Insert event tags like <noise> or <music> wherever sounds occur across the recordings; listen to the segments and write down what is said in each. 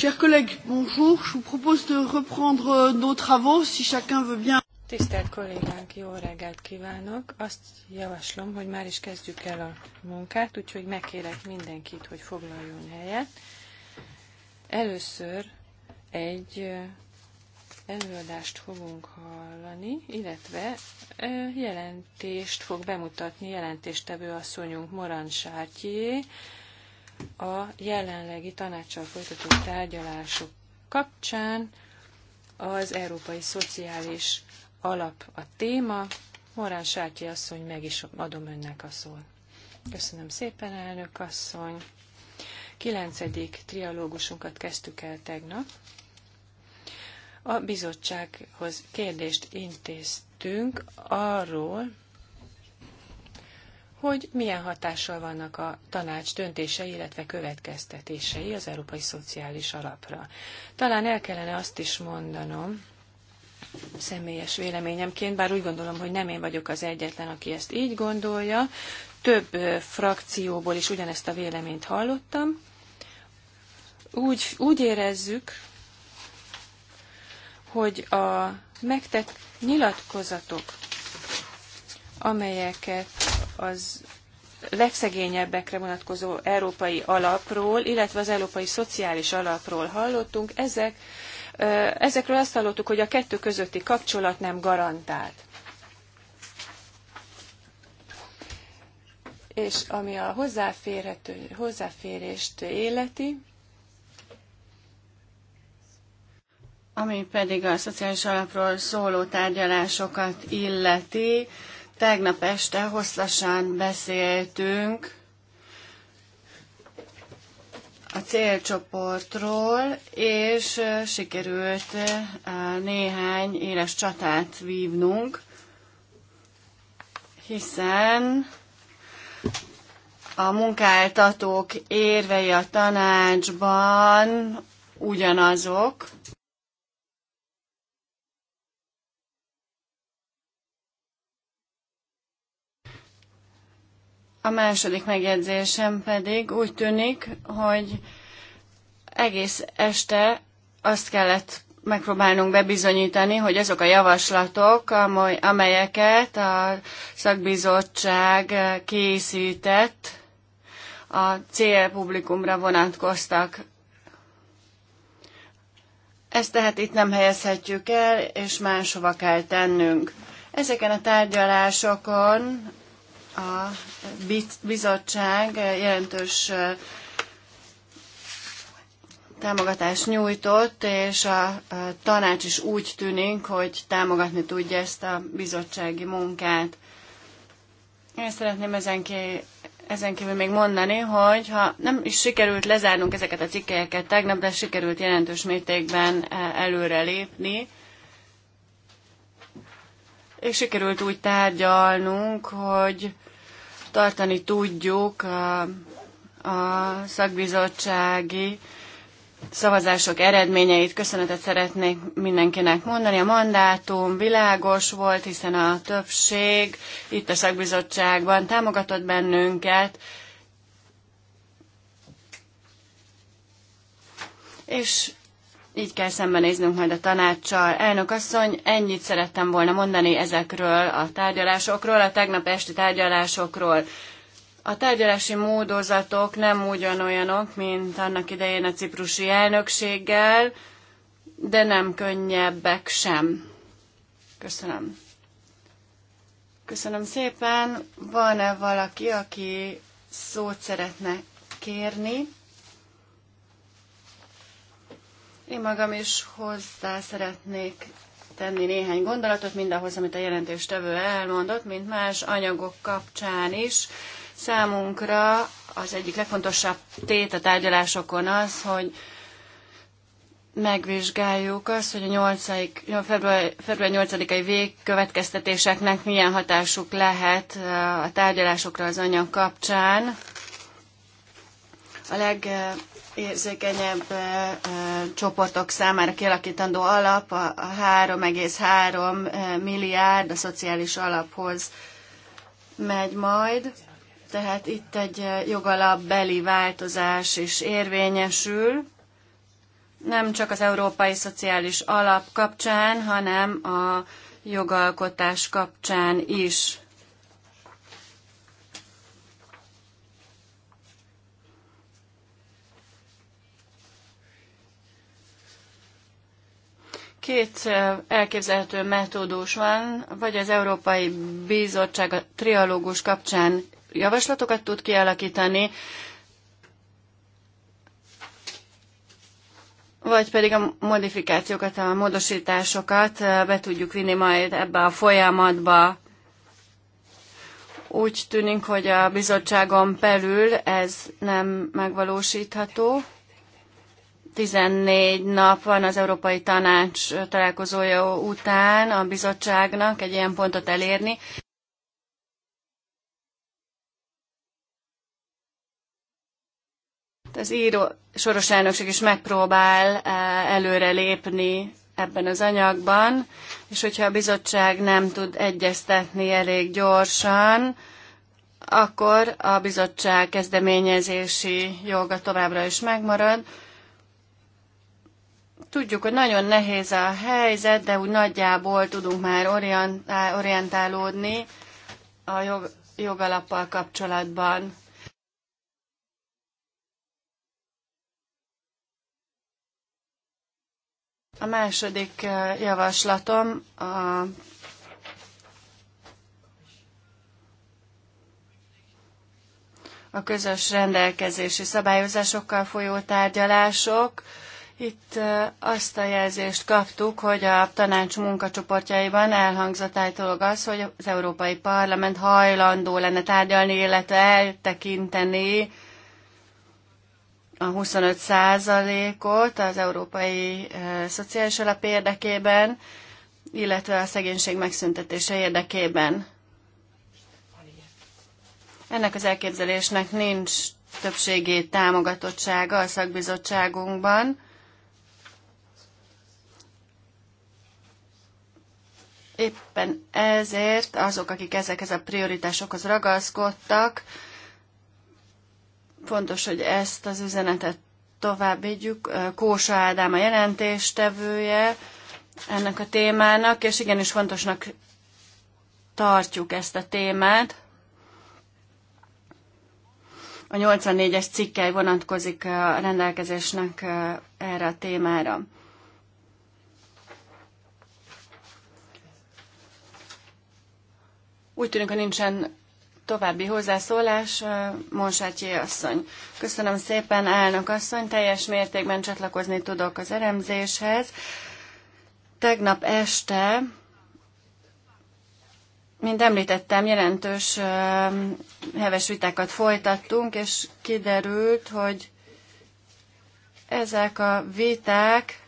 Chers collègues, bonjour. Je vous propose de reprendre euh, nos travaux si chacun veut bien. Tisztelt kollégánk, jó reggelt kívánok! Azt javaslom, hogy már is kezdjük el a munkát, úgyhogy megkérek mindenkit, hogy foglaljon helyet. Először egy előadást fogunk hallani, illetve jelentést fog bemutatni jelentéstevő asszonyunk Moran Sártyé, a jelenlegi tanácssal folytatott tárgyalások kapcsán az Európai Szociális Alap a téma. Morán Sátyi asszony, meg is adom önnek a szót. Köszönöm szépen, elnök asszony. Kilencedik trialógusunkat kezdtük el tegnap. A bizottsághoz kérdést intéztünk arról, hogy milyen hatással vannak a tanács döntései, illetve következtetései az Európai Szociális Alapra. Talán el kellene azt is mondanom, személyes véleményemként, bár úgy gondolom, hogy nem én vagyok az egyetlen, aki ezt így gondolja, több frakcióból is ugyanezt a véleményt hallottam. Úgy, úgy érezzük, hogy a megtett nyilatkozatok, amelyeket az legszegényebbekre vonatkozó európai alapról, illetve az európai szociális alapról hallottunk. Ezek, ezekről azt hallottuk, hogy a kettő közötti kapcsolat nem garantált. És ami a hozzáférést életi, ami pedig a szociális alapról szóló tárgyalásokat illeti, Tegnap este hosszasan beszéltünk a célcsoportról, és sikerült néhány éles csatát vívnunk, hiszen a munkáltatók érvei a tanácsban ugyanazok, A második megjegyzésem pedig úgy tűnik, hogy egész este azt kellett megpróbálnunk bebizonyítani, hogy azok a javaslatok, amelyeket a szakbizottság készített, a célpublikumra vonatkoztak. Ezt tehát itt nem helyezhetjük el, és máshova kell tennünk. Ezeken a tárgyalásokon a bizottság jelentős támogatást nyújtott, és a tanács is úgy tűnik, hogy támogatni tudja ezt a bizottsági munkát. Én szeretném ezen, ki, ezen kívül még mondani, hogy ha nem is sikerült lezárnunk ezeket a cikkelyeket tegnap, de sikerült jelentős mértékben előrelépni, és sikerült úgy tárgyalnunk, hogy tartani tudjuk a, a szakbizottsági szavazások eredményeit. Köszönetet szeretnék mindenkinek mondani. A mandátum világos volt, hiszen a többség itt a szakbizottságban támogatott bennünket, és így kell szembenéznünk majd a tanácssal. Elnök asszony, ennyit szerettem volna mondani ezekről a tárgyalásokról, a tegnap esti tárgyalásokról. A tárgyalási módozatok nem ugyanolyanok, mint annak idején a ciprusi elnökséggel, de nem könnyebbek sem. Köszönöm. Köszönöm szépen. Van-e valaki, aki szót szeretne kérni? Én magam is hozzá szeretnék tenni néhány gondolatot mindahhoz, amit a jelentéstevő elmondott, mint más anyagok kapcsán is. Számunkra az egyik legfontosabb tét a tárgyalásokon az, hogy megvizsgáljuk azt, hogy a 8 február, február 8-ai végkövetkeztetéseknek milyen hatásuk lehet a tárgyalásokra az anyag kapcsán. A leg érzékenyebb csoportok számára kialakítandó alap, a 3,3 milliárd a szociális alaphoz megy majd, tehát itt egy jogalapbeli változás is érvényesül, nem csak az Európai Szociális Alap kapcsán, hanem a jogalkotás kapcsán is. Két elképzelhető metódus van, vagy az Európai Bizottság a trialógus kapcsán javaslatokat tud kialakítani, vagy pedig a modifikációkat, a módosításokat be tudjuk vinni majd ebbe a folyamatba. Úgy tűnik, hogy a bizottságon belül ez nem megvalósítható. 14 nap van az Európai Tanács találkozója után a bizottságnak egy ilyen pontot elérni. Az író soros elnökség is megpróbál eh, előre lépni ebben az anyagban, és hogyha a bizottság nem tud egyeztetni elég gyorsan, akkor a bizottság kezdeményezési joga továbbra is megmarad. Tudjuk, hogy nagyon nehéz a helyzet, de úgy nagyjából tudunk már orientálódni a jog, jogalappal kapcsolatban. A második javaslatom a a közös rendelkezési szabályozásokkal folyó tárgyalások. Itt azt a jelzést kaptuk, hogy a tanács munkacsoportjaiban elhangzott állítólag az, hogy az Európai Parlament hajlandó lenne tárgyalni, illetve eltekinteni a 25 százalékot az Európai Szociális Alap érdekében, illetve a szegénység megszüntetése érdekében. Ennek az elképzelésnek nincs többségét támogatottsága a szakbizottságunkban. Éppen ezért azok, akik ezekhez a prioritásokhoz ragaszkodtak, fontos, hogy ezt az üzenetet továbbítjuk. Kósa Ádám a jelentéstevője ennek a témának, és igenis fontosnak tartjuk ezt a témát. A 84-es cikkely vonatkozik a rendelkezésnek eh, erre a témára. Úgy tűnik, hogy nincsen további hozzászólás. Monsátyi asszony. Köszönöm szépen, elnök asszony. Teljes mértékben csatlakozni tudok az elemzéshez. Tegnap este mint említettem, jelentős heves vitákat folytattunk, és kiderült, hogy ezek a viták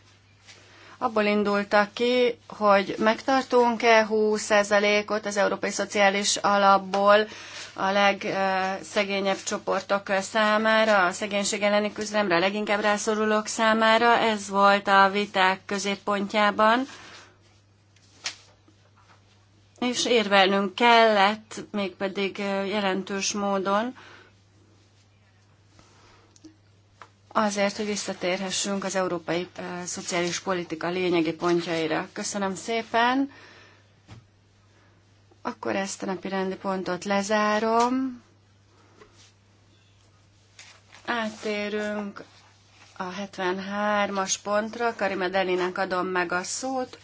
abból indultak ki, hogy megtartunk-e 20%-ot az Európai Szociális Alapból a legszegényebb csoportok számára, a szegénység elleni küzdelemre, a leginkább rászorulók számára. Ez volt a viták középpontjában. És érvelnünk kellett, mégpedig jelentős módon, azért, hogy visszatérhessünk az európai szociális politika lényegi pontjaira. Köszönöm szépen. Akkor ezt a napi rendi pontot lezárom. Áttérünk a 73-as pontra. Karima Delinek adom meg a szót.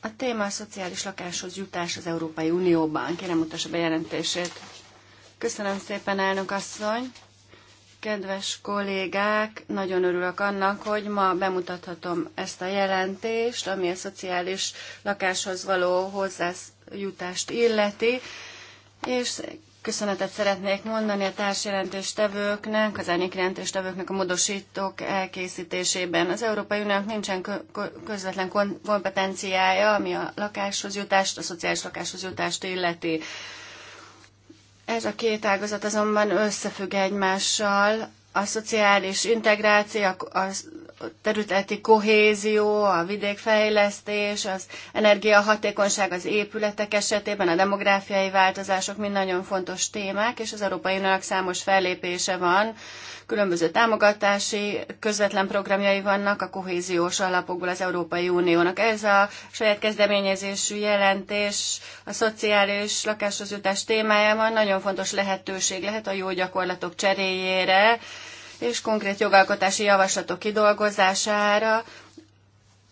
A téma a szociális lakáshoz jutás az Európai Unióban. Kérem mutassa bejelentését. Köszönöm szépen, elnök asszony! Kedves kollégák, nagyon örülök annak, hogy ma bemutathatom ezt a jelentést, ami a szociális lakáshoz való hozzájutást illeti, és köszönetet szeretnék mondani a társjelentéstevőknek, az árnyékjelentéstevőknek a módosítók elkészítésében. Az Európai Uniónak nincsen közvetlen kompetenciája, ami a lakáshoz jutást, a szociális lakáshoz jutást illeti. Ez a két ágazat azonban összefügg egymással, a szociális integráció, a területi kohézió, a vidékfejlesztés, az energiahatékonyság az épületek esetében, a demográfiai változások mind nagyon fontos témák, és az Európai Uniónak számos fellépése van, különböző támogatási közvetlen programjai vannak a kohéziós alapokból az Európai Uniónak. Ez a saját kezdeményezésű jelentés a szociális lakáshoz jutás témájában nagyon fontos lehetőség lehet a jó gyakorlatok cseréjére, és konkrét jogalkotási javaslatok kidolgozására,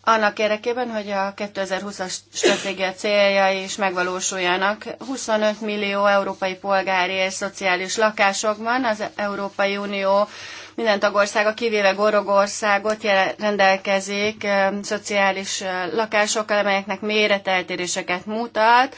annak érdekében, hogy a 2020-as stratégia céljai is megvalósuljanak. 25 millió európai polgári és szociális lakásokban az Európai Unió minden tagországa, kivéve Gorogországot rendelkezik szociális lakásokkal, amelyeknek méreteltéréseket mutat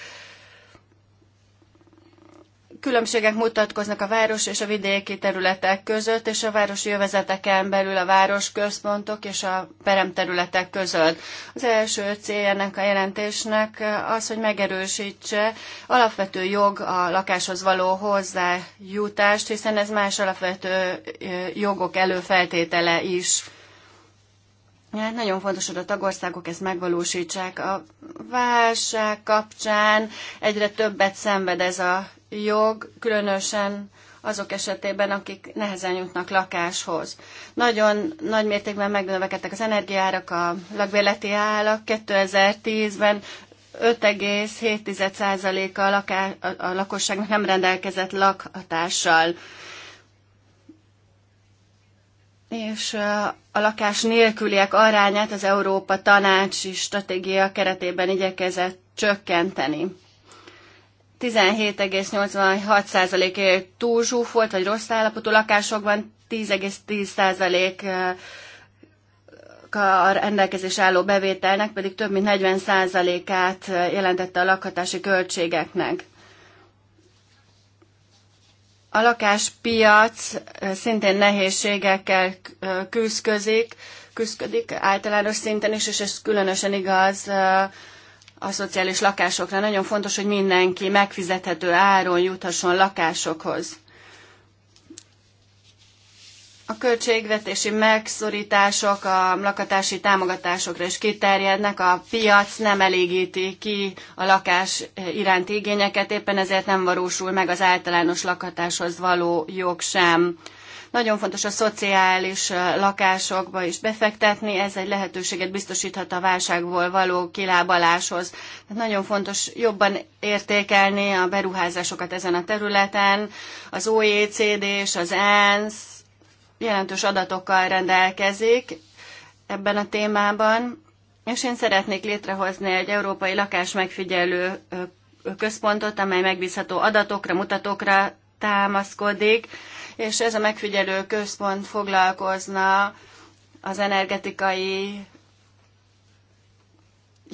különbségek mutatkoznak a város és a vidéki területek között, és a városi jövezeteken belül a városközpontok és a peremterületek között. Az első cél ennek a jelentésnek az, hogy megerősítse alapvető jog a lakáshoz való hozzájutást, hiszen ez más alapvető jogok előfeltétele is. Hát nagyon fontos, hogy a tagországok ezt megvalósítsák. A válság kapcsán egyre többet szenved ez a jog, különösen azok esetében, akik nehezen jutnak lakáshoz. Nagyon nagy mértékben megnövekedtek az energiárak, a lakbérleti állak 2010-ben 5,7%-a a, laká- a lakosságnak nem rendelkezett lakhatással. És a lakás nélküliek arányát az Európa Tanácsi Stratégia keretében igyekezett csökkenteni. 17,86% túlzsúfolt vagy rossz állapotú lakásokban, 10,10% a eh, rendelkezés álló bevételnek pedig több mint 40%-át eh, jelentette a lakhatási költségeknek. A lakáspiac eh, szintén nehézségekkel küzdik, küzdik általános szinten is, és ez különösen igaz a szociális lakásokra. Nagyon fontos, hogy mindenki megfizethető áron juthasson lakásokhoz. A költségvetési megszorítások a lakatási támogatásokra is kiterjednek, a piac nem elégíti ki a lakás iránti igényeket, éppen ezért nem valósul meg az általános lakatáshoz való jog sem. Nagyon fontos a szociális lakásokba is befektetni, ez egy lehetőséget biztosíthat a válságból való kilábaláshoz. Tehát nagyon fontos jobban értékelni a beruházásokat ezen a területen. Az OECD és az ENSZ jelentős adatokkal rendelkezik ebben a témában, és én szeretnék létrehozni egy európai lakás megfigyelő központot, amely megbízható adatokra, mutatókra támaszkodik, és ez a megfigyelő központ foglalkozna az energetikai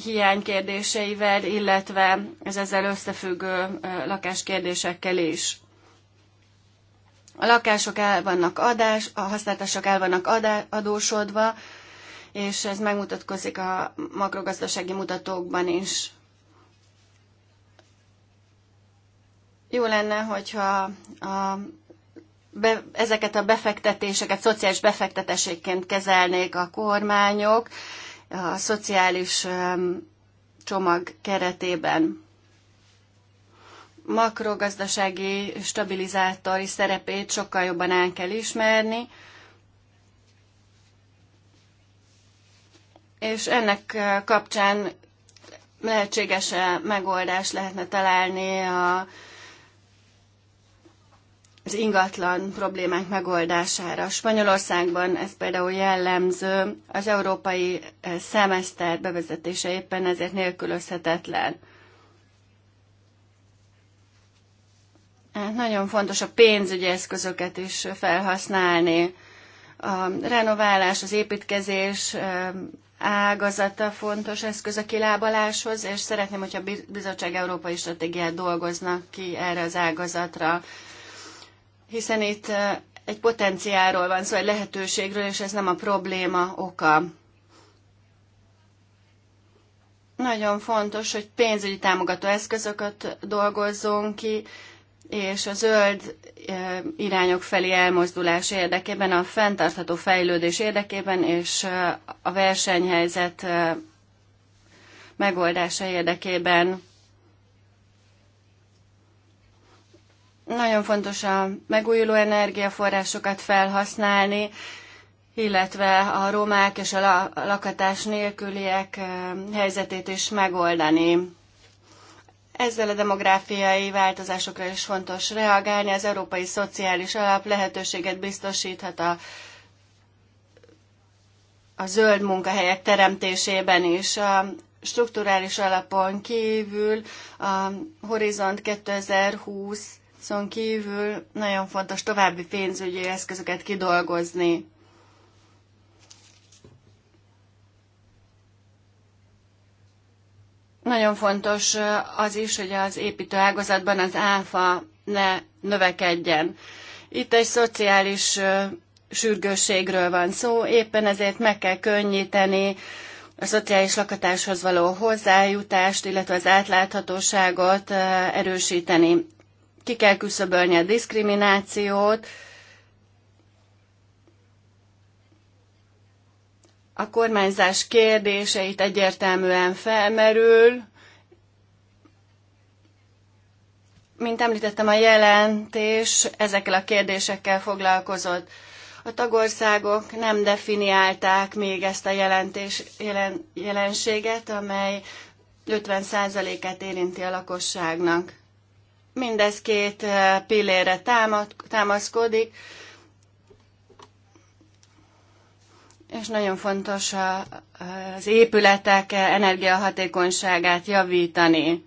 hiány kérdéseivel, illetve az ezzel összefüggő lakáskérdésekkel is. A lakások el vannak adás, a használtások el vannak adósodva, és ez megmutatkozik a makrogazdasági mutatókban is. Jó lenne, hogyha a be, ezeket a befektetéseket szociális befektetéséként kezelnék a kormányok a szociális um, csomag keretében. Makrogazdasági stabilizátori szerepét sokkal jobban el kell ismerni, és ennek kapcsán lehetséges -e megoldást lehetne találni a az ingatlan problémák megoldására. Spanyolországban ez például jellemző, az európai eh, szemeszter bevezetése éppen ezért nélkülözhetetlen. Eh, nagyon fontos a pénzügyi eszközöket is felhasználni. A renoválás, az építkezés eh, ágazata fontos eszköz a kilábaláshoz, és szeretném, hogyha a Bizottság Európai Stratégiát dolgoznak ki erre az ágazatra hiszen itt egy potenciáról van szó, egy lehetőségről, és ez nem a probléma oka. Nagyon fontos, hogy pénzügyi támogató eszközöket dolgozzunk ki, és a zöld irányok felé elmozdulás érdekében, a fenntartható fejlődés érdekében, és a versenyhelyzet megoldása érdekében Nagyon fontos a megújuló energiaforrásokat felhasználni, illetve a romák és a lakatás nélküliek helyzetét is megoldani. Ezzel a demográfiai változásokra is fontos reagálni. Az Európai Szociális Alap lehetőséget biztosíthat a, a zöld munkahelyek teremtésében is. A strukturális alapon kívül a Horizont 2020 Szóval kívül nagyon fontos további pénzügyi eszközöket kidolgozni. Nagyon fontos az is, hogy az építő ágazatban az áfa ne növekedjen. Itt egy szociális sürgősségről van szó, éppen ezért meg kell könnyíteni a szociális lakatáshoz való hozzájutást, illetve az átláthatóságot erősíteni ki kell küszöbölni a diszkriminációt, a kormányzás kérdéseit egyértelműen felmerül. Mint említettem, a jelentés ezekkel a kérdésekkel foglalkozott. A tagországok nem definiálták még ezt a jelentés, jelen, jelenséget, amely 50%-át érinti a lakosságnak. Mindez két eh, pillére támaszkodik, és nagyon fontos az épületek eh, energiahatékonyságát javítani.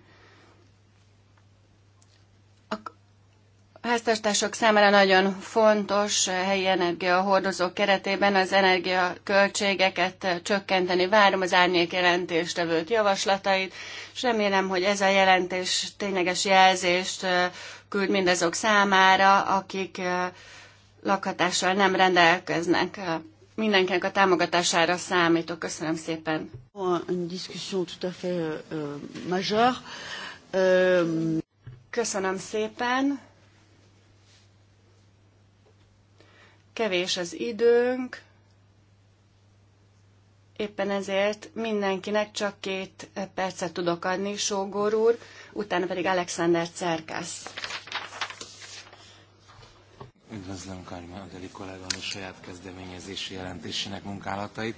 A háztartások számára nagyon fontos helyi energiahordozók keretében az energiaköltségeket csökkenteni. Várom az árnyék jelentéstevőt javaslatait, és remélem, hogy ez a jelentés tényleges jelzést küld mindazok számára, akik lakhatással nem rendelkeznek. Mindenkinek a támogatására számítok. Köszönöm szépen. discussion tout à fait euh, euh, Köszönöm szépen kevés az időnk, éppen ezért mindenkinek csak két percet tudok adni, Sógor úr, utána pedig Alexander Cerkász. Üdvözlöm Karima Adeli a saját kezdeményezési jelentésének munkálatait.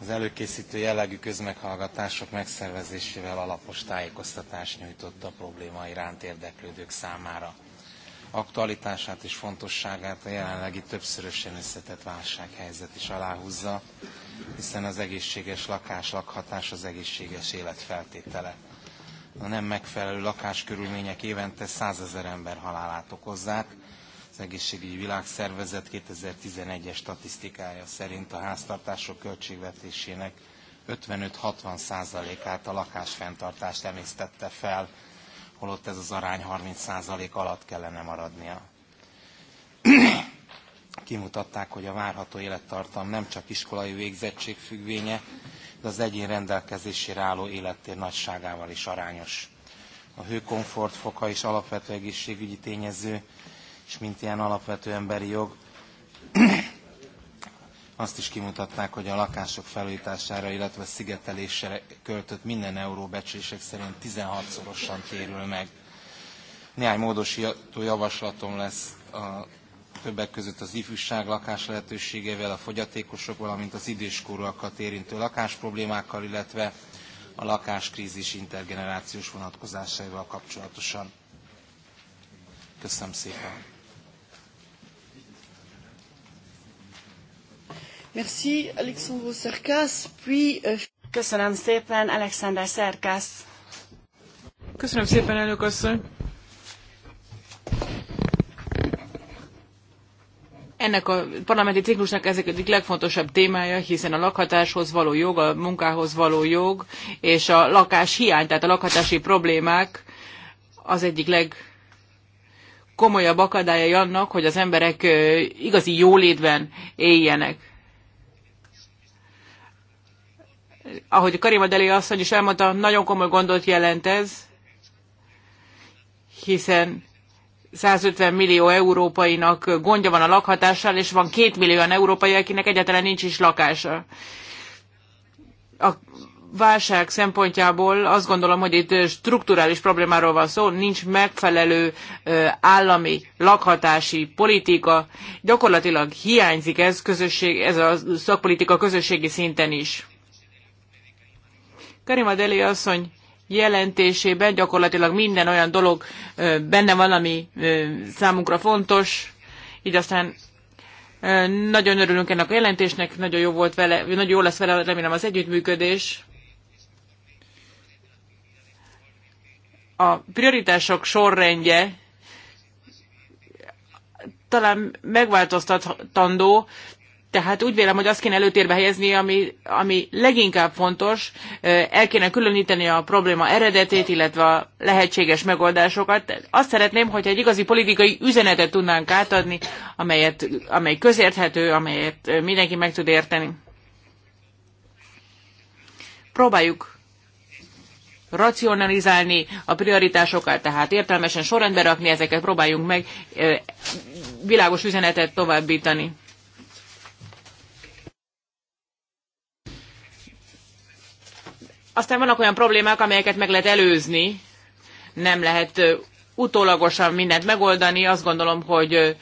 Az előkészítő jellegű közmeghallgatások megszervezésével alapos tájékoztatást nyújtott a probléma iránt érdeklődők számára aktualitását és fontosságát a jelenlegi többszörösen összetett válsághelyzet is aláhúzza, hiszen az egészséges lakás lakhatás az egészséges élet feltétele. A nem megfelelő lakáskörülmények évente százezer ember halálát okozzák. Az Egészségügyi Világszervezet 2011-es statisztikája szerint a háztartások költségvetésének 55-60 százalékát a lakásfenntartást emésztette fel holott ez az arány 30% alatt kellene maradnia. <clears throat> Kimutatták, hogy a várható élettartam nem csak iskolai végzettség függvénye, de az egyén rendelkezésére álló élettér nagyságával is arányos. A hőkomfort foka is alapvető egészségügyi tényező, és mint ilyen alapvető emberi jog, <clears throat> azt is kimutatták, hogy a lakások felújítására, illetve szigetelésre költött minden euró becslések szerint 16-szorosan térül meg. Néhány módosító javaslatom lesz a többek között az ifjúság lakás lehetőségével, a fogyatékosok, valamint az időskorúakat érintő lakásproblémákkal, illetve a lakáskrízis intergenerációs vonatkozásaival kapcsolatosan. Köszönöm szépen! Merci, Szerkász, puis... Euh, Köszönöm szépen, Alexander Szerkász. Köszönöm szépen, elnök asszony. Ennek a parlamenti ciklusnak ezek egyik legfontosabb témája, hiszen a lakhatáshoz való jog, a munkához való jog, és a lakás hiány, tehát a lakhatási problémák az egyik leg komolyabb akadályai annak, hogy az emberek igazi jólétben éljenek. ahogy Karima Deli asszony is elmondta, nagyon komoly gondot jelent ez, hiszen 150 millió európainak gondja van a lakhatással, és van 2 millió európai, akinek egyáltalán nincs is lakása. A válság szempontjából azt gondolom, hogy itt strukturális problémáról van szó, nincs megfelelő állami lakhatási politika, gyakorlatilag hiányzik ez, közösség, ez a szakpolitika közösségi szinten is. Karima Deli asszony jelentésében gyakorlatilag minden olyan dolog benne van, ami számunkra fontos, így aztán nagyon örülünk ennek a jelentésnek, nagyon jó volt vele, nagyon jó lesz vele, remélem az együttműködés. A prioritások sorrendje talán megváltoztatandó, tehát úgy vélem, hogy azt kéne előtérbe helyezni, ami, ami leginkább fontos, el kéne különíteni a probléma eredetét, illetve a lehetséges megoldásokat. Azt szeretném, hogy egy igazi politikai üzenetet tudnánk átadni, amelyet, amely közérthető, amelyet mindenki meg tud érteni. Próbáljuk racionalizálni a prioritásokat, tehát értelmesen sorrendbe rakni ezeket, próbáljunk meg világos üzenetet továbbítani. Aztán vannak olyan problémák, amelyeket meg lehet előzni, nem lehet utólagosan mindent megoldani. Azt gondolom, hogy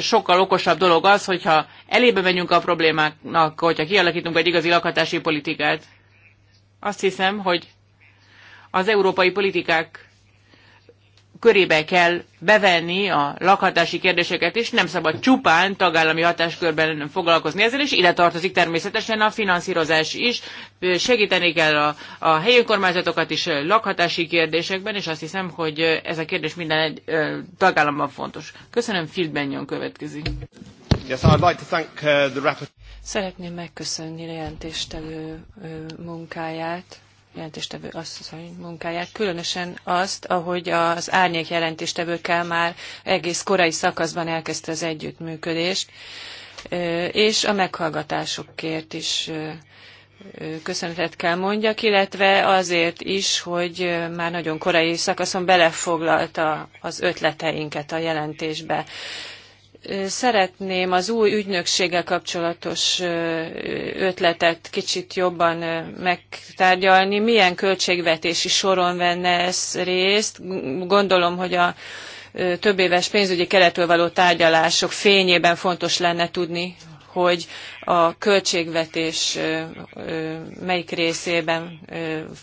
sokkal okosabb dolog az, hogyha elébe megyünk a problémáknak, hogyha kialakítunk egy igazi lakhatási politikát. Azt hiszem, hogy az európai politikák körébe kell bevenni a lakhatási kérdéseket is, nem szabad csupán tagállami hatáskörben foglalkozni ezzel, és ide tartozik természetesen a finanszírozás is. Segíteni kell a, a helyi önkormányzatokat is lakhatási kérdésekben, és azt hiszem, hogy ez a kérdés minden egy tagállamban fontos. Köszönöm, Fieldben következik. Yes, I'd like to thank, uh, the Szeretném megköszönni a jelentéstevő munkáját jelentéstevő asszony munkáját, különösen azt, ahogy az árnyék jelentéstevőkkel már egész korai szakaszban elkezdte az együttműködést, és a meghallgatásokért is köszönetet kell mondjak, illetve azért is, hogy már nagyon korai szakaszon belefoglalta az ötleteinket a jelentésbe szeretném az új ügynökséggel kapcsolatos ötletet kicsit jobban megtárgyalni. Milyen költségvetési soron venne ez részt? Gondolom, hogy a több éves pénzügyi keretről való tárgyalások fényében fontos lenne tudni, hogy a költségvetés melyik részében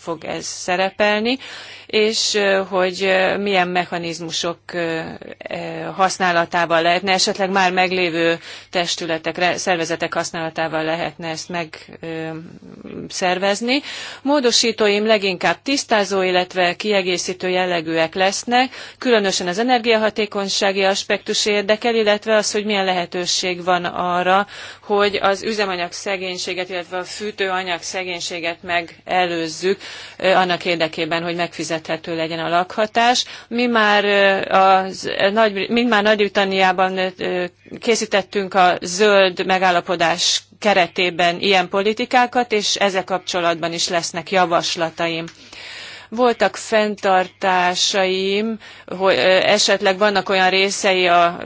fog ez szerepelni, és hogy milyen mechanizmusok használatával lehetne, esetleg már meglévő testületek, szervezetek használatával lehetne ezt megszervezni. Módosítóim leginkább tisztázó, illetve kiegészítő jellegűek lesznek, különösen az energiahatékonysági aspektus érdekel, illetve az, hogy milyen lehetőség van arra, hogy a az üzemanyag szegénységet, illetve a fűtőanyag szegénységet megelőzzük annak érdekében, hogy megfizethető legyen a lakhatás. Mi már, az, nagy, mi már Nagy-Britanniában készítettünk a zöld megállapodás keretében ilyen politikákat, és ezzel kapcsolatban is lesznek javaslataim. Voltak fenntartásaim, hogy esetleg vannak olyan részei a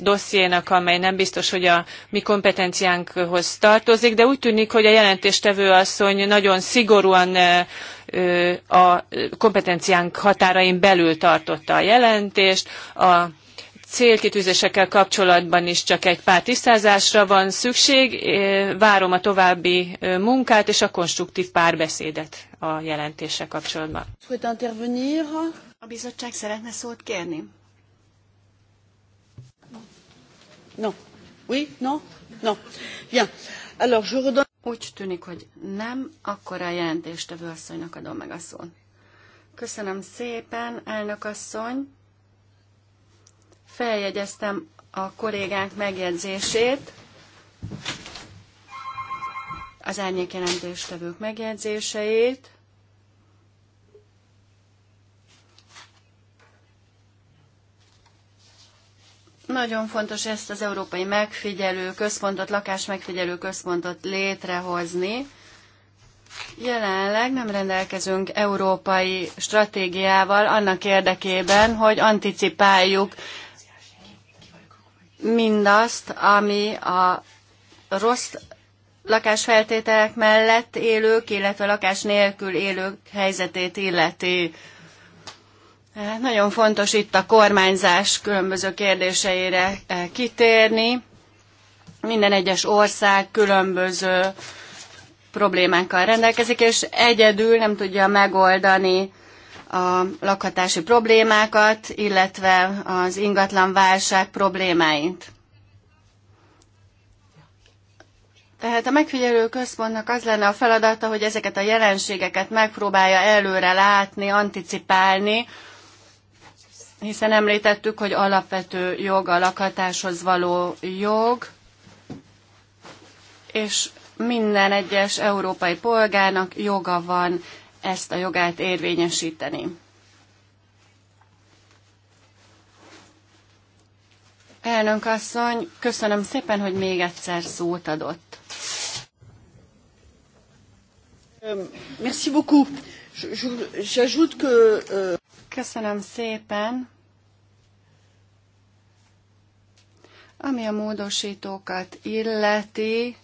dossziénak, amely nem biztos, hogy a mi kompetenciánkhoz tartozik, de úgy tűnik, hogy a jelentéstevő asszony nagyon szigorúan a kompetenciánk határain belül tartotta a jelentést. A célkitűzésekkel kapcsolatban is csak egy pár tisztázásra van szükség. Várom a további munkát és a konstruktív párbeszédet a jelentéssel kapcsolatban. A bizottság szeretne szót kérni? No. Oui? No? No. Bien. Alors, je Úgy tűnik, hogy nem, akkor a jelentéstevő asszonynak adom meg a szót. Köszönöm szépen, elnök asszony. Feljegyeztem a kollégánk megjegyzését, az árnyékjelentéstevők megjegyzéseit. Nagyon fontos ezt az Európai Megfigyelő Központot, Lakás Megfigyelő Központot létrehozni. Jelenleg nem rendelkezünk európai stratégiával annak érdekében, hogy anticipáljuk mindazt, ami a rossz lakásfeltételek mellett élők, illetve lakás nélkül élők helyzetét illeti. Eh, nagyon fontos itt a kormányzás különböző kérdéseire eh, kitérni. Minden egyes ország különböző problémákkal rendelkezik, és egyedül nem tudja megoldani a lakhatási problémákat, illetve az ingatlan válság problémáit. Tehát a megfigyelő központnak az lenne a feladata, hogy ezeket a jelenségeket megpróbálja előre látni, anticipálni, hiszen említettük, hogy alapvető jog a lakhatáshoz való jog, és minden egyes európai polgárnak joga van ezt a jogát érvényesíteni. Elnök asszony, köszönöm szépen, hogy még egyszer szót adott. Euh, merci beaucoup. J'ajoute que... Euh, köszönöm szépen. Ami a módosítókat illeti,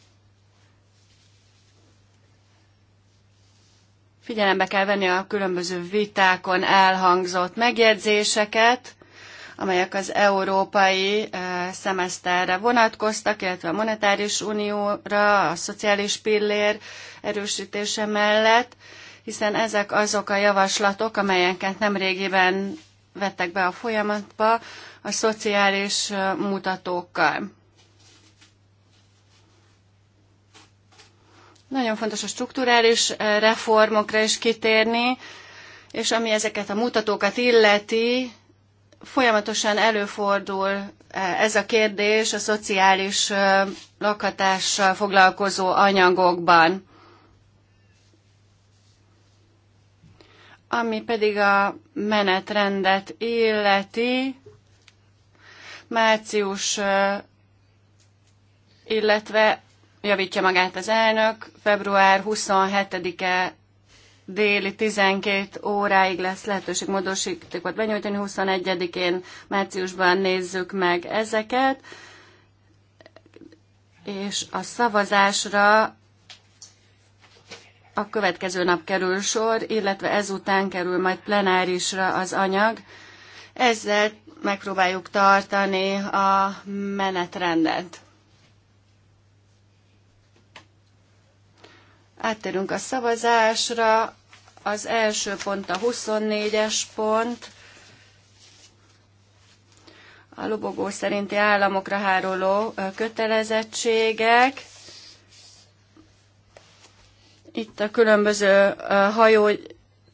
Figyelembe kell venni a különböző vitákon elhangzott megjegyzéseket, amelyek az európai eh, szemeszterre vonatkoztak, illetve a monetáris unióra, a szociális pillér erősítése mellett, hiszen ezek azok a javaslatok, amelyeket nemrégiben vettek be a folyamatba a szociális eh, mutatókkal. Nagyon fontos a strukturális eh, reformokra is kitérni, és ami ezeket a mutatókat illeti, folyamatosan előfordul eh, ez a kérdés a szociális eh, lakhatással foglalkozó anyagokban. Ami pedig a menetrendet illeti, március, illetve javítja magát az elnök. Február 27-e déli 12 óráig lesz lehetőség módosítékot benyújtani, 21-én márciusban nézzük meg ezeket, és a szavazásra a következő nap kerül sor, illetve ezután kerül majd plenárisra az anyag. Ezzel megpróbáljuk tartani a menetrendet. Átterünk a szavazásra. Az első pont a 24-es pont. A lobogó szerinti államokra hároló kötelezettségek. Itt a különböző hajó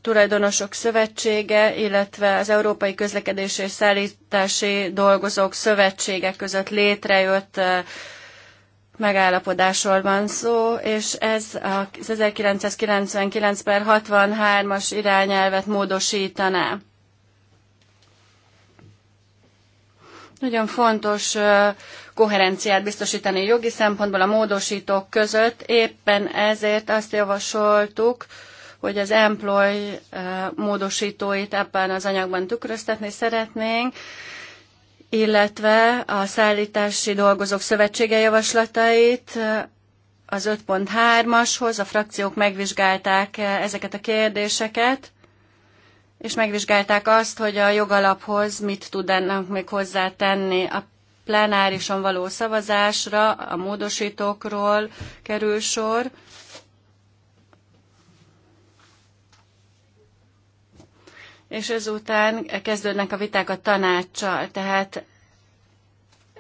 tulajdonosok szövetsége, illetve az Európai Közlekedési és Szállítási Dolgozók Szövetsége között létrejött megállapodásról van szó, és ez a 1999 per 63-as irányelvet módosítaná. Nagyon fontos koherenciát biztosítani jogi szempontból a módosítók között. Éppen ezért azt javasoltuk, hogy az employ módosítóit ebben az anyagban tükröztetni szeretnénk, illetve a szállítási dolgozók szövetsége javaslatait az 5.3-ashoz. A frakciók megvizsgálták ezeket a kérdéseket, és megvizsgálták azt, hogy a jogalaphoz mit tudnának még hozzátenni. A plenárison való szavazásra a módosítókról kerül sor, és ezután kezdődnek a viták a tanácssal, tehát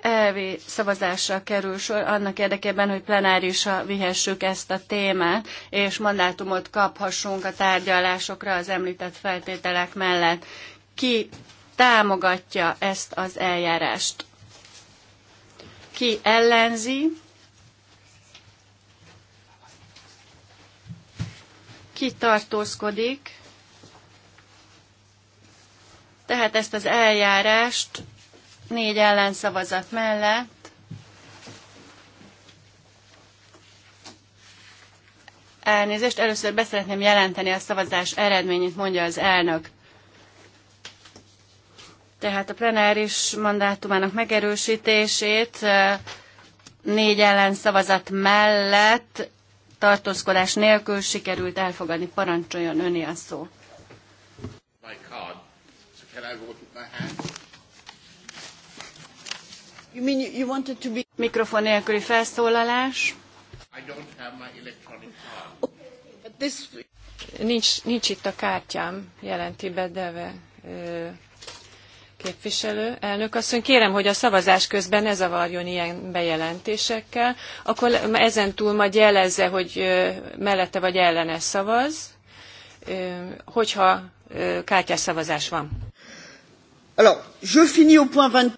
elvi szavazásra kerül sor annak érdekében, hogy plenárisra vihessük ezt a témát, és mandátumot kaphassunk a tárgyalásokra az említett feltételek mellett. Ki támogatja ezt az eljárást? Ki ellenzi? Ki tartózkodik? Tehát ezt az eljárást négy ellenszavazat mellett elnézést, először beszeretném jelenteni a szavazás eredményét, mondja az elnök. Tehát a plenáris mandátumának megerősítését négy ellenszavazat mellett tartózkodás nélkül sikerült elfogadni. Parancsoljon öni a szó and I voted You mean you, wanted to be... Mikrofon nélküli felszólalás. I don't have my electronic card. but this... Nincs, nincs itt a kártyám, jelenti bedeve képviselő, elnök asszony, kérem, hogy a szavazás közben ne zavarjon ilyen bejelentésekkel, akkor ezen túl majd jelezze, hogy mellette vagy ellene szavaz, hogyha kártyás szavazás van. Alors, je finis au point 20.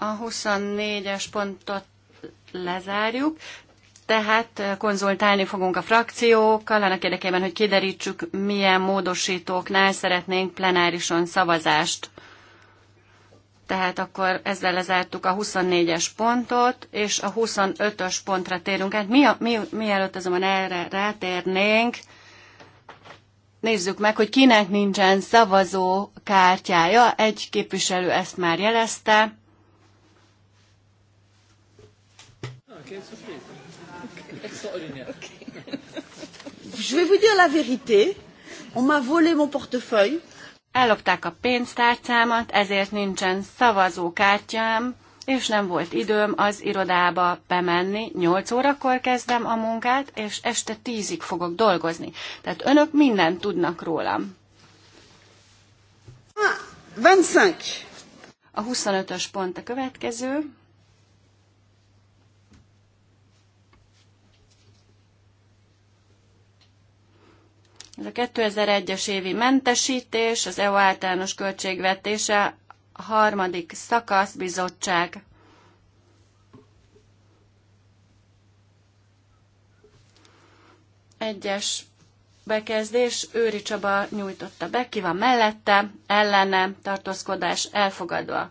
A 24-es pontot lezárjuk, tehát eh, konzultálni fogunk a frakciókkal, annak érdekében, hogy kiderítsük, milyen módosítóknál szeretnénk plenárison szavazást. Tehát akkor ezzel lezártuk a 24-es pontot, és a 25-ös pontra térünk. Hát mi, mi, mielőtt azonban erre rátérnénk, nézzük meg, hogy kinek nincsen szavazó kártyája. Egy képviselő ezt már jelezte. Je vais vous dire la vérité. On m'a volé mon portefeuille. Ellopták a pénztárcámat, ezért nincsen szavazókártyám és nem volt időm az irodába bemenni. 8 órakor kezdem a munkát, és este 10-ig fogok dolgozni. Tehát önök mindent tudnak rólam. Ah, a 25-ös pont a következő. Ez a 2001-es évi mentesítés, az EU általános költségvetése harmadik szakasz bizottság. Egyes bekezdés, Őri Csaba nyújtotta be, ki van mellette, ellene, tartózkodás elfogadva.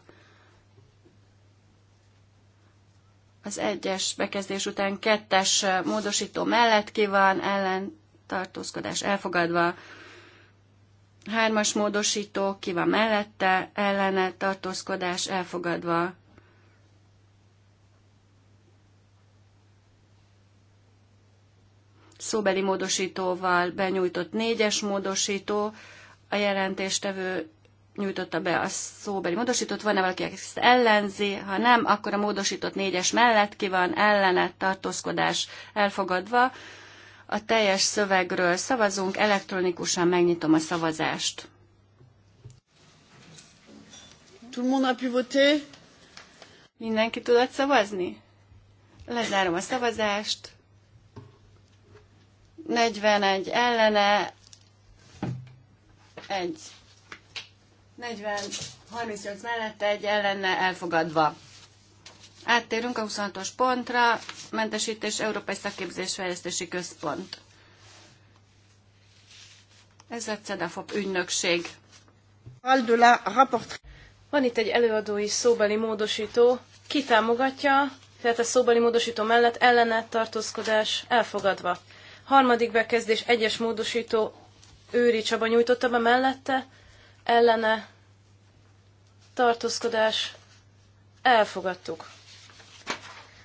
Az egyes bekezdés után kettes módosító mellett ki van, ellen, tartózkodás elfogadva. Hármas módosító, ki van mellette, ellene, tartózkodás elfogadva. Szóbeli módosítóval benyújtott négyes módosító, a jelentéstevő nyújtotta be a szóbeli módosítót, van-e valaki, aki ezt ellenzi, ha nem, akkor a módosított négyes mellett ki van, ellene, tartózkodás elfogadva. A teljes szövegről szavazunk, elektronikusan megnyitom a szavazást. Tout le monde a pu voter? Mindenki tudott szavazni? Lezárom a szavazást. 41 ellene, egy 40, 38 mellette, egy ellene elfogadva. Áttérünk a 26-os pontra, mentesítés Európai Szakképzés Fejlesztési Központ. Ez a CEDAFOP ügynökség. Van itt egy előadói szóbeli módosító, ki támogatja, tehát a szóbeli módosító mellett ellene tartózkodás elfogadva. Harmadik bekezdés egyes módosító Őri Csaba nyújtotta be mellette, ellene tartózkodás elfogadtuk.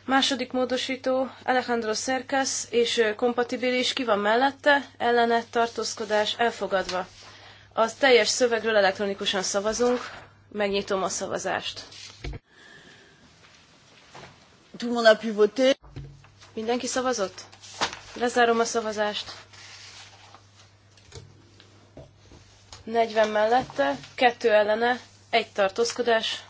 Második módosító, Alejandro Szerkesz és kompatibilis, ki van mellette, ellene tartózkodás elfogadva. Az teljes szövegről elektronikusan szavazunk, megnyitom a szavazást. Tout monde a pu voter. Mindenki szavazott? Lezárom a szavazást. 40 mellette, 2 ellene, egy tartózkodás,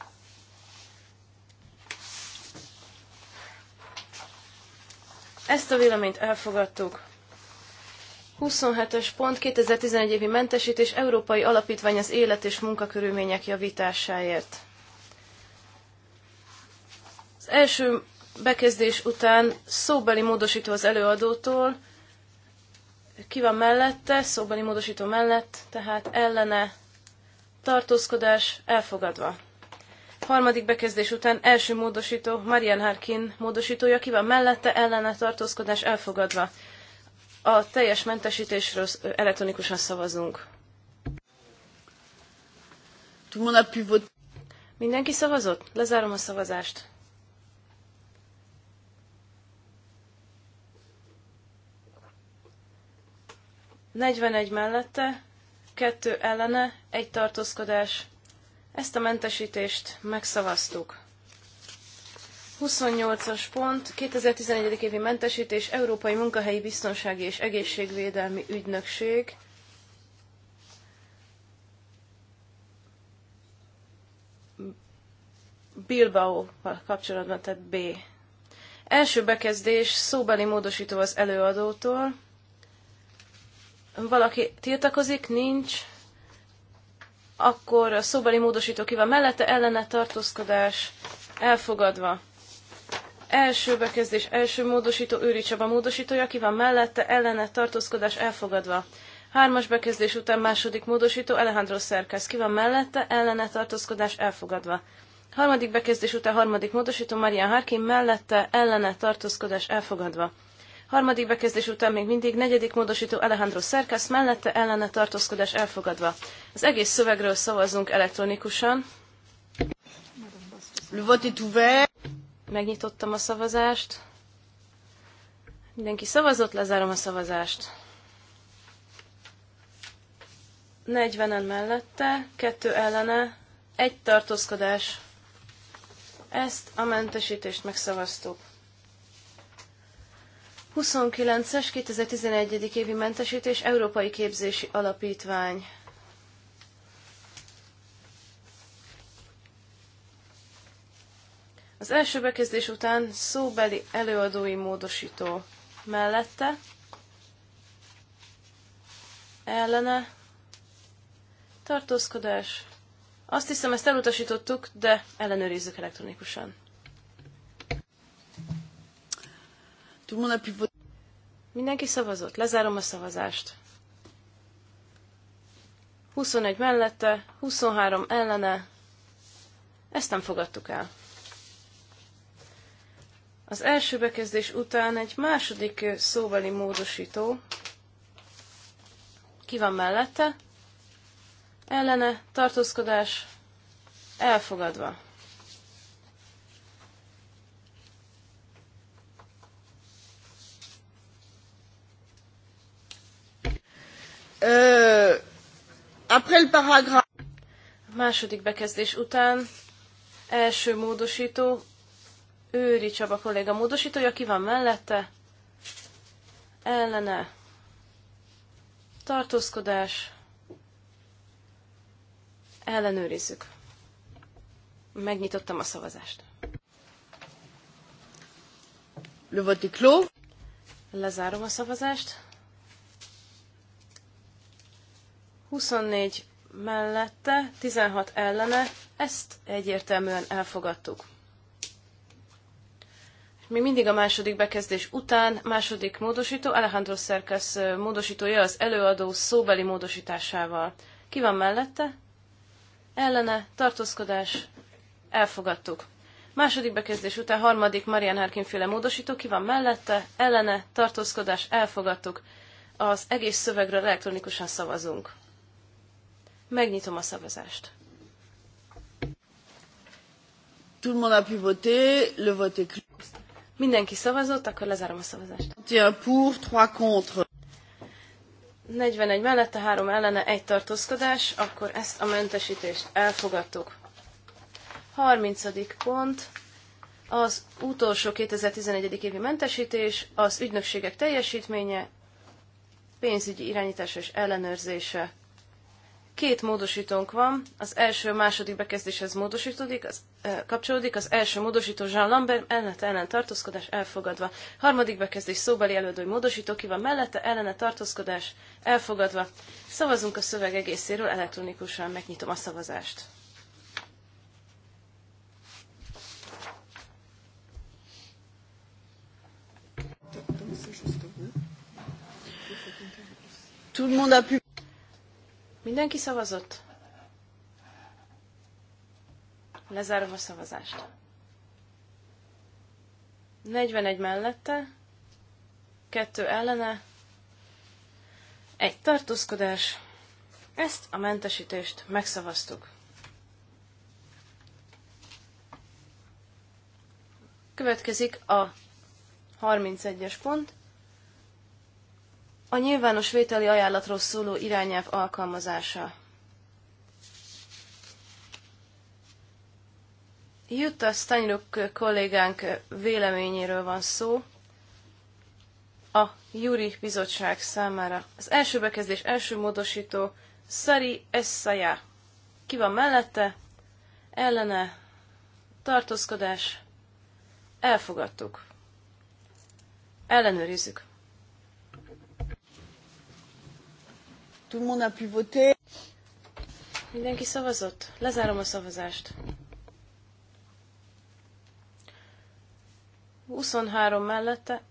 Ezt a véleményt elfogadtuk. 27-ös pont 2011 évi mentesítés Európai Alapítvány az élet és munkakörülmények javításáért. Az első bekezdés után szóbeli módosító az előadótól, ki van mellette, szóbeli módosító mellett, tehát ellene tartózkodás elfogadva. Harmadik bekezdés után első módosító, Marian Harkin módosítója, ki van mellette, ellene tartózkodás elfogadva. A teljes mentesítésről elektronikusan szavazunk. Mindenki szavazott? Lezárom a szavazást. Negyvenegy mellette, kettő ellene, egy tartózkodás, ezt a mentesítést megszavaztuk. 28-as pont, 2011. évi mentesítés, Európai Munkahelyi Biztonsági és Egészségvédelmi Ügynökség. bilbao kapcsolatban, tehát B. Első bekezdés, szóbeli módosító az előadótól. Valaki tiltakozik? Nincs akkor a szóbeli módosító ki mellette, ellene tartózkodás elfogadva. Első bekezdés, első módosító, Őri Csaba módosítója, ki van mellette, ellene tartózkodás elfogadva. Hármas bekezdés után második módosító, Alejandro Szerkesz, ki van mellette, ellene tartózkodás elfogadva. Harmadik bekezdés után harmadik módosító, Marian Harkin mellette, ellene tartózkodás elfogadva harmadik bekezdés után még mindig negyedik módosító Alejandro Szerkesz mellette ellene tartózkodás elfogadva. Az egész szövegről szavazunk elektronikusan. Le vote est ouvert. Megnyitottam a szavazást. Mindenki szavazott, lezárom a szavazást. 40-en mellette, kettő ellene, egy tartózkodás. Ezt a mentesítést megszavaztuk. 29-es 2011. évi mentesítés Európai Képzési Alapítvány. Az első bekezdés után szóbeli előadói módosító mellette, ellene, tartózkodás. Azt hiszem, ezt elutasítottuk, de ellenőrizzük elektronikusan. Mindenki szavazott. Lezárom a szavazást. 21 mellette, 23 ellene. Ezt nem fogadtuk el. Az első bekezdés után egy második szóbeli módosító. Ki van mellette? Ellene, tartózkodás, elfogadva. Euh, après le paragraphe... második bekezdés után első módosító, Őri Csaba kolléga módosítója, ki van mellette? Ellene. Tartózkodás. Ellenőrizzük. Megnyitottam a szavazást. Le vote Lazaro a szavazást. 24 mellette, 16 ellene, ezt egyértelműen elfogadtuk. Mi mindig a második bekezdés után, második módosító, Alejandro Szerkesz módosítója az előadó szóbeli módosításával. Ki van mellette? Ellene, tartózkodás, elfogadtuk. Második bekezdés után harmadik Marian Harkin féle módosító, ki van mellette, ellene, tartózkodás, elfogadtuk. Az egész szövegről elektronikusan szavazunk. Megnyitom a szavazást. Tout le monde a pu voter, le vote est clos. Mindenki szavazott, akkor lezárom a szavazást. 41 pour, 3 contre. 41 mellette, 3 ellene, 1 tartózkodás, akkor ezt a mentesítést elfogadtuk. 30. pont. Az utolsó 2011. évi mentesítés, az ügynökségek teljesítménye, pénzügyi irányítása és ellenőrzése. Két módosítónk van, az első a második bekezdéshez módosítódik, az, eh, kapcsolódik, az első módosító Jean Lambert ellenet ellen tartózkodás elfogadva. Harmadik bekezdés szóbeli előadói módosító, ki van mellette, ellene tartózkodás elfogadva. Szavazunk a szöveg egészéről elektronikusan, megnyitom a szavazást. Tout le monde a pu Mindenki szavazott? Lezárom a szavazást. 41 mellette, 2 ellene, egy tartózkodás. Ezt a mentesítést megszavaztuk. Következik a 31-es pont a nyilvános vételi ajánlatról szóló irányelv alkalmazása. Jutta Steinruck kollégánk véleményéről van szó a Júri Bizottság számára. Az első bekezdés, első módosító, Szari Essaja. Ki van mellette? Ellene? Tartózkodás? Elfogadtuk. Ellenőrizzük. Tout le monde a pu voter. Mindenki szavazott? Lezárom a szavazást. 23 mellette,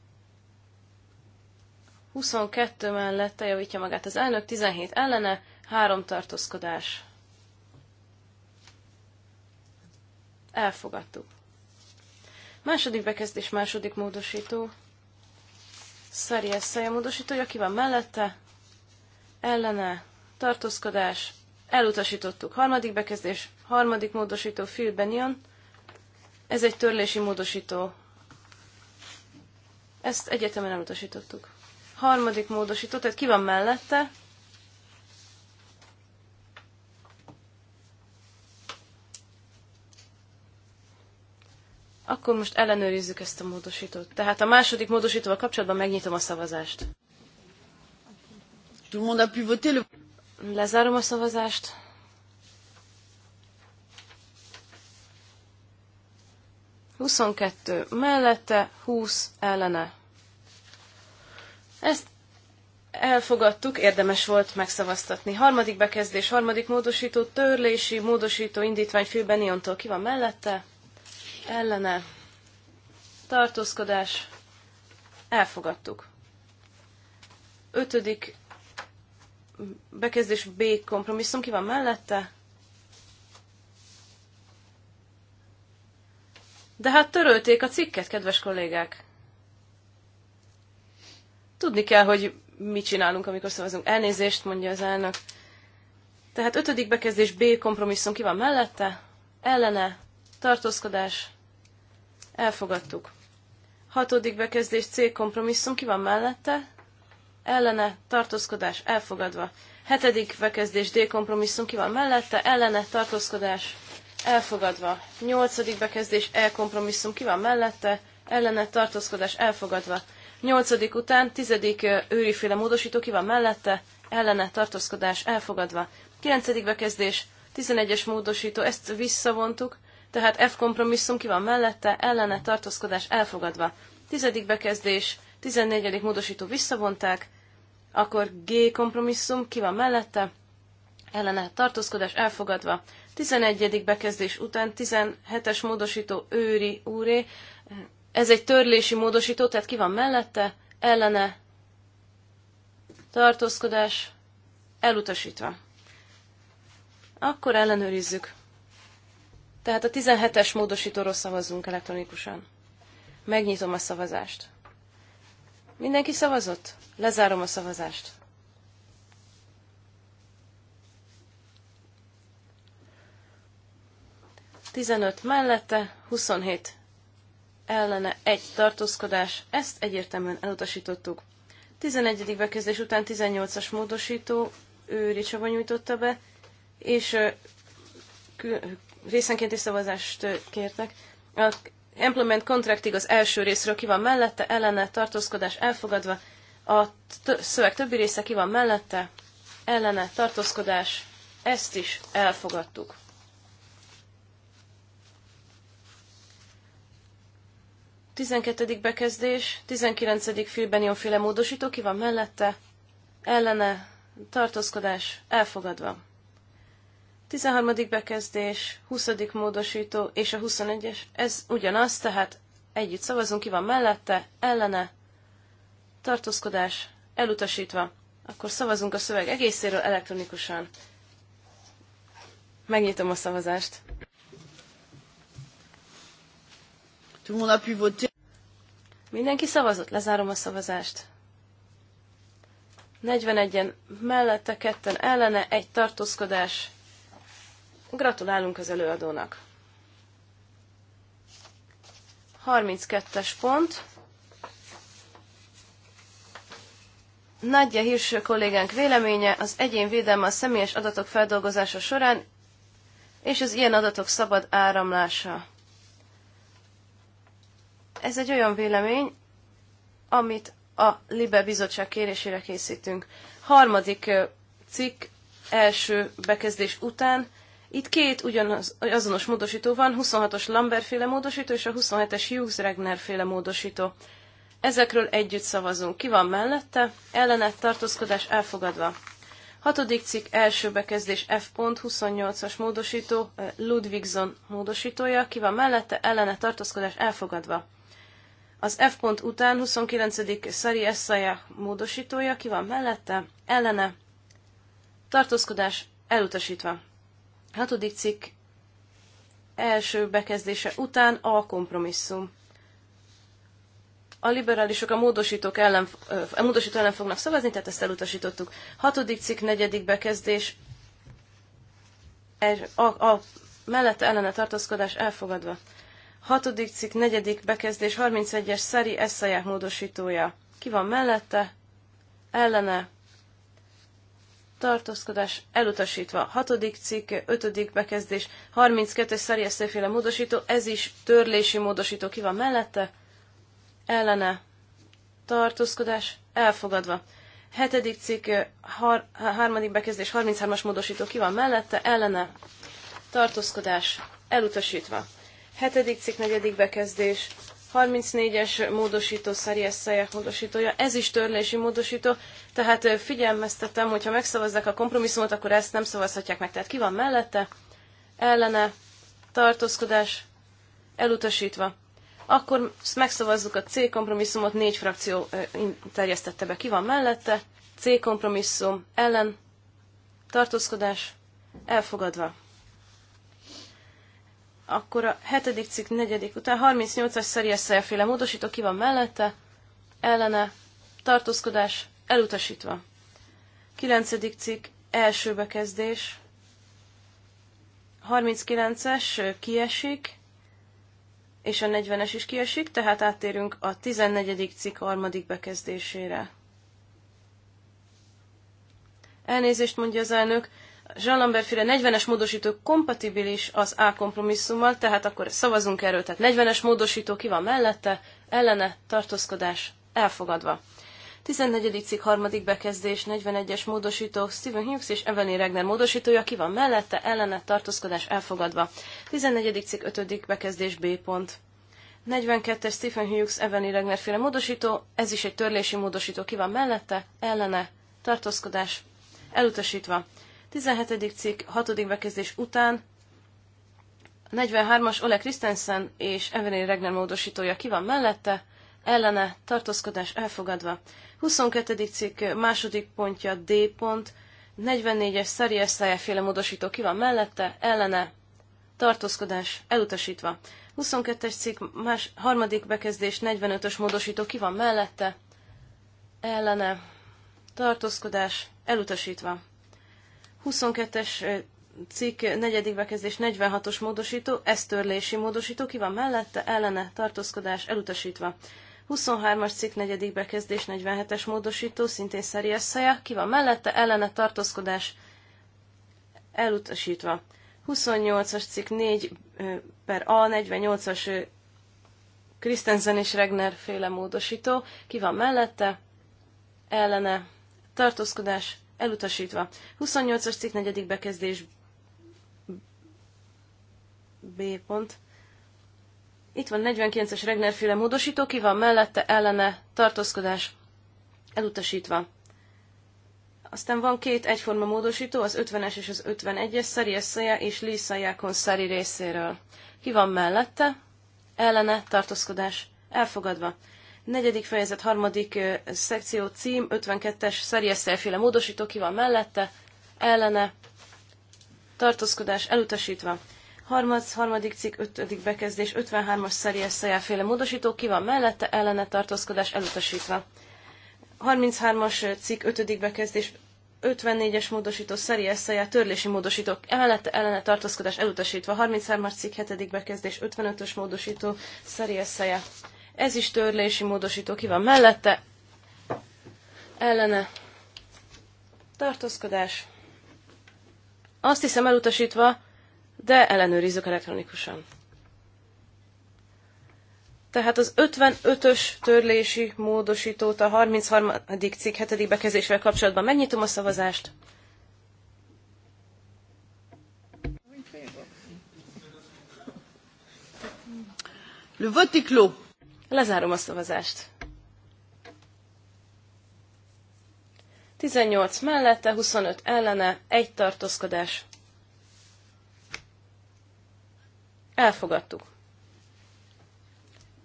22 mellette javítja magát az elnök, 17 ellene, 3 tartózkodás. Elfogadtuk. Második bekezdés, második módosító. Szeriesszelje módosítója, ki van mellette, ellene, tartózkodás, elutasítottuk. Harmadik bekezdés, harmadik módosító, Phil Benion. Ez egy törlési módosító. Ezt egyetemen elutasítottuk. Harmadik módosító, tehát ki van mellette? Akkor most ellenőrizzük ezt a módosítót. Tehát a második módosítóval kapcsolatban megnyitom a szavazást. Tout le monde a pu voter le... Lezárom a szavazást. Huszonkettő mellette, húsz ellene. Ezt elfogadtuk, érdemes volt megszavaztatni. Harmadik bekezdés, harmadik módosító, törlési módosító indítvány fülben iontól ki van mellette, ellene, tartózkodás, elfogadtuk. Ötödik bekezdés B kompromisszum, ki van mellette? De hát törölték a cikket, kedves kollégák. Tudni kell, hogy mit csinálunk, amikor szavazunk. Elnézést, mondja az elnök. Tehát ötödik bekezdés B kompromisszum ki van mellette? Ellene, tartózkodás, elfogadtuk. Hatodik bekezdés C kompromisszum ki van mellette? ellene, tartózkodás elfogadva. Hetedik bekezdés D kompromisszum ki van mellette, ellene, tartózkodás elfogadva. Nyolcadik bekezdés E kompromisszum ki van mellette, ellene, tartózkodás elfogadva. Nyolcadik után tizedik őriféle módosító ki van mellette, ellene, tartózkodás elfogadva. Kilencedik bekezdés, tizenegyes módosító, ezt visszavontuk, tehát F kompromisszum ki van mellette, ellene, tartózkodás elfogadva. Tizedik bekezdés, 14. módosító visszavonták, akkor G kompromisszum, ki van mellette, ellene tartózkodás elfogadva. 11. bekezdés után 17-es módosító őri úré, ez egy törlési módosító, tehát ki van mellette, ellene tartózkodás elutasítva. Akkor ellenőrizzük. Tehát a 17-es módosítóról szavazunk elektronikusan. Megnyitom a szavazást. Mindenki szavazott? Lezárom a szavazást. Tizenöt mellette, 27 ellene, egy tartózkodás, ezt egyértelműen elutasítottuk. 11. bekezdés után 18-as módosító, ő Ricsaba nyújtotta be, és részenkénti szavazást kértek. A Implement Contractig az első részről ki van mellette, ellene tartózkodás elfogadva, a szöveg többi része ki van mellette, ellene tartózkodás, ezt is elfogadtuk. Tizenkettedik bekezdés, tizenkilencedik filbenion féle módosító, ki van mellette, ellene tartózkodás elfogadva. 13. bekezdés, 20. módosító és a 21-es, ez ugyanaz, tehát együtt szavazunk, ki van mellette, ellene, tartózkodás, elutasítva. Akkor szavazunk a szöveg egészéről elektronikusan. Megnyitom a szavazást. Mindenki szavazott, lezárom a szavazást. 41-en mellette, ketten ellene, egy tartózkodás, Gratulálunk az előadónak. 32-es pont. Nagyja hírső kollégánk véleménye az egyén védelme a személyes adatok feldolgozása során és az ilyen adatok szabad áramlása. Ez egy olyan vélemény, amit a Libe Bizottság kérésére készítünk. Harmadik cikk első bekezdés után itt két ugyanaz, azonos módosító van, 26-os Lambert féle módosító és a 27-es Hughes Regner féle módosító. Ezekről együtt szavazunk. Ki van mellette? Ellenet tartózkodás elfogadva. Hatodik cikk első bekezdés F. 28-as módosító, eh, Ludwigson módosítója. Ki van mellette? Ellenet tartózkodás elfogadva. Az F pont után 29. Szari Eszaja módosítója, ki van mellette, ellene, tartózkodás elutasítva. Hatodik cikk első bekezdése után a kompromisszum. A liberálisok a módosítók ellen, a módosító ellen fognak szavazni, tehát ezt elutasítottuk. Hatodik cikk, negyedik bekezdés, er, a, a mellette ellene tartózkodás elfogadva. Hatodik cikk, negyedik bekezdés, 31-es Szeri Eszaják módosítója. Ki van mellette? Ellene tartózkodás elutasítva. Hatodik cikk, ötödik bekezdés, 32-es szerjesztőféle módosító, ez is törlési módosító ki van mellette, ellene tartózkodás elfogadva. Hetedik cikk, har, harmadik bekezdés, 33-as módosító ki van mellette, ellene tartózkodás elutasítva. Hetedik cikk, negyedik bekezdés, 34-es módosító, Szerias Szelyek módosítója, ez is törlési módosító, tehát figyelmeztetem, hogyha megszavazzák a kompromisszumot, akkor ezt nem szavazhatják meg. Tehát ki van mellette? Ellene? Tartózkodás? Elutasítva. Akkor megszavazzuk a C kompromisszumot, négy frakció terjesztette be. Ki van mellette? C kompromisszum, ellen, tartózkodás, elfogadva akkor a hetedik cikk negyedik után 38-as szeries szerféle módosító ki van mellette, ellene, tartózkodás, elutasítva. Kilencedik cikk első bekezdés, 39-es kiesik, és a 40-es is kiesik, tehát áttérünk a 14. cikk harmadik bekezdésére. Elnézést mondja az elnök, Jean Lambert féle 40-es módosító kompatibilis az A kompromisszummal, tehát akkor szavazunk erről, tehát 40-es módosító ki van mellette, ellene, tartózkodás, elfogadva. 14. cikk harmadik bekezdés, 41-es módosító, Stephen Hughes és Evelyn Regner módosítója, ki van mellette, ellene, tartózkodás, elfogadva. 14. cikk 5. bekezdés, B pont. 42-es Stephen Hughes, Evelyn Regner féle módosító, ez is egy törlési módosító, ki van mellette, ellene, tartózkodás, elutasítva. 17. cikk 6. bekezdés után 43-as Ole Christensen és Evelyn Regner módosítója ki van mellette, ellene tartózkodás elfogadva. 22. cikk második pontja D pont, 44-es Szarias szájáféle módosító ki van mellette, ellene tartózkodás elutasítva. 22-es cikk más, harmadik bekezdés 45-ös módosító ki van mellette, ellene tartózkodás elutasítva. 22-es cikk, negyedik bekezdés, 46-os módosító, ez törlési módosító, ki van mellette, ellene, tartózkodás, elutasítva. 23-as cikk, negyedik bekezdés, 47-es módosító, szintén szerjes szaja, ki van mellette, ellene, tartózkodás, elutasítva. 28-as cikk, 4 per A, 48-as Krisztensen és Regner féle módosító, ki van mellette, ellene, tartózkodás, elutasítva. 28-as cikk, negyedik bekezdés, B pont. Itt van 49-es Regnerféle módosító, ki van mellette, ellene, tartózkodás, elutasítva. Aztán van két egyforma módosító, az 50-es és az 51-es Szeriesszaja és Jákon Szeri részéről. Ki van mellette? Ellene, tartózkodás, elfogadva. Negyedik fejezet, harmadik szekció cím, 52-es szerjesztelféle módosító, ki van mellette, ellene, tartózkodás elutasítva. Harmadsz, harmadik cikk, ötödik bekezdés, 53-as szerjesztelféle módosító, ki van mellette, ellene, tartózkodás elutasítva. 33-as cikk, ötödik bekezdés, 54-es módosító szeri eszeje, törlési módosító, emellette ellene tartózkodás elutasítva, 33-as cikk 7. bekezdés, 55-ös módosító szeri eszeje ez is törlési módosító ki van mellette. Ellene. Tartózkodás. Azt hiszem elutasítva, de ellenőrizzük elektronikusan. Tehát az 55-ös törlési módosítót a 33. cikk 7. bekezésvel kapcsolatban megnyitom a szavazást. Le vote est clos. Lezárom a szavazást. 18 mellette, 25 ellene, egy tartózkodás. Elfogadtuk.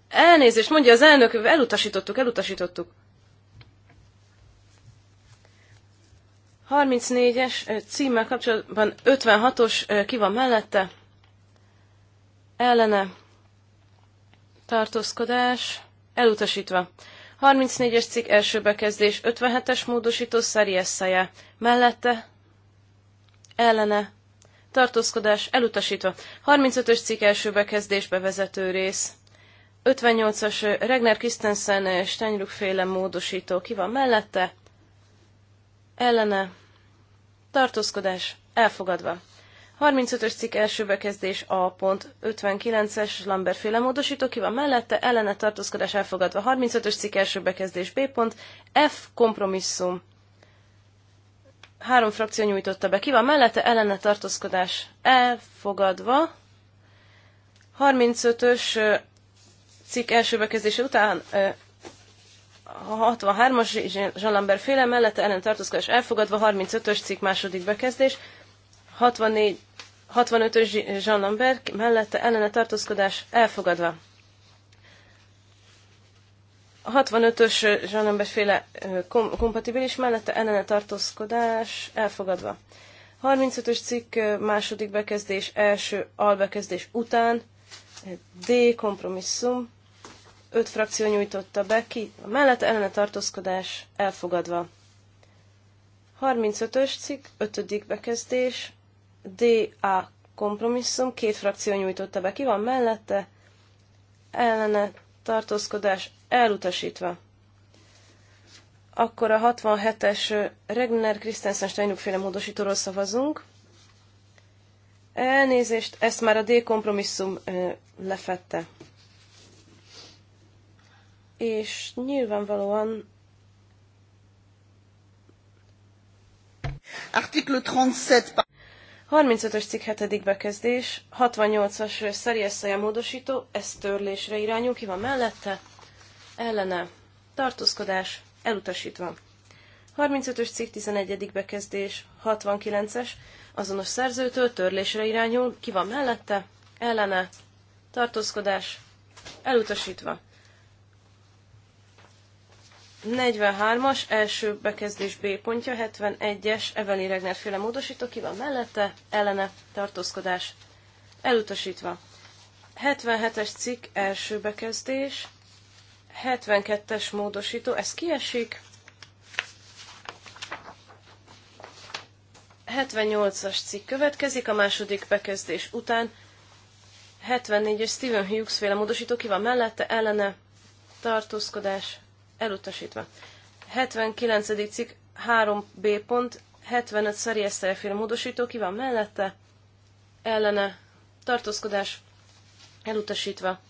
Elnézést, mondja az elnök, elutasítottuk, elutasítottuk. 34-es eh, címmel kapcsolatban 56-os eh, ki van mellette, ellene, tartózkodás elutasítva. 34-es cikk első bekezdés, 57-es módosító Szariesszaja. Mellette, ellene, tartózkodás elutasítva. 35-ös cikk első bekezdés bevezető rész. 58-as Regner Christensen Steinruck féle módosító. Ki van mellette? Ellene. Tartózkodás elfogadva. 35-ös cikk első bekezdés A pont 59-es Lambert féle módosító, ki van mellette, ellene tartózkodás elfogadva. 35-ös cikk első bekezdés B pont F kompromisszum. Három frakció nyújtotta be. Ki van mellette, ellene tartózkodás elfogadva. 35-ös cikk első bekezdése után a 63-as Jean Lambert féle mellette ellen tartózkodás elfogadva, 35-ös cikk második bekezdés, 64 65-ös Jean Lambert mellette ellene tartózkodás elfogadva. A 65-ös Jean Lambert féle kom- kompatibilis mellette ellene tartózkodás elfogadva. 35-ös cikk második bekezdés első albekezdés után D kompromisszum. Öt frakció nyújtotta be ki, a mellette ellene tartózkodás elfogadva. 35-ös cikk, ötödik bekezdés, DA kompromisszum, két frakció nyújtotta be. Ki van mellette? Ellene tartózkodás elutasítva. Akkor a 67-es Regner Christensen Steinuk féle módosítóról szavazunk. Elnézést, ezt már a D kompromisszum lefette. És nyilvánvalóan Article 37 35-ös cikk 7. bekezdés, 68-as szeriesszaja módosító, ez törlésre irányul, ki van mellette? Ellene. Tartózkodás, elutasítva. 35-ös cikk 11. bekezdés, 69-es, azonos szerzőtől törlésre irányul, ki van mellette? Ellene. Tartózkodás, elutasítva. 43-as, első bekezdés B pontja, 71-es, Evelyn Regner féle módosító, ki van mellette, ellene, tartózkodás, elutasítva. 77-es cikk, első bekezdés, 72-es módosító, ez kiesik. 78-as cikk következik, a második bekezdés után. 74-es Stephen Hughes féle módosító, ki van mellette, ellene, tartózkodás, elutasítva. 79. cikk 3b pont 75 Szariesz módosító, ki van mellette, ellene, tartózkodás, elutasítva.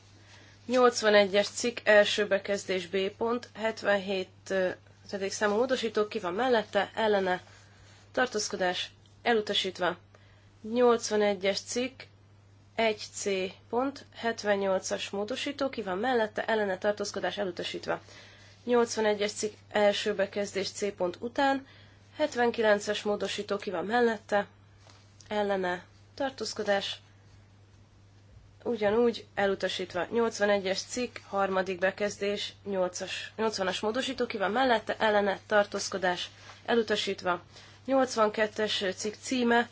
81-es cikk első bekezdés B pont, 77 számú módosító, ki van mellette, ellene, tartózkodás, elutasítva. 81-es cikk 1C pont, 78-as módosító, ki van mellette, ellene, tartózkodás, elutasítva. 81-es cikk első bekezdés C pont után, 79-es módosító ki van mellette, ellene tartózkodás, ugyanúgy elutasítva 81-es cikk, harmadik bekezdés, as 80-as módosító ki van mellette, ellene tartózkodás, elutasítva 82-es cikk címe,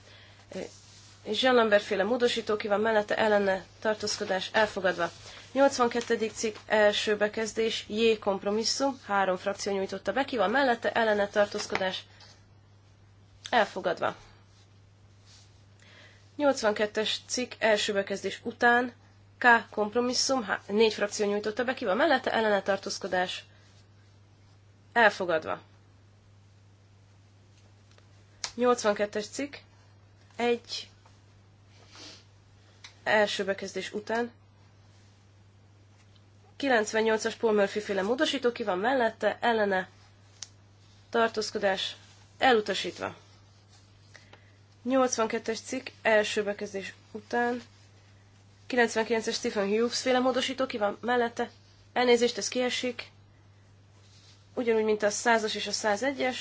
és Jean Lambert féle módosító ki van mellette, ellene tartózkodás, elfogadva. 82. cikk első bekezdés, J kompromisszum, három frakció nyújtotta be, ki van mellette, ellene tartózkodás elfogadva. 82-es cikk első bekezdés után K kompromisszum, négy frakció nyújtotta be, ki van mellette, ellene tartózkodás elfogadva. 82-es cikk, egy első bekezdés után 98-as Paul Murphy féle módosító, ki van mellette, ellene, tartózkodás, elutasítva. 82-es cikk, első bekezdés után, 99-es Stephen Hughes féle módosító, ki van mellette, elnézést, ez kiesik, ugyanúgy, mint a 100-as és a 101-es,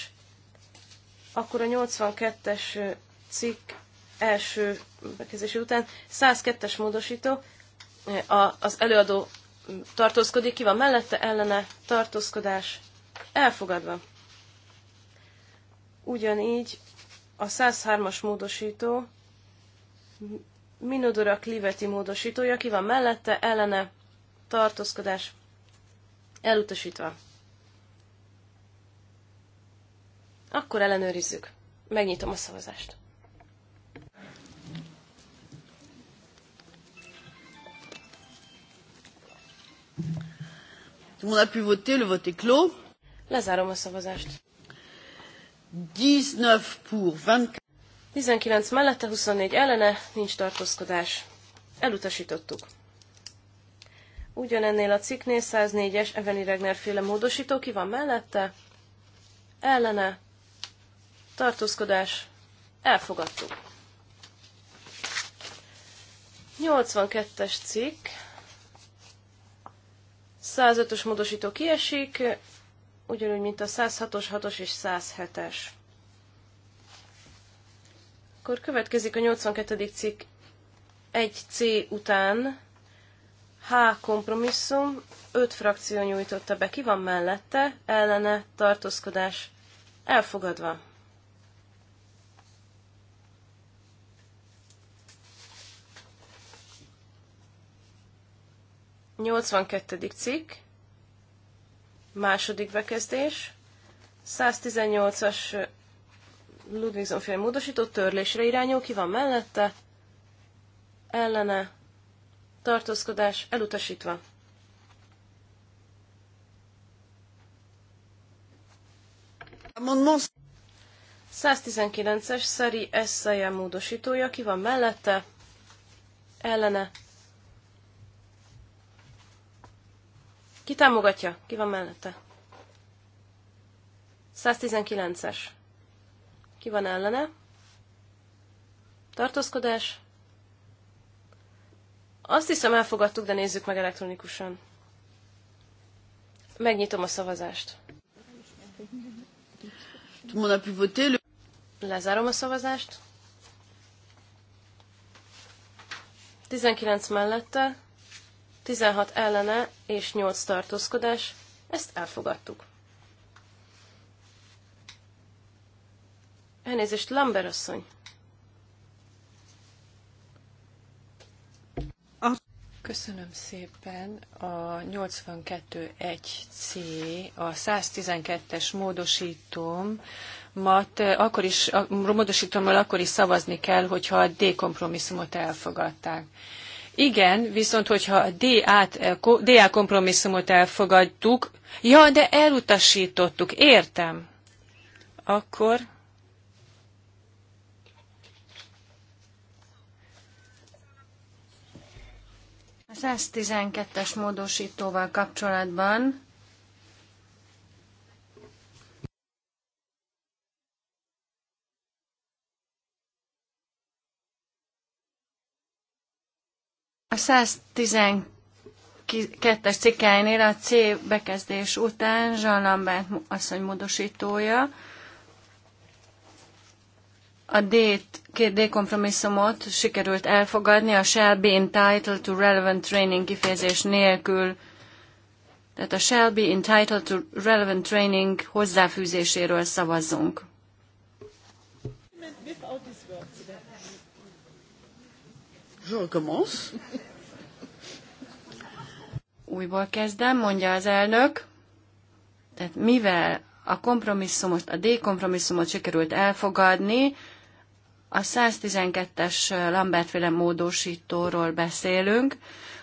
akkor a 82-es cikk első bekezdés után 102-es módosító, az előadó tartózkodik, ki van mellette, ellene, tartózkodás, elfogadva. Ugyanígy a 103-as módosító Minodora Kliveti módosítója, ki van mellette, ellene, tartózkodás, elutasítva. Akkor ellenőrizzük. Megnyitom a szavazást. Tout le monde a pu voter, le vote est clos. Lezárom a szavazást. 19 pour 24. 19 mellette, 24 ellene, nincs tartózkodás. Elutasítottuk. Ugyanennél a cikknél 104-es Eveli Regner féle módosító, ki van mellette? Ellene. Tartózkodás. Elfogadtuk. 82-es cikk, 105-ös módosító kiesik, ugyanúgy, mint a 106-os, 6-os és 107-es. Akkor következik a 82. cikk 1C után H kompromisszum, 5 frakció nyújtotta be, ki van mellette, ellene, tartózkodás, elfogadva. 82. cikk, második bekezdés, 118-as Ludwigson fél módosított törlésre irányul, ki van mellette, ellene, tartózkodás, elutasítva. Amendment 119-es Szeri Eszeje módosítója, ki van mellette, ellene, Ki támogatja? Ki van mellette? 119-es. Ki van ellene? Tartózkodás. Azt hiszem elfogadtuk, de nézzük meg elektronikusan. Megnyitom a szavazást. Lezárom a szavazást. 19 mellette, 16 ellene és 8 tartózkodás, ezt elfogadtuk. Elnézést, Lamber asszony. Köszönöm szépen. A 82.1c, a 112-es módosítom, mat, eh, akkor is, a módosítommal akkor is szavazni kell, hogyha a D kompromisszumot elfogadták. Igen, viszont hogyha a da kompromisszumot elfogadtuk, ja, de elutasítottuk, értem. Akkor... A 112-es módosítóval kapcsolatban A 112-es cikkelynél a C bekezdés után Jean Lambert asszony módosítója a D, két D kompromisszumot sikerült elfogadni, a shall be entitled to relevant training kifejezés nélkül, tehát a shall be entitled to relevant training hozzáfűzéséről szavazzunk. Je recommence. Újból kezdem, mondja az elnök. Tehát mivel a kompromisszumot, a D-kompromisszumot sikerült elfogadni, a 112-es Lambertféle módosítóról beszélünk,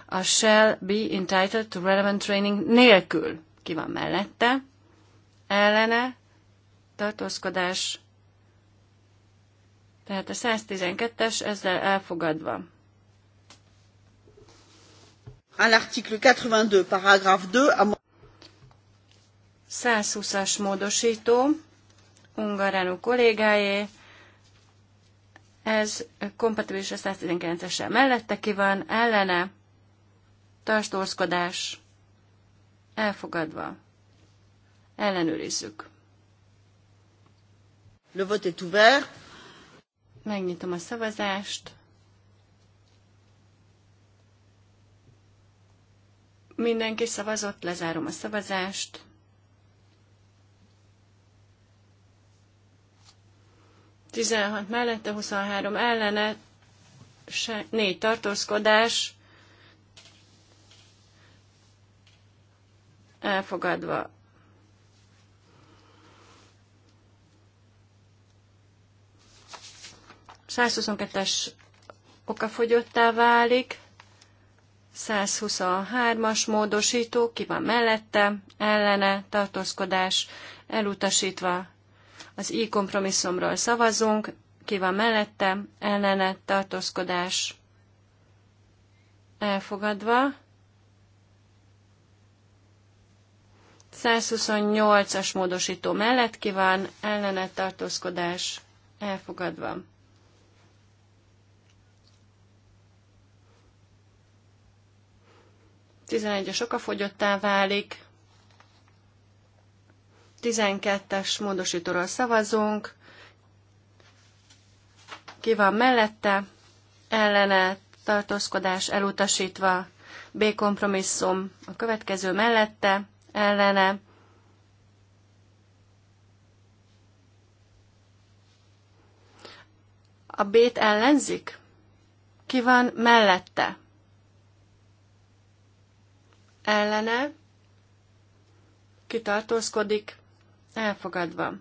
a shall be entitled to relevant training nélkül. Ki van mellette? Ellene? Tartózkodás? Tehát a 112-es ezzel elfogadva à l'article 82, paragraphe 2, à 120-as módosító, Ungaránú kollégáé, ez kompatibilis a 119-essel. Mellette ki van, ellene, tartózkodás, elfogadva. Ellenőrizzük. Le vote est ouvert. Megnyitom a szavazást. Mindenki szavazott, lezárom a szavazást. Tizenhat mellette, 23 ellene, se, négy tartózkodás, elfogadva. oka okafogyottá válik. 123-as módosító, ki van mellette, ellene, tartózkodás, elutasítva. Az i kompromisszumról szavazunk, ki van mellette, ellene, tartózkodás, elfogadva. 128-as módosító mellett ki van, ellene, tartózkodás, elfogadva. 11-es okafogyottá válik. 12-es módosítóról szavazunk. Ki van mellette? Ellene tartózkodás elutasítva. B kompromisszum a következő mellette, ellene. A B-t ellenzik? Ki van mellette? ellene kitartózkodik, elfogadva.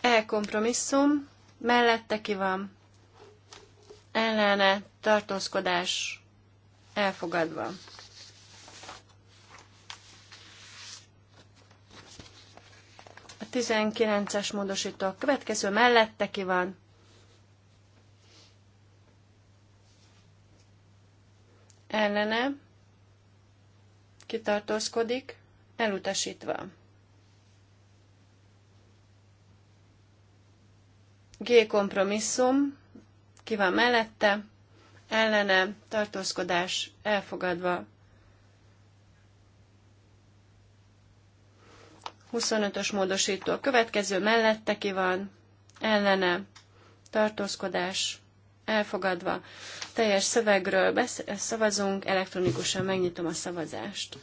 Elkompromisszum, mellette ki van, ellene tartózkodás, elfogadva. A 19-es módosító következő mellette ki van, ellene kitartózkodik, elutasítva. G kompromisszum, ki van mellette, ellene tartózkodás elfogadva. 25-ös módosító a következő mellette ki van, ellene tartózkodás elfogadva. Teljes szövegről besz- szavazunk, elektronikusan megnyitom a szavazást.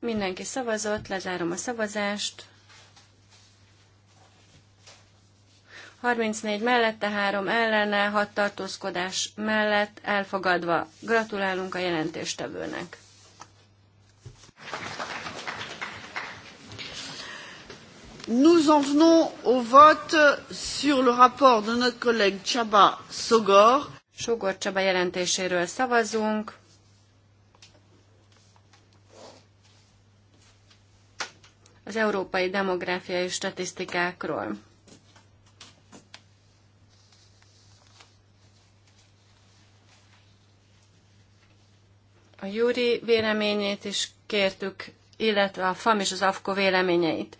Mindenki szavazott, lezárom a szavazást. 34 mellette, 3 ellene, 6 tartózkodás mellett elfogadva. Gratulálunk a jelentéstevőnek. Nous en venons au vote sur le rapport de notre collègue Csaba Sogor. Sogor Csaba jelentéséről szavazunk. Az európai demográfiai statisztikákról. A Júri véleményét is kértük, illetve a FAM és az AFKO véleményeit.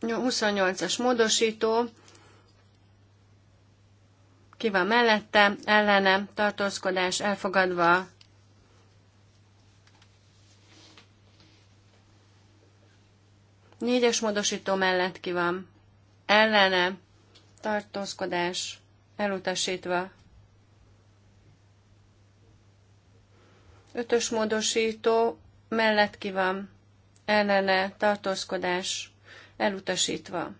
28-as módosító, ki van mellette, ellene, tartózkodás elfogadva. Négyes módosító mellett ki van, ellene, tartózkodás elutasítva. Ötös módosító mellett ki van, ellene, tartózkodás elutasítva.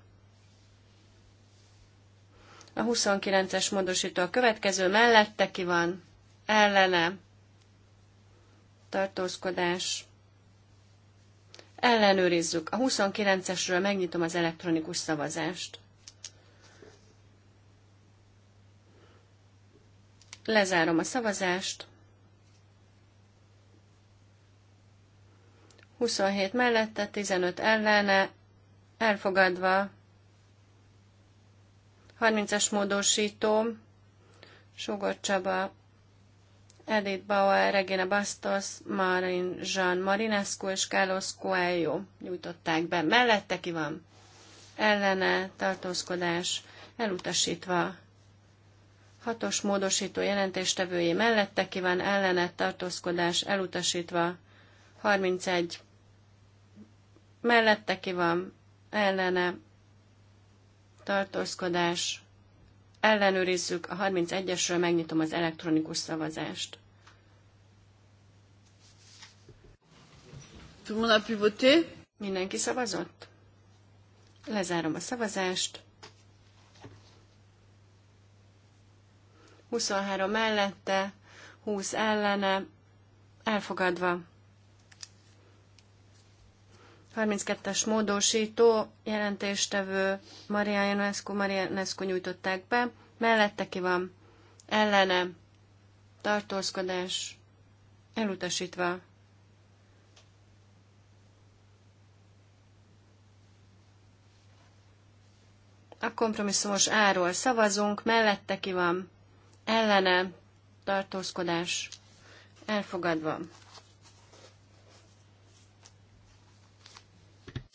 A 29-es módosító a következő mellette ki van, ellene, tartózkodás, ellenőrizzük. A 29-esről megnyitom az elektronikus szavazást. Lezárom a szavazást. 27 mellette, 15 ellene, elfogadva 30-as módosító, Sugor Csaba, Edith Bauer, Regina Bastos, Marin Jean Marinescu és Carlos Coelho nyújtották be. Mellette ki van? Ellene tartózkodás elutasítva. Hatos módosító jelentéstevője mellette ki van ellene tartózkodás elutasítva. 31 mellette ki van ellene tartózkodás, ellenőrizzük a 31-esről, megnyitom az elektronikus szavazást. Mindenki szavazott? Lezárom a szavazást. 23 mellette, 20 ellene, elfogadva. 32-es módosító jelentéstevő Maria Ionescu, Maria Ionescu nyújtották be. Mellette ki van? Ellene. Tartózkodás. Elutasítva. A kompromisszumos áról szavazunk, mellette ki van? Ellene. Tartózkodás. Elfogadva.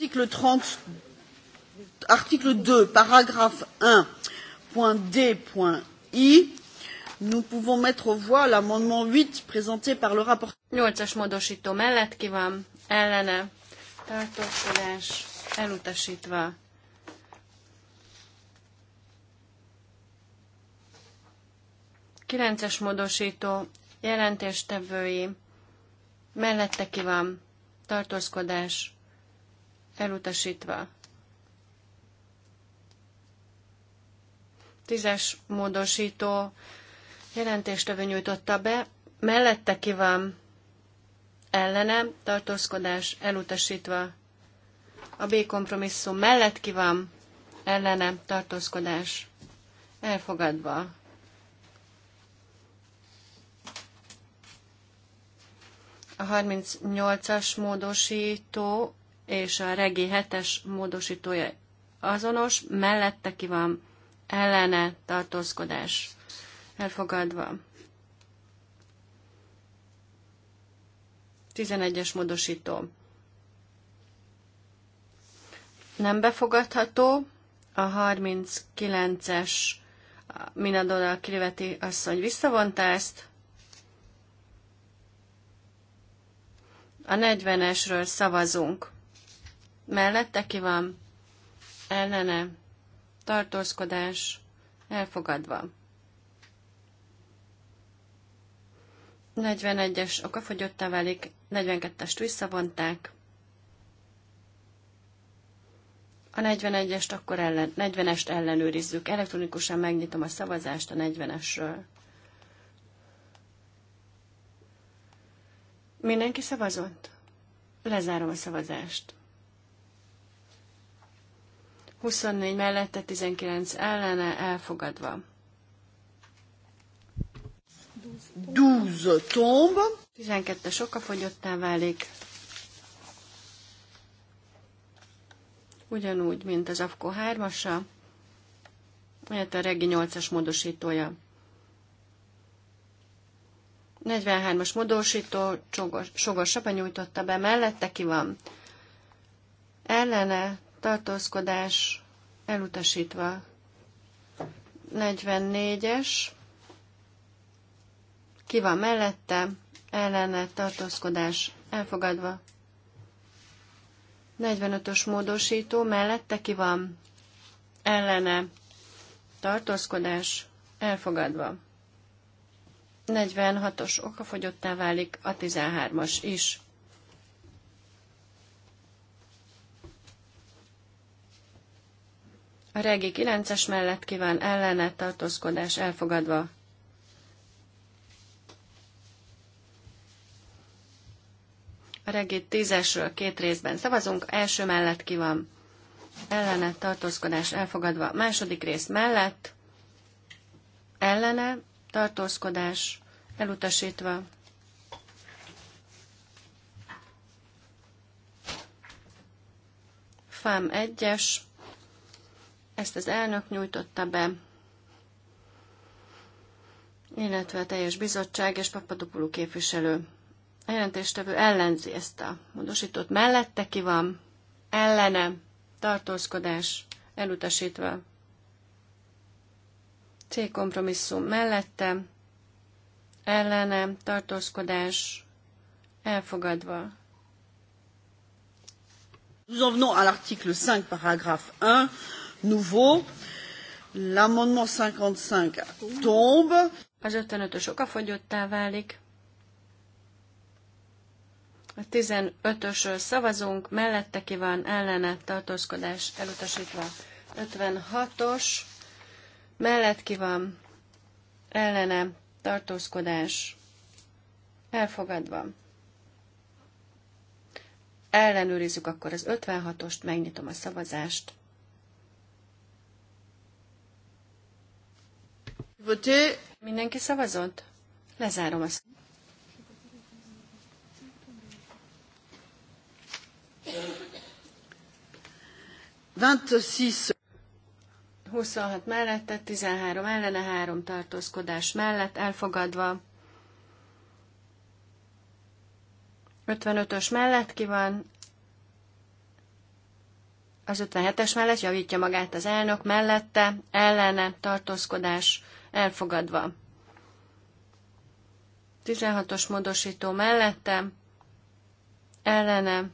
Article 30, 2, paragraphe 1, point D, point I, nous pouvons mettre aux voix l'amendement huit présenté par le rapporteur. 8 módosító mellett ki ellene, tartózkodás, elutasítva. Kilences módosító jelentéstevői mellette ki van tartózkodás elutasítva. Tízes módosító jelentéstevő nyújtotta be, mellette ki van ellene, tartózkodás elutasítva. A B kompromisszum mellett ki van ellene, tartózkodás elfogadva. A 38-as módosító és a regi hetes módosítója azonos, mellette ki van ellene tartózkodás elfogadva. 11-es módosító. Nem befogadható, a 39-es Minadona Kriveti asszony visszavonta ezt. A 40-esről szavazunk mellette ki van, ellene, tartózkodás, elfogadva. 41-es okafogyottá válik, 42-est visszavonták. A 41-est akkor ellen, 40-est ellenőrizzük. Elektronikusan megnyitom a szavazást a 40-esről. Mindenki szavazott? Lezárom a szavazást. 24 mellette, 19 ellene elfogadva. 12 tomb. 12-es fogyottá válik. Ugyanúgy, mint az AFKO 3-asa, illetve a regi 8-as módosítója. 43-as módosító Sogor Sapa nyújtotta be, mellette ki van. Ellene tartózkodás elutasítva. 44-es, ki van mellette, ellene tartózkodás elfogadva. 45-ös módosító, mellette ki van, ellene tartózkodás elfogadva. 46-os okafogyottá válik a 13-as is. A regi 9-es mellett kíván ellenet ellene tartózkodás elfogadva. A regi 10-esről két részben szavazunk, első mellett ki van ellene tartózkodás elfogadva, második rész mellett ellene tartózkodás elutasítva. FAM 1-es ezt az elnök nyújtotta be, illetve a teljes bizottság és Papadopoulou képviselő. A jelentéstevő ellenzi ezt a módosítót. Mellette ki van? Ellene? Tartózkodás? Elutasítva? C kompromisszum mellette? Ellene? Tartózkodás? Elfogadva? Nous en venons à l'article 5, paragraphe 1 nouveau. L'amendement 55 tombe. Az 55-ös okafogyottá válik. A 15 ös szavazunk, mellette ki van ellene tartózkodás elutasítva. 56-os, mellett ki van ellene tartózkodás elfogadva. Ellenőrizzük akkor az 56-ost, megnyitom a szavazást. Voté. Mindenki szavazott? Lezárom azt. szavazást. 26 mellette, 13 ellene, 3 tartózkodás mellett elfogadva. 55-ös mellett ki van, az 57-es mellett javítja magát az elnök, mellette, ellene, tartózkodás, elfogadva. 16-os módosító mellette, ellene,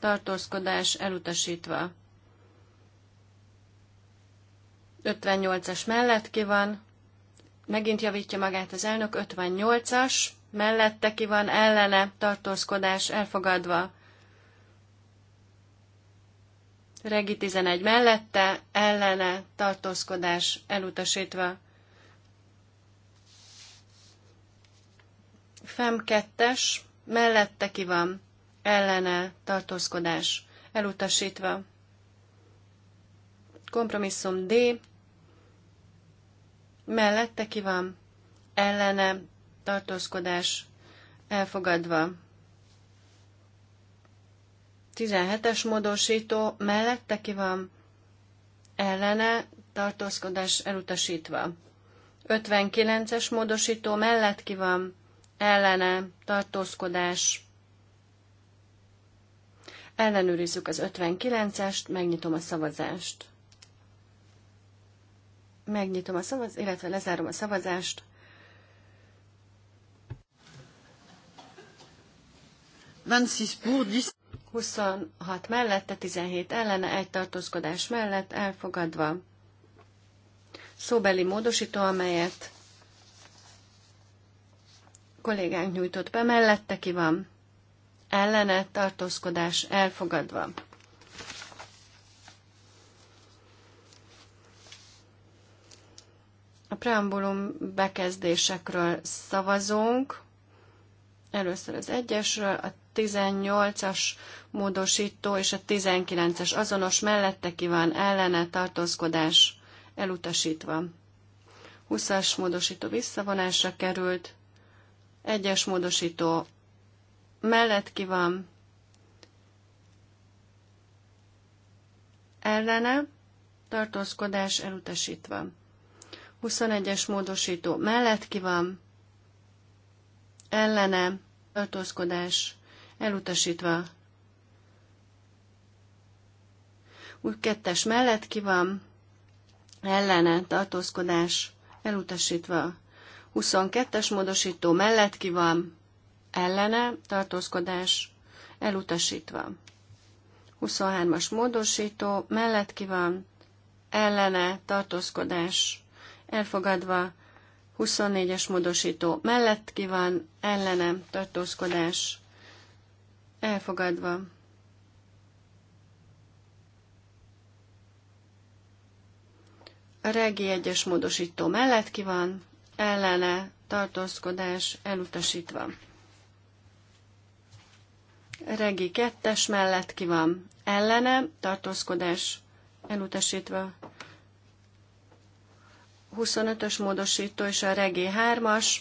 tartózkodás elutasítva. 58-as mellett ki van, megint javítja magát az elnök, 58-as, mellette ki van, ellene, tartózkodás elfogadva. Regi 11 mellette, ellene, tartózkodás elutasítva. FEM kettes, mellette ki van, ellene tartózkodás elutasítva. Kompromisszum D, mellette ki van, ellene tartózkodás elfogadva. 17-es módosító mellette ki van, ellene tartózkodás elutasítva. 59-es módosító mellett ki van, ellene, tartózkodás. Ellenőrizzük az 59-est, megnyitom a szavazást. Megnyitom a szavazást, illetve lezárom a szavazást. pour 10. 26 mellette, 17 ellene, egy tartózkodás mellett elfogadva. Szóbeli módosító, amelyet kollégánk nyújtott be, mellette ki van ellene tartózkodás elfogadva. A preambulum bekezdésekről szavazunk. Először az egyesről, a 18-as módosító és a 19-es azonos mellette ki van ellene tartózkodás elutasítva. 20-as módosító visszavonásra került, egyes módosító mellett ki van ellene, tartózkodás elutasítva. 21-es módosító mellett ki van ellene, tartózkodás elutasítva. Úgy kettes mellett ki van ellene, tartózkodás elutasítva. 22-es módosító mellett ki van, ellene, tartózkodás elutasítva. 23-as módosító mellett ki van, ellene, tartózkodás elfogadva. 24-es módosító mellett ki van, ellene, tartózkodás elfogadva. A regi egyes módosító mellett ki van, ellene tartózkodás elutasítva. Regi kettes mellett ki van ellene tartózkodás elutasítva. 25-ös módosító és a regi 3-as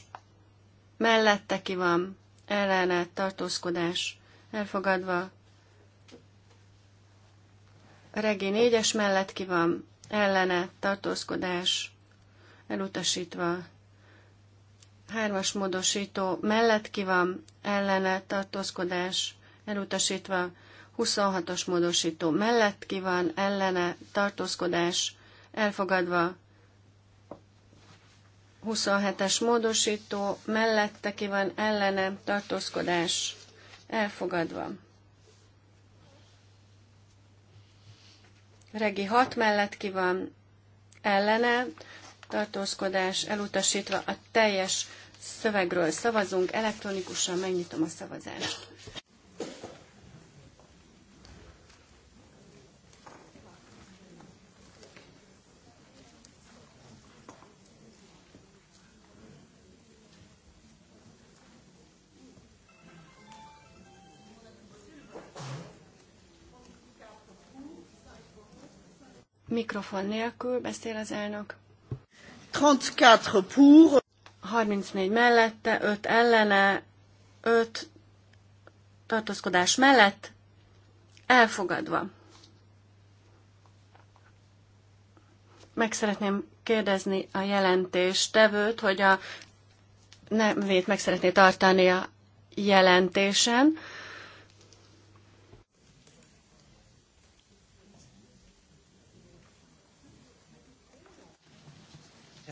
mellette ki van ellene tartózkodás elfogadva. Regi 4-es mellett ki van ellene tartózkodás elutasítva. Hármas módosító mellett ki van, ellene tartózkodás elutasítva. 26-os módosító mellett ki van, ellene tartózkodás elfogadva. 27-es módosító mellette ki van, ellene tartózkodás elfogadva. Regi 6 mellett ki van, ellene tartózkodás elutasítva a teljes szövegről szavazunk, elektronikusan megnyitom a szavazást. Mikrofon nélkül beszél az elnök. 34 pour. 34 mellette, 5 ellene, 5 tartózkodás mellett elfogadva. Meg szeretném kérdezni a jelentéstevőt, hogy a nevét meg szeretné tartani a jelentésen.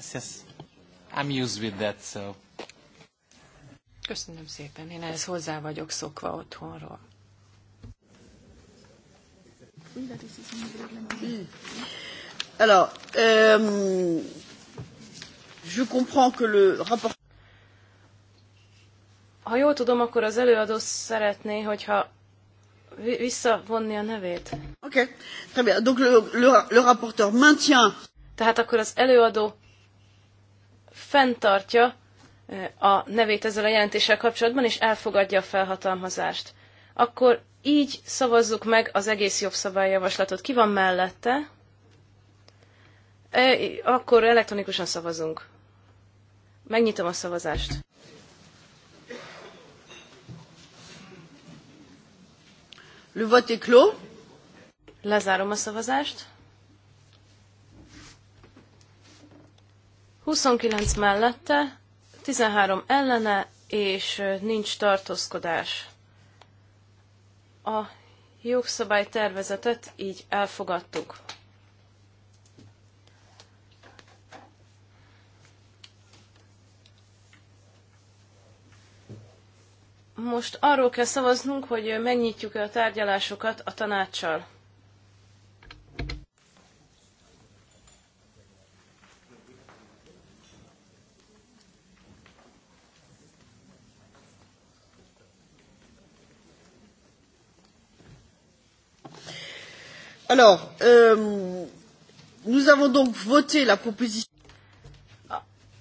Yes, yes. I'm used with that, so. Köszönöm szépen, én ehhez hozzá vagyok szokva otthonról. Alors, euh, je comprends que le rapport... Ha jól tudom, akkor az előadó szeretné, hogyha visszavonni a nevét. Oké, okay. très bien. Donc le, le, le rapporteur maintient. Tehát akkor az előadó fenntartja eh, a nevét ezzel a jelentéssel kapcsolatban, és elfogadja a felhatalmazást. Akkor így szavazzuk meg az egész jogszabályjavaslatot. Ki van mellette? E, akkor elektronikusan szavazunk. Megnyitom a szavazást. Le vote est clos. Lezárom a szavazást. 29 mellette, 13 ellene, és nincs tartózkodás. A jogszabály tervezetet így elfogadtuk. Most arról kell szavaznunk, hogy megnyitjuk-e a tárgyalásokat a tanácssal. Euh,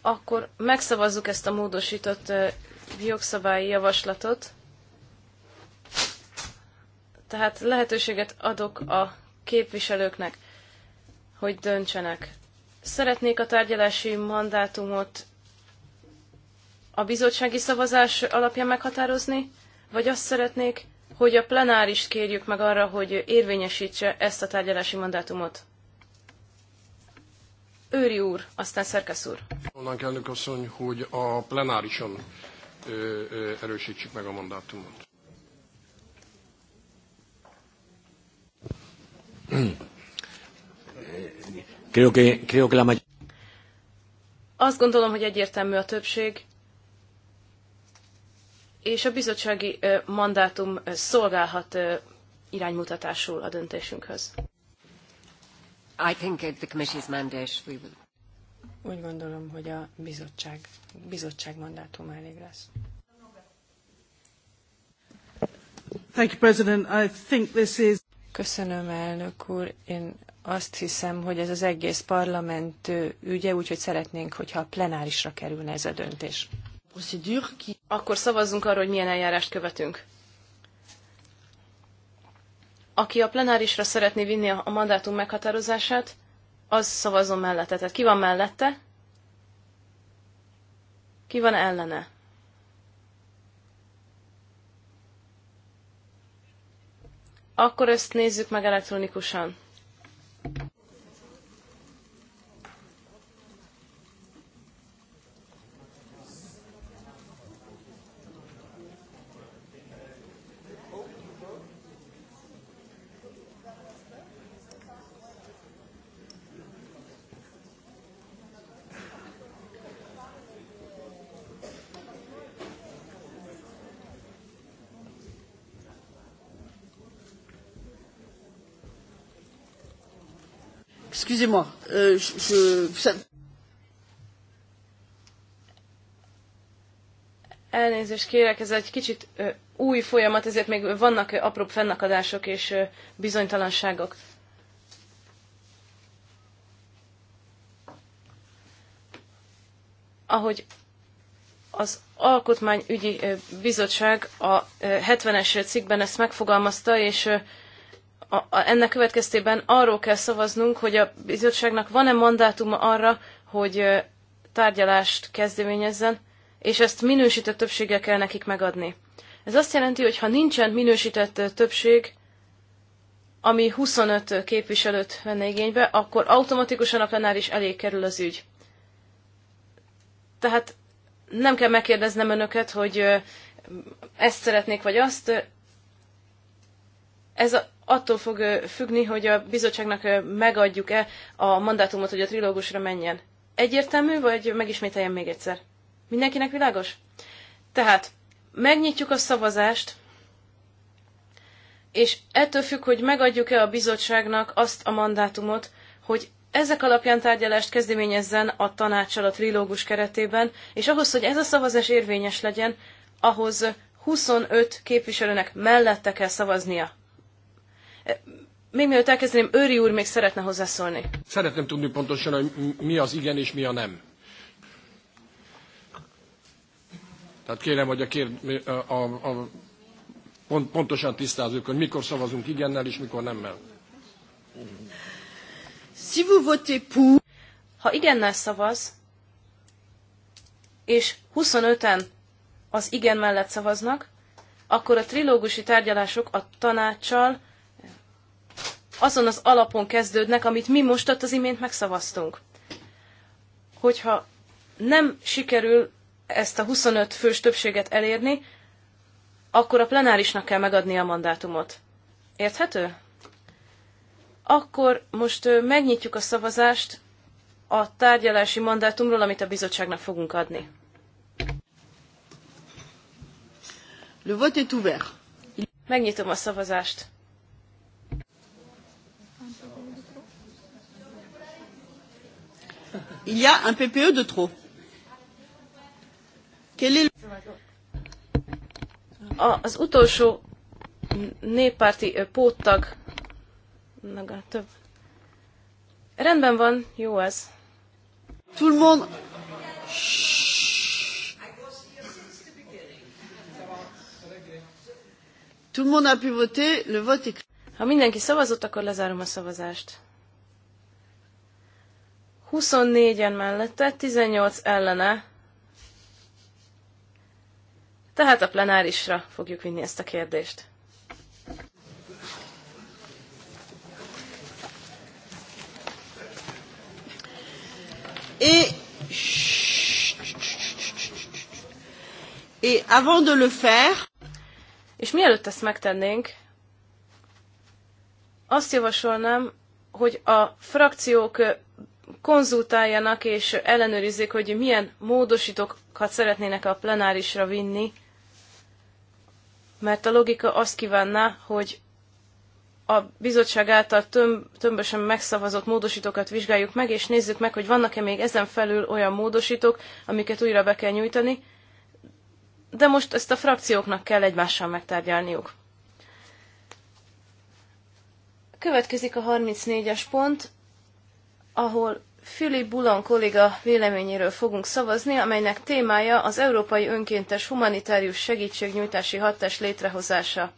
akkor megszavazzuk ezt a módosított jogszabályi javaslatot. Tehát lehetőséget adok a képviselőknek, hogy döntsenek. Szeretnék a tárgyalási mandátumot a bizottsági szavazás alapján meghatározni, vagy azt szeretnék, hogy a plenárist kérjük meg arra, hogy érvényesítse ezt a tárgyalási mandátumot. Őri úr, aztán Szerkesz úr. Mondank elnök asszony, hogy a plenárison ö, ö, erősítsük meg a mandátumot. Creo que, creo que la Azt gondolom, hogy egyértelmű a többség és a bizottsági mandátum szolgálhat iránymutatásul a döntésünkhöz. I think the committee's mandate we will... Úgy gondolom, hogy a bizottság, bizottság mandátum elég lesz. Thank you, President. I think this is... Köszönöm, elnök úr. Én azt hiszem, hogy ez az egész parlament ügye, úgyhogy szeretnénk, hogyha plenárisra kerülne ez a döntés. Akkor szavazzunk arról, hogy milyen eljárást követünk. Aki a plenárisra szeretné vinni a mandátum meghatározását, az szavazom mellette. Tehát ki van mellette? Ki van ellene? Akkor ezt nézzük meg elektronikusan. Excusez-moi, euh, je, je, ça... Elnézést kérek, ez egy kicsit ö, új folyamat, ezért még vannak ö, apróbb fennakadások és ö, bizonytalanságok. Ahogy az Alkotmányügyi ö, Bizottság a ö, 70-es cikkben ezt megfogalmazta, és ö, a, a, ennek következtében arról kell szavaznunk, hogy a bizottságnak van-e mandátuma arra, hogy tárgyalást kezdeményezzen, és ezt minősített többséggel kell nekik megadni. Ez azt jelenti, hogy ha nincsen minősített többség, ami 25 képviselőt venne igénybe, akkor automatikusan a plenáris elé kerül az ügy. Tehát nem kell megkérdeznem önöket, hogy ezt szeretnék, vagy azt, ez a, attól fog függni, hogy a bizottságnak megadjuk-e a mandátumot, hogy a trilógusra menjen. Egyértelmű, vagy megismételjem még egyszer? Mindenkinek világos? Tehát megnyitjuk a szavazást, és ettől függ, hogy megadjuk-e a bizottságnak azt a mandátumot, hogy ezek alapján tárgyalást kezdeményezzen a tanácssal a trilógus keretében, és ahhoz, hogy ez a szavazás érvényes legyen, ahhoz 25 képviselőnek mellette kell szavaznia. Még mielőtt elkezdeném, Őri úr még szeretne hozzászólni. Szeretném tudni pontosan, hogy mi az igen és mi a nem. Tehát kérem, hogy a, kér, a, a, a pont, pontosan tisztázzuk, hogy mikor szavazunk igennel és mikor nemmel. Si vous votez pour... Ha igennel szavaz, és 25-en az igen mellett szavaznak, akkor a trilógusi tárgyalások a tanácssal azon az alapon kezdődnek, amit mi most ott az imént megszavaztunk. Hogyha nem sikerül ezt a 25 fős többséget elérni, akkor a plenárisnak kell megadni a mandátumot. Érthető? Akkor most megnyitjuk a szavazást a tárgyalási mandátumról, amit a bizottságnak fogunk adni. Le vote est ouvert. Megnyitom a szavazást. il y a un PPE de trop. Quel est le... Az utolsó néppárti póttag. Több. Rendben van, jó ez. Tout le monde. Tout le monde a pu voter, le vote est... Ha mindenki szavazott, akkor lezárom a szavazást. 24-en mellette, 18 ellene. Tehát a plenárisra fogjuk vinni ezt a kérdést. Et, et avant de le faire, és mielőtt ezt megtennénk, azt javasolnám, hogy a frakciók konzultáljanak és ellenőrizzék, hogy milyen módosítókat szeretnének a plenárisra vinni, mert a logika azt kívánná, hogy a bizottság által töm, tömbösen megszavazott módosítókat vizsgáljuk meg, és nézzük meg, hogy vannak-e még ezen felül olyan módosítók, amiket újra be kell nyújtani, de most ezt a frakcióknak kell egymással megtárgyalniuk. Következik a 34-es pont, ahol Philip Bulan kolléga véleményéről fogunk szavazni, amelynek témája az Európai Önkéntes Humanitárius Segítségnyújtási Hatás létrehozása.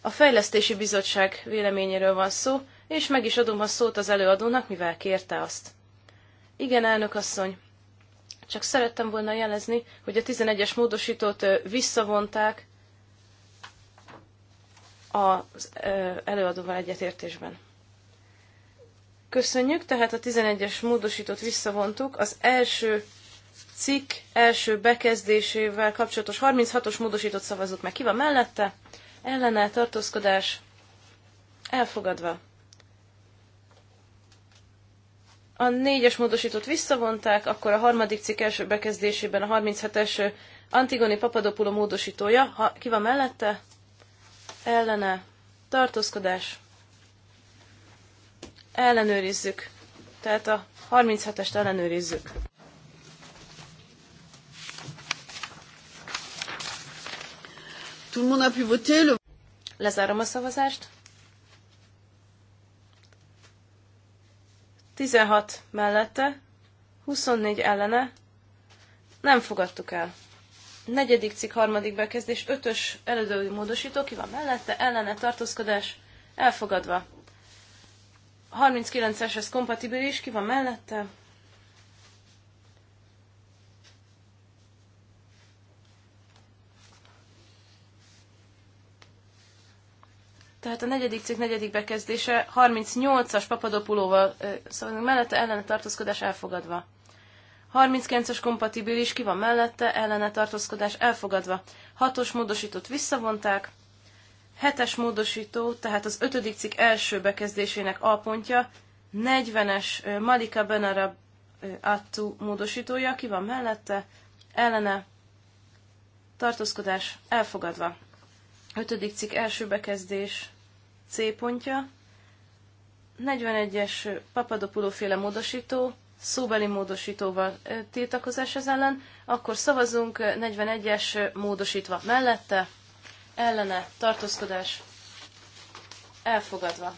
A Fejlesztési Bizottság véleményéről van szó, és meg is adom a szót az előadónak, mivel kérte azt. Igen, elnök asszony. Csak szerettem volna jelezni, hogy a 11-es módosítót visszavonták az előadóval egyetértésben. Köszönjük, tehát a 11-es módosítót visszavontuk. Az első cikk első bekezdésével kapcsolatos 36-os módosítót szavazzuk meg. Ki van mellette? Ellene tartózkodás elfogadva. A négyes módosítót visszavonták, akkor a harmadik cikk első bekezdésében a 37-es Antigoni Papadopulo módosítója. Ha, ki van mellette? Ellene tartózkodás ellenőrizzük. Tehát a 37-est ellenőrizzük. le monde a le... Lezárom a szavazást. 16 mellette, 24 ellene. Nem fogadtuk el. Negyedik cikk, harmadik bekezdés, ötös elődő módosító, ki van mellette, ellene, tartózkodás, elfogadva. 39-es, ez kompatibilis, ki van mellette? Tehát a negyedik cikk negyedik bekezdése 38-as papadopulóval szóval mellette, ellene tartózkodás elfogadva. 39 as kompatibilis, ki van mellette, ellene tartózkodás elfogadva. 6-os módosított visszavonták. Hetes módosító, tehát az ötödik cikk első bekezdésének pontja, 40-es Malika Benarab Attu módosítója, ki van mellette, ellene, tartózkodás elfogadva. Ötödik cikk első bekezdés C pontja, 41-es Papadopoulou féle módosító, szóbeli módosítóval tiltakozás ez ellen, akkor szavazunk 41-es módosítva mellette, ellene tartózkodás elfogadva.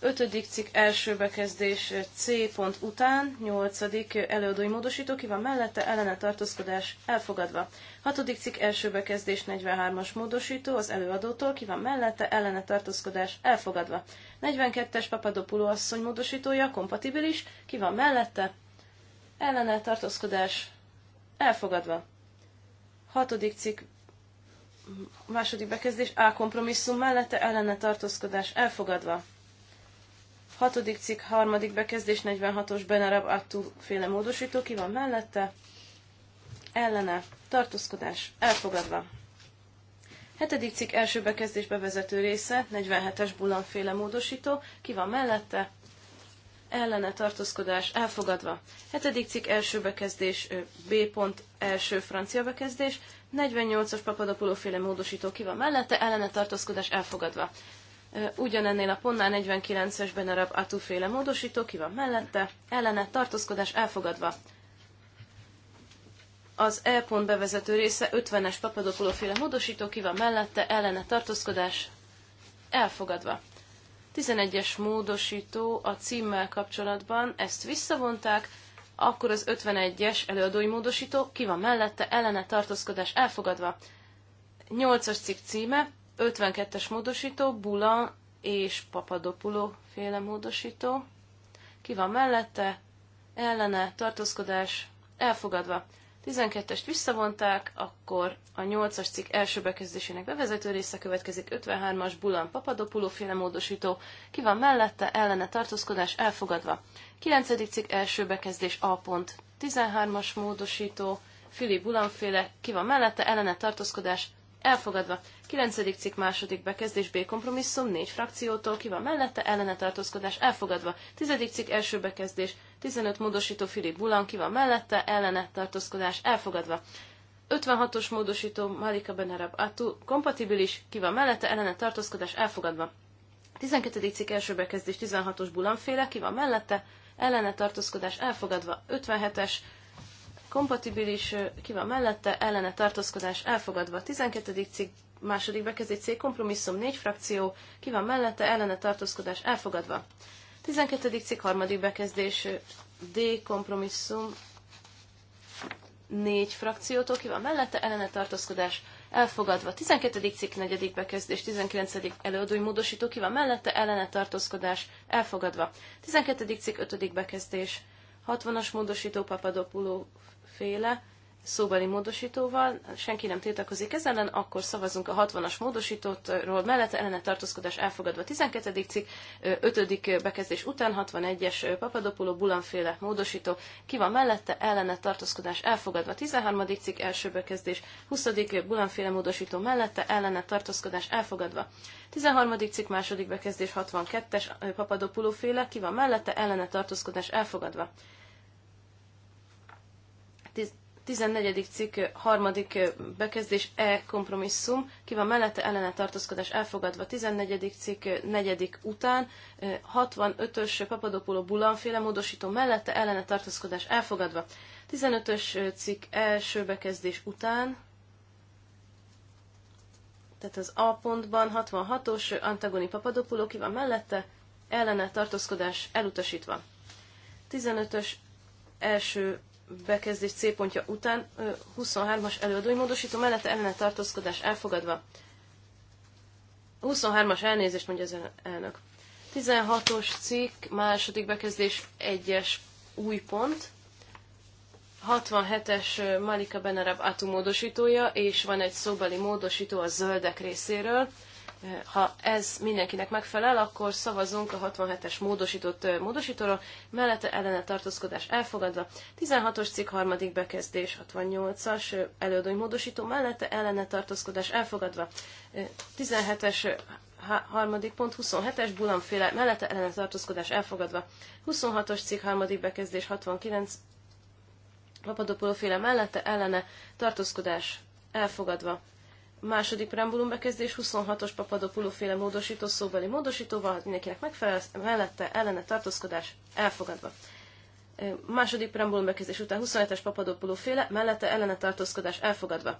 5. cikk első bekezdés C pont után, 8. előadói módosító, ki van mellette, ellene tartózkodás elfogadva. 6. cikk első bekezdés 43-as módosító az előadótól, ki van mellette, ellene tartózkodás elfogadva. 42-es Papadopulo asszony módosítója kompatibilis, ki van mellette, ellene tartózkodás elfogadva. 6. cikk Második bekezdés A kompromisszum mellette ellene tartózkodás elfogadva. Hatodik cikk, harmadik bekezdés, 46-os Benarab Attu féle módosító, ki van mellette? Ellene, tartózkodás, elfogadva. Hetedik cikk első bekezdés bevezető része, 47-es Bulan féle módosító, ki van mellette? Ellene, tartózkodás, elfogadva. Hetedik cikk első bekezdés, B pont első francia bekezdés, 48-as papadopuló féle módosító ki van mellette, ellene tartózkodás elfogadva. Ugyanennél a pontnál 49-es Benarab Atu féle módosító ki van mellette, ellene tartózkodás elfogadva. Az E pont bevezető része 50-es papadopuló féle módosító ki van mellette, ellene tartózkodás elfogadva. 11-es módosító a címmel kapcsolatban, ezt visszavonták, akkor az 51-es előadói módosító, ki van mellette, ellene tartózkodás elfogadva. 8-as cikk címe, 52-es módosító, Bula és Papadopulo féle módosító. Ki van mellette, ellene tartózkodás elfogadva. 12-est visszavonták, akkor a 8-as cikk első bekezdésének bevezető része következik, 53-as Bulan Papadopulo féle módosító, ki van mellette, ellene tartózkodás elfogadva. 9. cikk első bekezdés A pont. 13-as módosító, Fili Bulanféle, ki van mellette, ellene tartózkodás, elfogadva. 9. cikk második bekezdés B kompromisszum, 4 frakciótól, ki van mellette, ellene tartózkodás, elfogadva. 10. cikk első bekezdés, 15 módosító fili Bulan, ki van mellette, ellene tartózkodás, elfogadva. 56-os módosító Malika Benarab Atu, kompatibilis, ki van mellette, ellene tartózkodás, elfogadva. 12. cikk első bekezdés 16-os bulanféle, ki van mellette, ellene tartózkodás elfogadva, 57-es kompatibilis, ki van mellette, ellene tartózkodás elfogadva, 12. cikk, második bekezdés C, kompromisszum, 4 frakció, ki van mellette, ellene tartózkodás elfogadva. 12. cikk, harmadik bekezdés D, kompromisszum, 4 frakciótól, ki van mellette, ellene tartózkodás elfogadva. 12. cikk 4. bekezdés, 19. előadói módosító ki van mellette, ellene tartózkodás, elfogadva. 12. cikk 5. bekezdés, 60-as módosító papadopuló féle, szóbeli módosítóval, senki nem tiltakozik ez ellen, akkor szavazunk a 60-as módosítótról, mellette ellene tartózkodás elfogadva 12. cikk, 5. bekezdés után 61-es Papadopuló bulanféle módosító, ki van mellette ellene tartózkodás elfogadva 13. cikk, első bekezdés, 20. bulanféle módosító mellette ellene tartózkodás elfogadva. 13. cikk, második bekezdés, 62-es Papadopuló féle, ki van mellette ellene tartózkodás elfogadva. 14. cikk, eh, harmadik eh, bekezdés, E kompromisszum, ki van mellette, ellene tartózkodás elfogadva, 14. cikk, eh, negyedik után, 65-ös papadopuló Bulanféle módosító mellette, ellene tartózkodás elfogadva, 15-ös cikk első bekezdés után, tehát az A pontban 66-os Antagoni papadopuló ki van mellette, ellene tartózkodás elutasítva. 15-ös első bekezdés C pontja után 23-as előadói módosító mellette ellene tartózkodás elfogadva. 23-as elnézést mondja az elnök. 16-os cikk, második bekezdés, egyes új pont. 67-es Malika Benarab átumódosítója, és van egy szóbeli módosító a zöldek részéről ha ez mindenkinek megfelel, akkor szavazunk a 67-es módosított módosítóra, mellette ellene tartózkodás elfogadva, 16-os cikk harmadik bekezdés, 68-as elődöny módosító, mellette ellene tartózkodás elfogadva, 17-es harmadik pont, 27-es bulamféle, mellette ellene tartózkodás elfogadva, 26-os cikk harmadik bekezdés, 69 Papadopoloféle mellette ellene tartózkodás elfogadva második preambulum bekezdés 26-os papadopuló féle módosító szóbeli módosítóval, hát mindenkinek megfelel, mellette ellene tartózkodás elfogadva. Második preambulum bekezdés után 27-es papadopuló féle, mellette ellene tartózkodás elfogadva.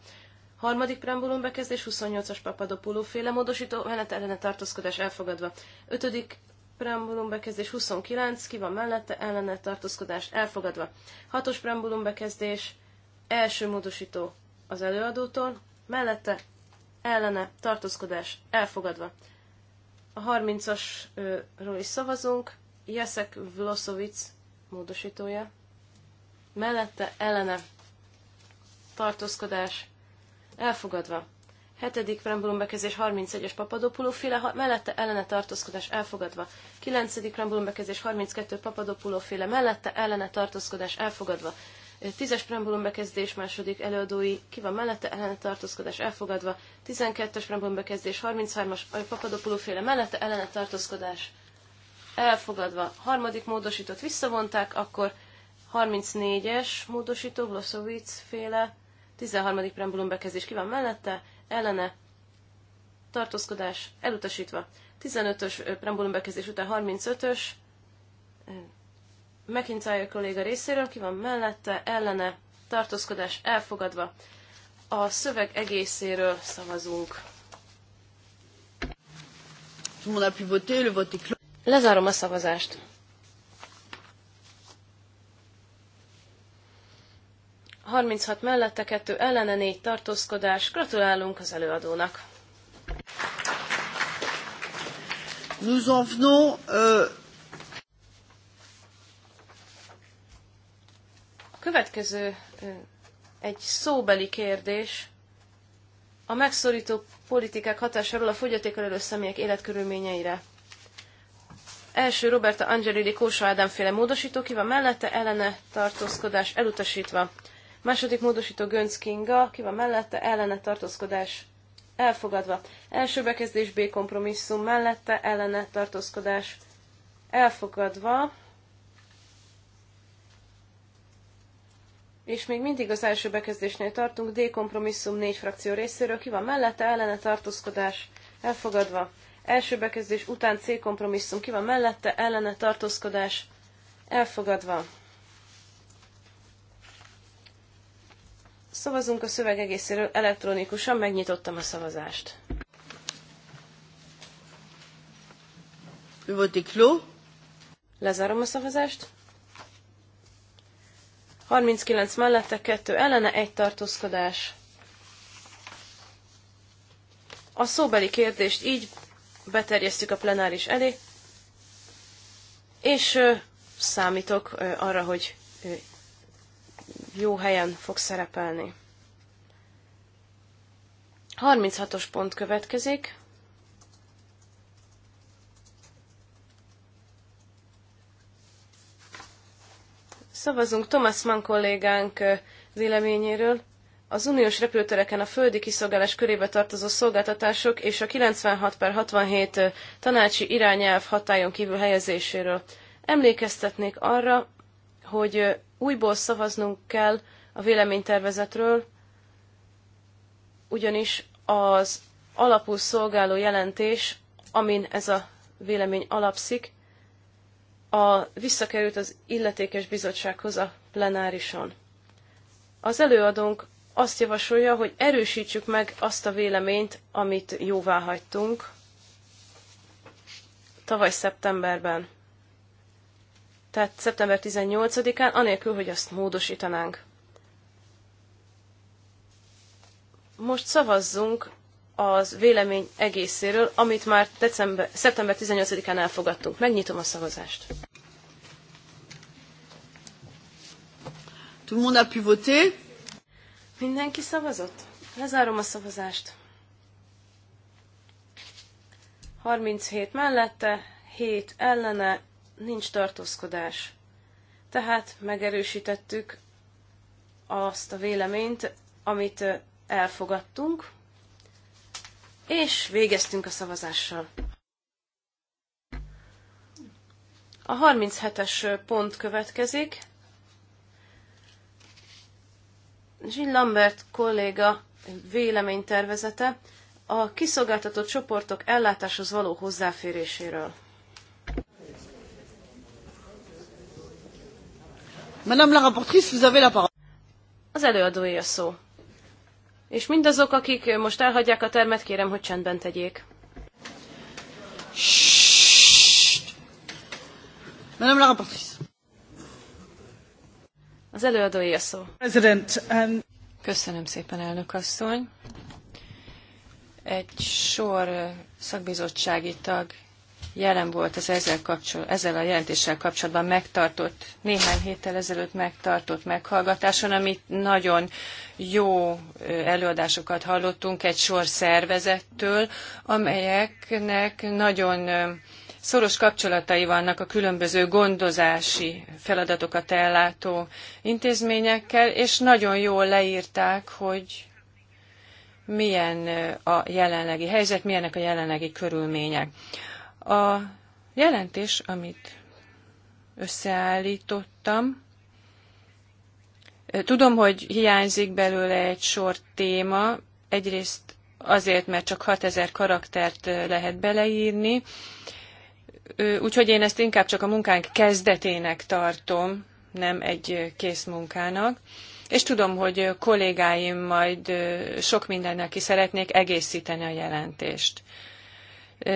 Harmadik preambulum bekezdés 28-as papadopuló féle módosító, mellette ellene tartózkodás elfogadva. Ötödik preambulum bekezdés 29, ki van mellette, ellene tartózkodás elfogadva. Hatos preambulum bekezdés, első módosító az előadótól, mellette ellene, tartózkodás elfogadva. A 30-asról is szavazunk, Jeszek Vlosovic módosítója, mellette ellene, tartózkodás elfogadva. Hetedik Rambulum bekezdés 31-es Papadopuló féle, mellette ellene tartózkodás elfogadva. Kilencedik Rambulum bekezdés 32 Papadopuló féle, mellette ellene tartózkodás elfogadva. Tízes preambulum bekezdés, második előadói, ki van mellette, ellene tartózkodás elfogadva. Tizenkettes preambulum bekezdés, 33-as papadopuló féle mellette, ellene tartózkodás elfogadva. Harmadik módosított visszavonták, akkor 34-es módosító, Vlosovic féle, 13. preambulum bekezdés ki van mellette, ellene tartózkodás elutasítva. 15-ös preambulum bekezdés után 35-ös McIntyre kolléga részéről, ki van mellette, ellene, tartózkodás elfogadva. A szöveg egészéről szavazunk. Lezárom a szavazást. Harminchat mellette, kettő ellene, négy tartózkodás. Gratulálunk az előadónak. Nous en venons euh, következő egy szóbeli kérdés. A megszorító politikák hatásáról a fogyatékkal élő személyek életkörülményeire. Első Roberta Angelili Kósa Ádám féle módosító, ki van mellette, ellene tartózkodás elutasítva. Második módosító Gönc Kinga, ki van mellette, ellene tartózkodás elfogadva. Első bekezdés B kompromisszum mellette, ellene tartózkodás elfogadva. És még mindig az első bekezdésnél tartunk, D kompromisszum négy frakció részéről, ki van mellette, ellene tartózkodás, elfogadva. Első bekezdés után C kompromisszum, ki van mellette, ellene tartózkodás, elfogadva. Szavazunk a szöveg egészéről elektronikusan, megnyitottam a szavazást. Lezárom a szavazást. 39 mellette, 2 ellene, 1 tartózkodás. A szóbeli kérdést így beterjesztjük a plenáris elé, és ö, számítok ö, arra, hogy ö, jó helyen fog szerepelni. 36-os pont következik. Szavazunk Thomas Mann kollégánk véleményéről. Az uniós repülőtereken a földi kiszolgálás körébe tartozó szolgáltatások és a 96 per 67 tanácsi irányelv hatályon kívül helyezéséről. Emlékeztetnék arra, hogy újból szavaznunk kell a véleménytervezetről, ugyanis az alapú szolgáló jelentés, amin ez a vélemény alapszik, a, visszakerült az illetékes bizottsághoz a plenárison. Az előadónk azt javasolja, hogy erősítsük meg azt a véleményt, amit jóvá hagytunk tavaly szeptemberben. Tehát szeptember 18-án, anélkül, hogy azt módosítanánk. Most szavazzunk az vélemény egészéről, amit már december, szeptember 18-án elfogadtunk. Megnyitom a szavazást. Tout le monde a pu voter? Mindenki szavazott? Lezárom a szavazást. 37 mellette, 7 ellene, nincs tartózkodás. Tehát megerősítettük azt a véleményt, amit elfogadtunk, és végeztünk a szavazással. A 37-es pont következik. Jean Lambert kolléga véleménytervezete a kiszolgáltatott csoportok ellátáshoz való hozzáféréséről. Madame la rapportrice, vous avez la parole. Az előadója szó. És mindazok, akik most elhagyják a termet, kérem, hogy csendben tegyék. Madame la rapportrice. Az előadói a szó. President, um... Köszönöm szépen, elnök asszony. Egy sor szakbizottsági tag jelen volt az ezzel, kapcsol, ezzel a jelentéssel kapcsolatban megtartott, néhány héttel ezelőtt megtartott meghallgatáson, amit nagyon jó előadásokat hallottunk egy sor szervezettől, amelyeknek nagyon szoros kapcsolatai vannak a különböző gondozási feladatokat ellátó intézményekkel, és nagyon jól leírták, hogy milyen a jelenlegi helyzet, milyenek a jelenlegi körülmények. A jelentés, amit összeállítottam, tudom, hogy hiányzik belőle egy sor téma, egyrészt azért, mert csak 6000 karaktert lehet beleírni, úgyhogy én ezt inkább csak a munkánk kezdetének tartom, nem egy kész munkának. És tudom, hogy kollégáim majd sok mindennel ki szeretnék egészíteni a jelentést.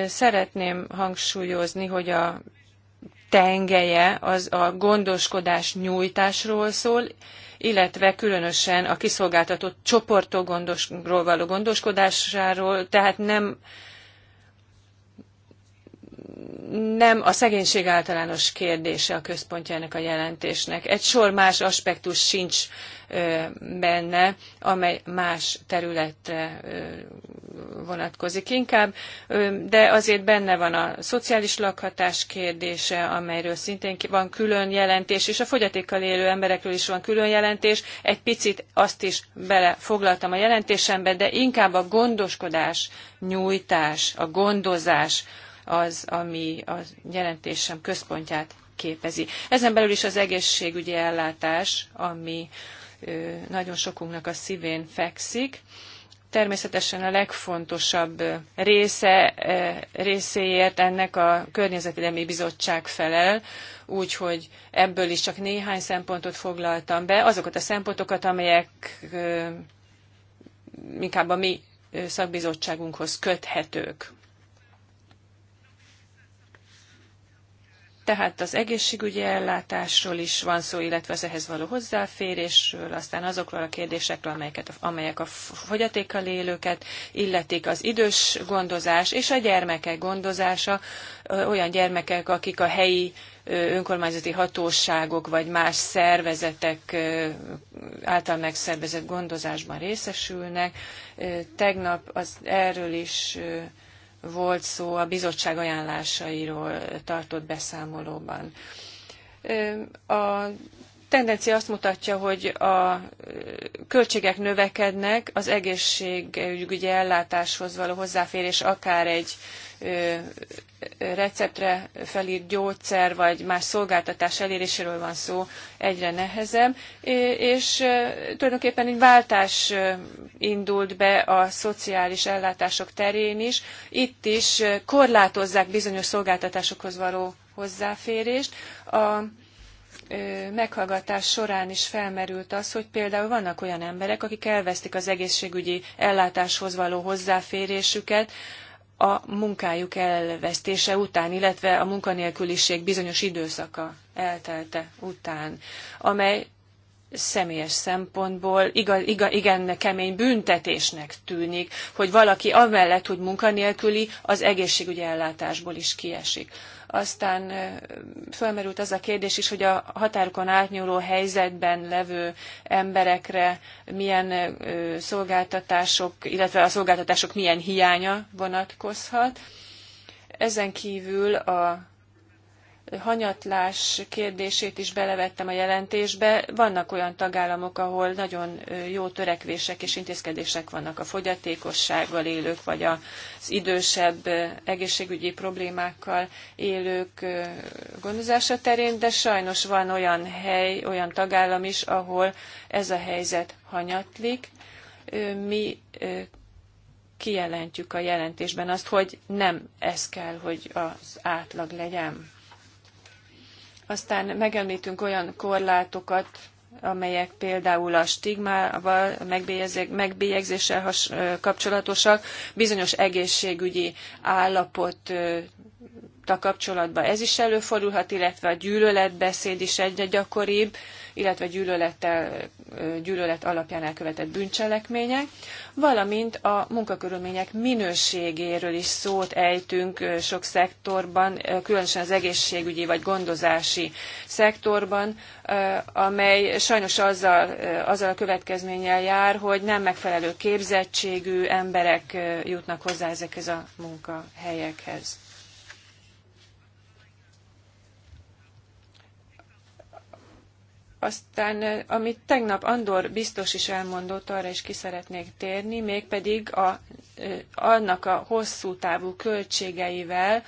Szeretném hangsúlyozni, hogy a tengeje az a gondoskodás nyújtásról szól, illetve különösen a kiszolgáltatott csoportok való gondoskodásáról, tehát nem nem a szegénység általános kérdése a központja ennek a jelentésnek. Egy sor más aspektus sincs benne, amely más területre vonatkozik inkább, de azért benne van a szociális lakhatás kérdése, amelyről szintén van külön jelentés, és a fogyatékkal élő emberekről is van külön jelentés. Egy picit azt is belefoglaltam a jelentésembe, de inkább a gondoskodás, nyújtás, a gondozás, az, ami a jelentésem központját képezi. Ezen belül is az egészségügyi ellátás, ami nagyon sokunknak a szívén fekszik. Természetesen a legfontosabb része, részéért ennek a Környezetvédelmi Bizottság felel, úgyhogy ebből is csak néhány szempontot foglaltam be, azokat a szempontokat, amelyek inkább a mi szakbizottságunkhoz köthetők. tehát az egészségügyi ellátásról is van szó, illetve az ehhez való hozzáférésről, aztán azokról a kérdésekről, amelyeket, amelyek a fogyatékkal élőket illetik, az idős gondozás és a gyermekek gondozása, olyan gyermekek, akik a helyi önkormányzati hatóságok vagy más szervezetek által megszervezett gondozásban részesülnek. Tegnap az erről is volt szó a bizottság ajánlásairól tartott beszámolóban. A tendencia azt mutatja, hogy a költségek növekednek, az egészségügyi ellátáshoz való hozzáférés akár egy receptre felírt gyógyszer vagy más szolgáltatás eléréséről van szó, egyre nehezebb, és tulajdonképpen egy váltás indult be a szociális ellátások terén is. Itt is korlátozzák bizonyos szolgáltatásokhoz való hozzáférést. A meghallgatás során is felmerült az, hogy például vannak olyan emberek, akik elvesztik az egészségügyi ellátáshoz való hozzáférésüket, a munkájuk elvesztése után, illetve a munkanélküliség bizonyos időszaka eltelte után, amely személyes szempontból igaz, igen kemény büntetésnek tűnik, hogy valaki amellett, hogy munkanélküli, az egészségügyi ellátásból is kiesik. Aztán fölmerült az a kérdés is, hogy a határokon átnyúló helyzetben levő emberekre milyen szolgáltatások, illetve a szolgáltatások milyen hiánya vonatkozhat. Ezen kívül a hanyatlás kérdését is belevettem a jelentésbe. Vannak olyan tagállamok, ahol nagyon jó törekvések és intézkedések vannak a fogyatékossággal élők, vagy az idősebb egészségügyi problémákkal élők gondozása terén, de sajnos van olyan hely, olyan tagállam is, ahol ez a helyzet hanyatlik. Mi kijelentjük a jelentésben azt, hogy nem ez kell, hogy az átlag legyen aztán megemlítünk olyan korlátokat, amelyek például a stigmával, a megbélyegzéssel has, kapcsolatosak, bizonyos egészségügyi állapot kapcsolatban ez is előfordulhat, illetve a gyűlöletbeszéd is egyre gyakoribb illetve gyűlölettel, gyűlölet alapján elkövetett bűncselekmények, valamint a munkakörülmények minőségéről is szót ejtünk sok szektorban, különösen az egészségügyi vagy gondozási szektorban, amely sajnos azzal, azzal a következménnyel jár, hogy nem megfelelő képzettségű emberek jutnak hozzá ezekhez a munkahelyekhez. Aztán, eh, amit tegnap Andor biztos is elmondott, arra is ki szeretnék térni, mégpedig a, eh, annak a hosszú távú költségeivel,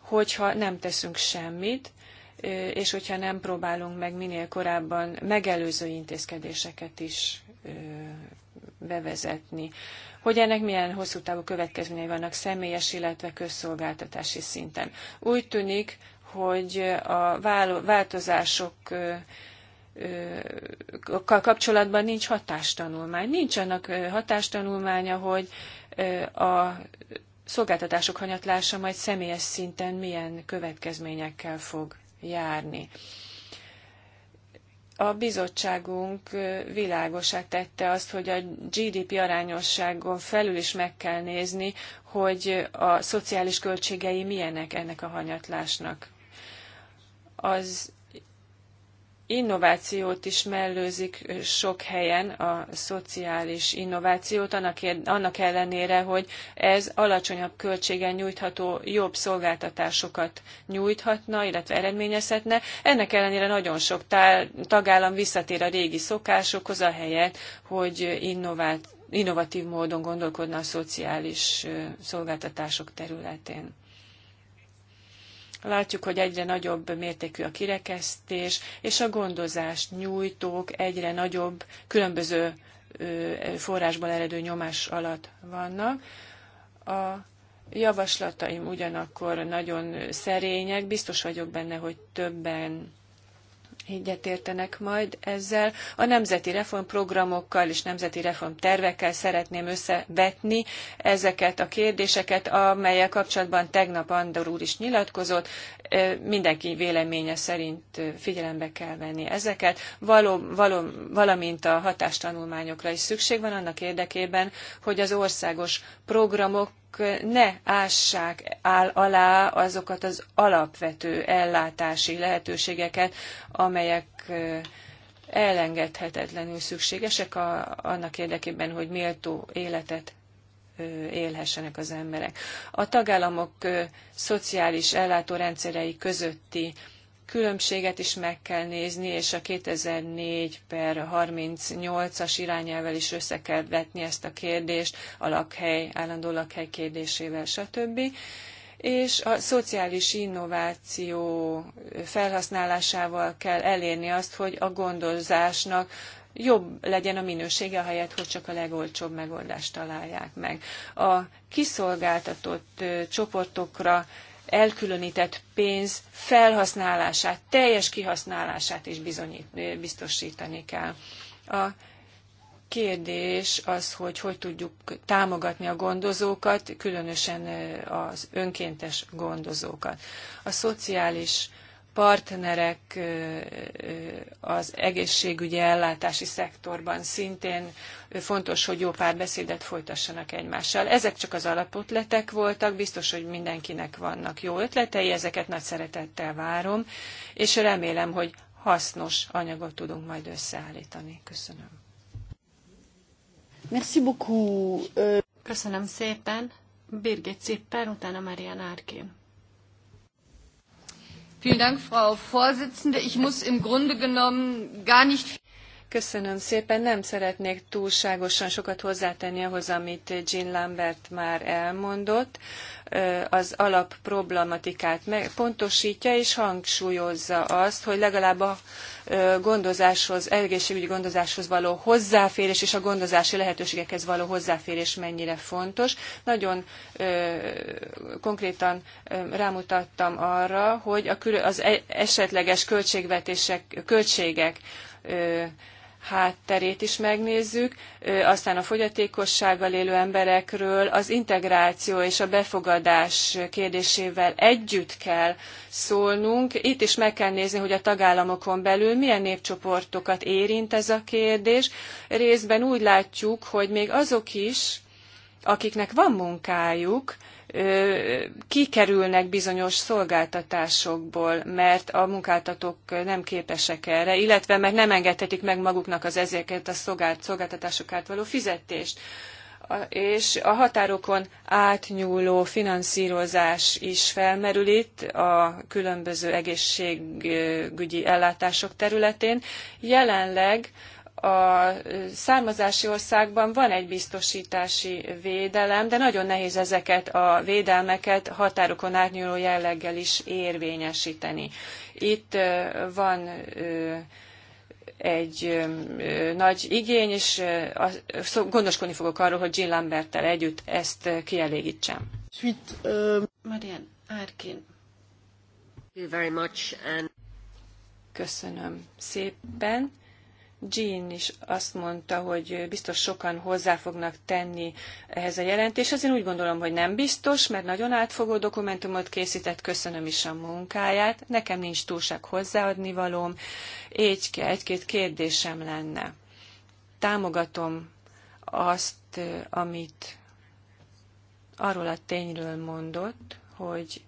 hogyha nem teszünk semmit, eh, és hogyha nem próbálunk meg minél korábban megelőző intézkedéseket is bevezetni. Hogy ennek milyen hosszú távú következményei vannak személyes, illetve közszolgáltatási szinten. Úgy tűnik, hogy a változások kapcsolatban nincs hatástanulmány. Nincs annak hatástanulmánya, hogy a szolgáltatások hanyatlása majd személyes szinten milyen következményekkel fog járni. A bizottságunk világosá tette azt, hogy a GDP arányosságon felül is meg kell nézni, hogy a szociális költségei milyenek ennek a hanyatlásnak. Az innovációt is mellőzik sok helyen, a szociális innovációt, annak, annak ellenére, hogy ez alacsonyabb költségen nyújtható jobb szolgáltatásokat nyújthatna, illetve eredményezhetne. Ennek ellenére nagyon sok tagállam visszatér a régi szokásokhoz, ahelyett, hogy innovált, innovatív módon gondolkodna a szociális szolgáltatások területén. Látjuk, hogy egyre nagyobb mértékű a kirekesztés, és a gondozást nyújtók egyre nagyobb különböző forrásból eredő nyomás alatt vannak. A javaslataim ugyanakkor nagyon szerények, biztos vagyok benne, hogy többen egyetértenek majd ezzel. A nemzeti reformprogramokkal és nemzeti reformtervekkel szeretném összevetni ezeket a kérdéseket, amelyek kapcsolatban tegnap Andor úr is nyilatkozott. Mindenki véleménye szerint figyelembe kell venni ezeket, való, való, valamint a hatástanulmányokra is szükség van annak érdekében, hogy az országos programok ne ássák áll alá azokat az alapvető ellátási lehetőségeket, amelyek elengedhetetlenül szükségesek a, annak érdekében, hogy méltó életet élhessenek az emberek. A tagállamok szociális ellátórendszerei közötti különbséget is meg kell nézni, és a 2004 per 38-as irányelvel is össze kell vetni ezt a kérdést, a lakhely, állandó lakhely kérdésével, stb. És a szociális innováció felhasználásával kell elérni azt, hogy a gondozásnak jobb legyen a minősége, ahelyett, hogy csak a legolcsóbb megoldást találják meg. A kiszolgáltatott csoportokra elkülönített pénz felhasználását, teljes kihasználását is bizonyít, biztosítani kell. A kérdés az, hogy hogy tudjuk támogatni a gondozókat, különösen az önkéntes gondozókat. A szociális partnerek az egészségügyi ellátási szektorban szintén fontos, hogy jó párbeszédet folytassanak egymással. Ezek csak az alapotletek voltak, biztos, hogy mindenkinek vannak jó ötletei, ezeket nagy szeretettel várom, és remélem, hogy hasznos anyagot tudunk majd összeállítani. Köszönöm. Merci beaucoup. Köszönöm szépen. Birgit Cipper, utána Marian Árkén. Vielen Dank, Frau Vorsitzende. Ich muss im Grunde genommen gar nicht Köszönöm szépen. Nem szeretnék túlságosan sokat hozzátenni ahhoz, amit Jean Lambert már elmondott. Az alapproblematikát pontosítja és hangsúlyozza azt, hogy legalább a gondozáshoz, egészségügyi gondozáshoz való hozzáférés és a gondozási lehetőségekhez való hozzáférés mennyire fontos. Nagyon konkrétan rámutattam arra, hogy az e-, esetleges költségvetések, költségek hátterét is megnézzük, aztán a fogyatékossággal élő emberekről az integráció és a befogadás kérdésével együtt kell szólnunk. Itt is meg kell nézni, hogy a tagállamokon belül milyen népcsoportokat érint ez a kérdés. Részben úgy látjuk, hogy még azok is, akiknek van munkájuk, kikerülnek bizonyos szolgáltatásokból, mert a munkáltatók nem képesek erre, illetve mert nem engedhetik meg maguknak az ezeket a szolgáltatásokat való fizetést. És a határokon átnyúló finanszírozás is felmerül itt a különböző egészségügyi ellátások területén. Jelenleg a származási országban van egy biztosítási védelem, de nagyon nehéz ezeket a védelmeket határokon átnyúló jelleggel is érvényesíteni. Itt van egy nagy igény, és gondoskodni fogok arról, hogy Jean Lamberttel együtt ezt kielégítsem. Sweet, uh, Marian Árkin. Köszönöm szépen Jean is azt mondta, hogy biztos sokan hozzá fognak tenni ehhez a jelentéshez. Én úgy gondolom, hogy nem biztos, mert nagyon átfogó dokumentumot készített, köszönöm is a munkáját. Nekem nincs túlság hozzáadni valóm, így egy-két kérdésem lenne. Támogatom azt, amit arról a tényről mondott, hogy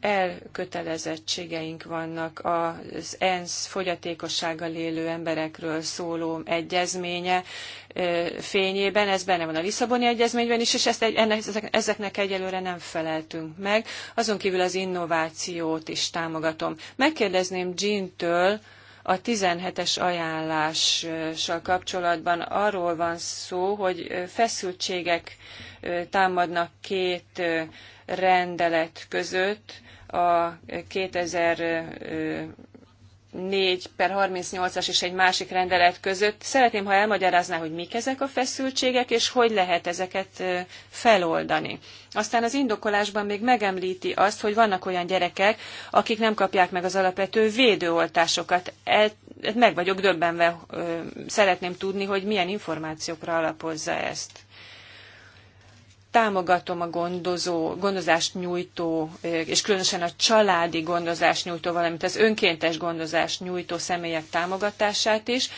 elkötelezettségeink vannak az ENSZ fogyatékossággal élő emberekről szóló egyezménye fényében. Ez benne van a Lisszaboni egyezményben is, és ezt ennek, ezeknek egyelőre nem feleltünk meg. Azon kívül az innovációt is támogatom. Megkérdezném Jean-től, a 17-es ajánlással kapcsolatban arról van szó, hogy feszültségek támadnak két rendelet között, a 2000 4 per 38-as és egy másik rendelet között. Szeretném, ha elmagyarázná, hogy mik ezek a feszültségek, és hogy lehet ezeket feloldani. Aztán az indokolásban még megemlíti azt, hogy vannak olyan gyerekek, akik nem kapják meg az alapvető védőoltásokat. El, hát meg vagyok döbbenve, szeretném tudni, hogy milyen információkra alapozza ezt támogatom a gondozó, gondozást nyújtó, és különösen a családi gondozást nyújtó, valamint az önkéntes gondozást nyújtó személyek támogatását is,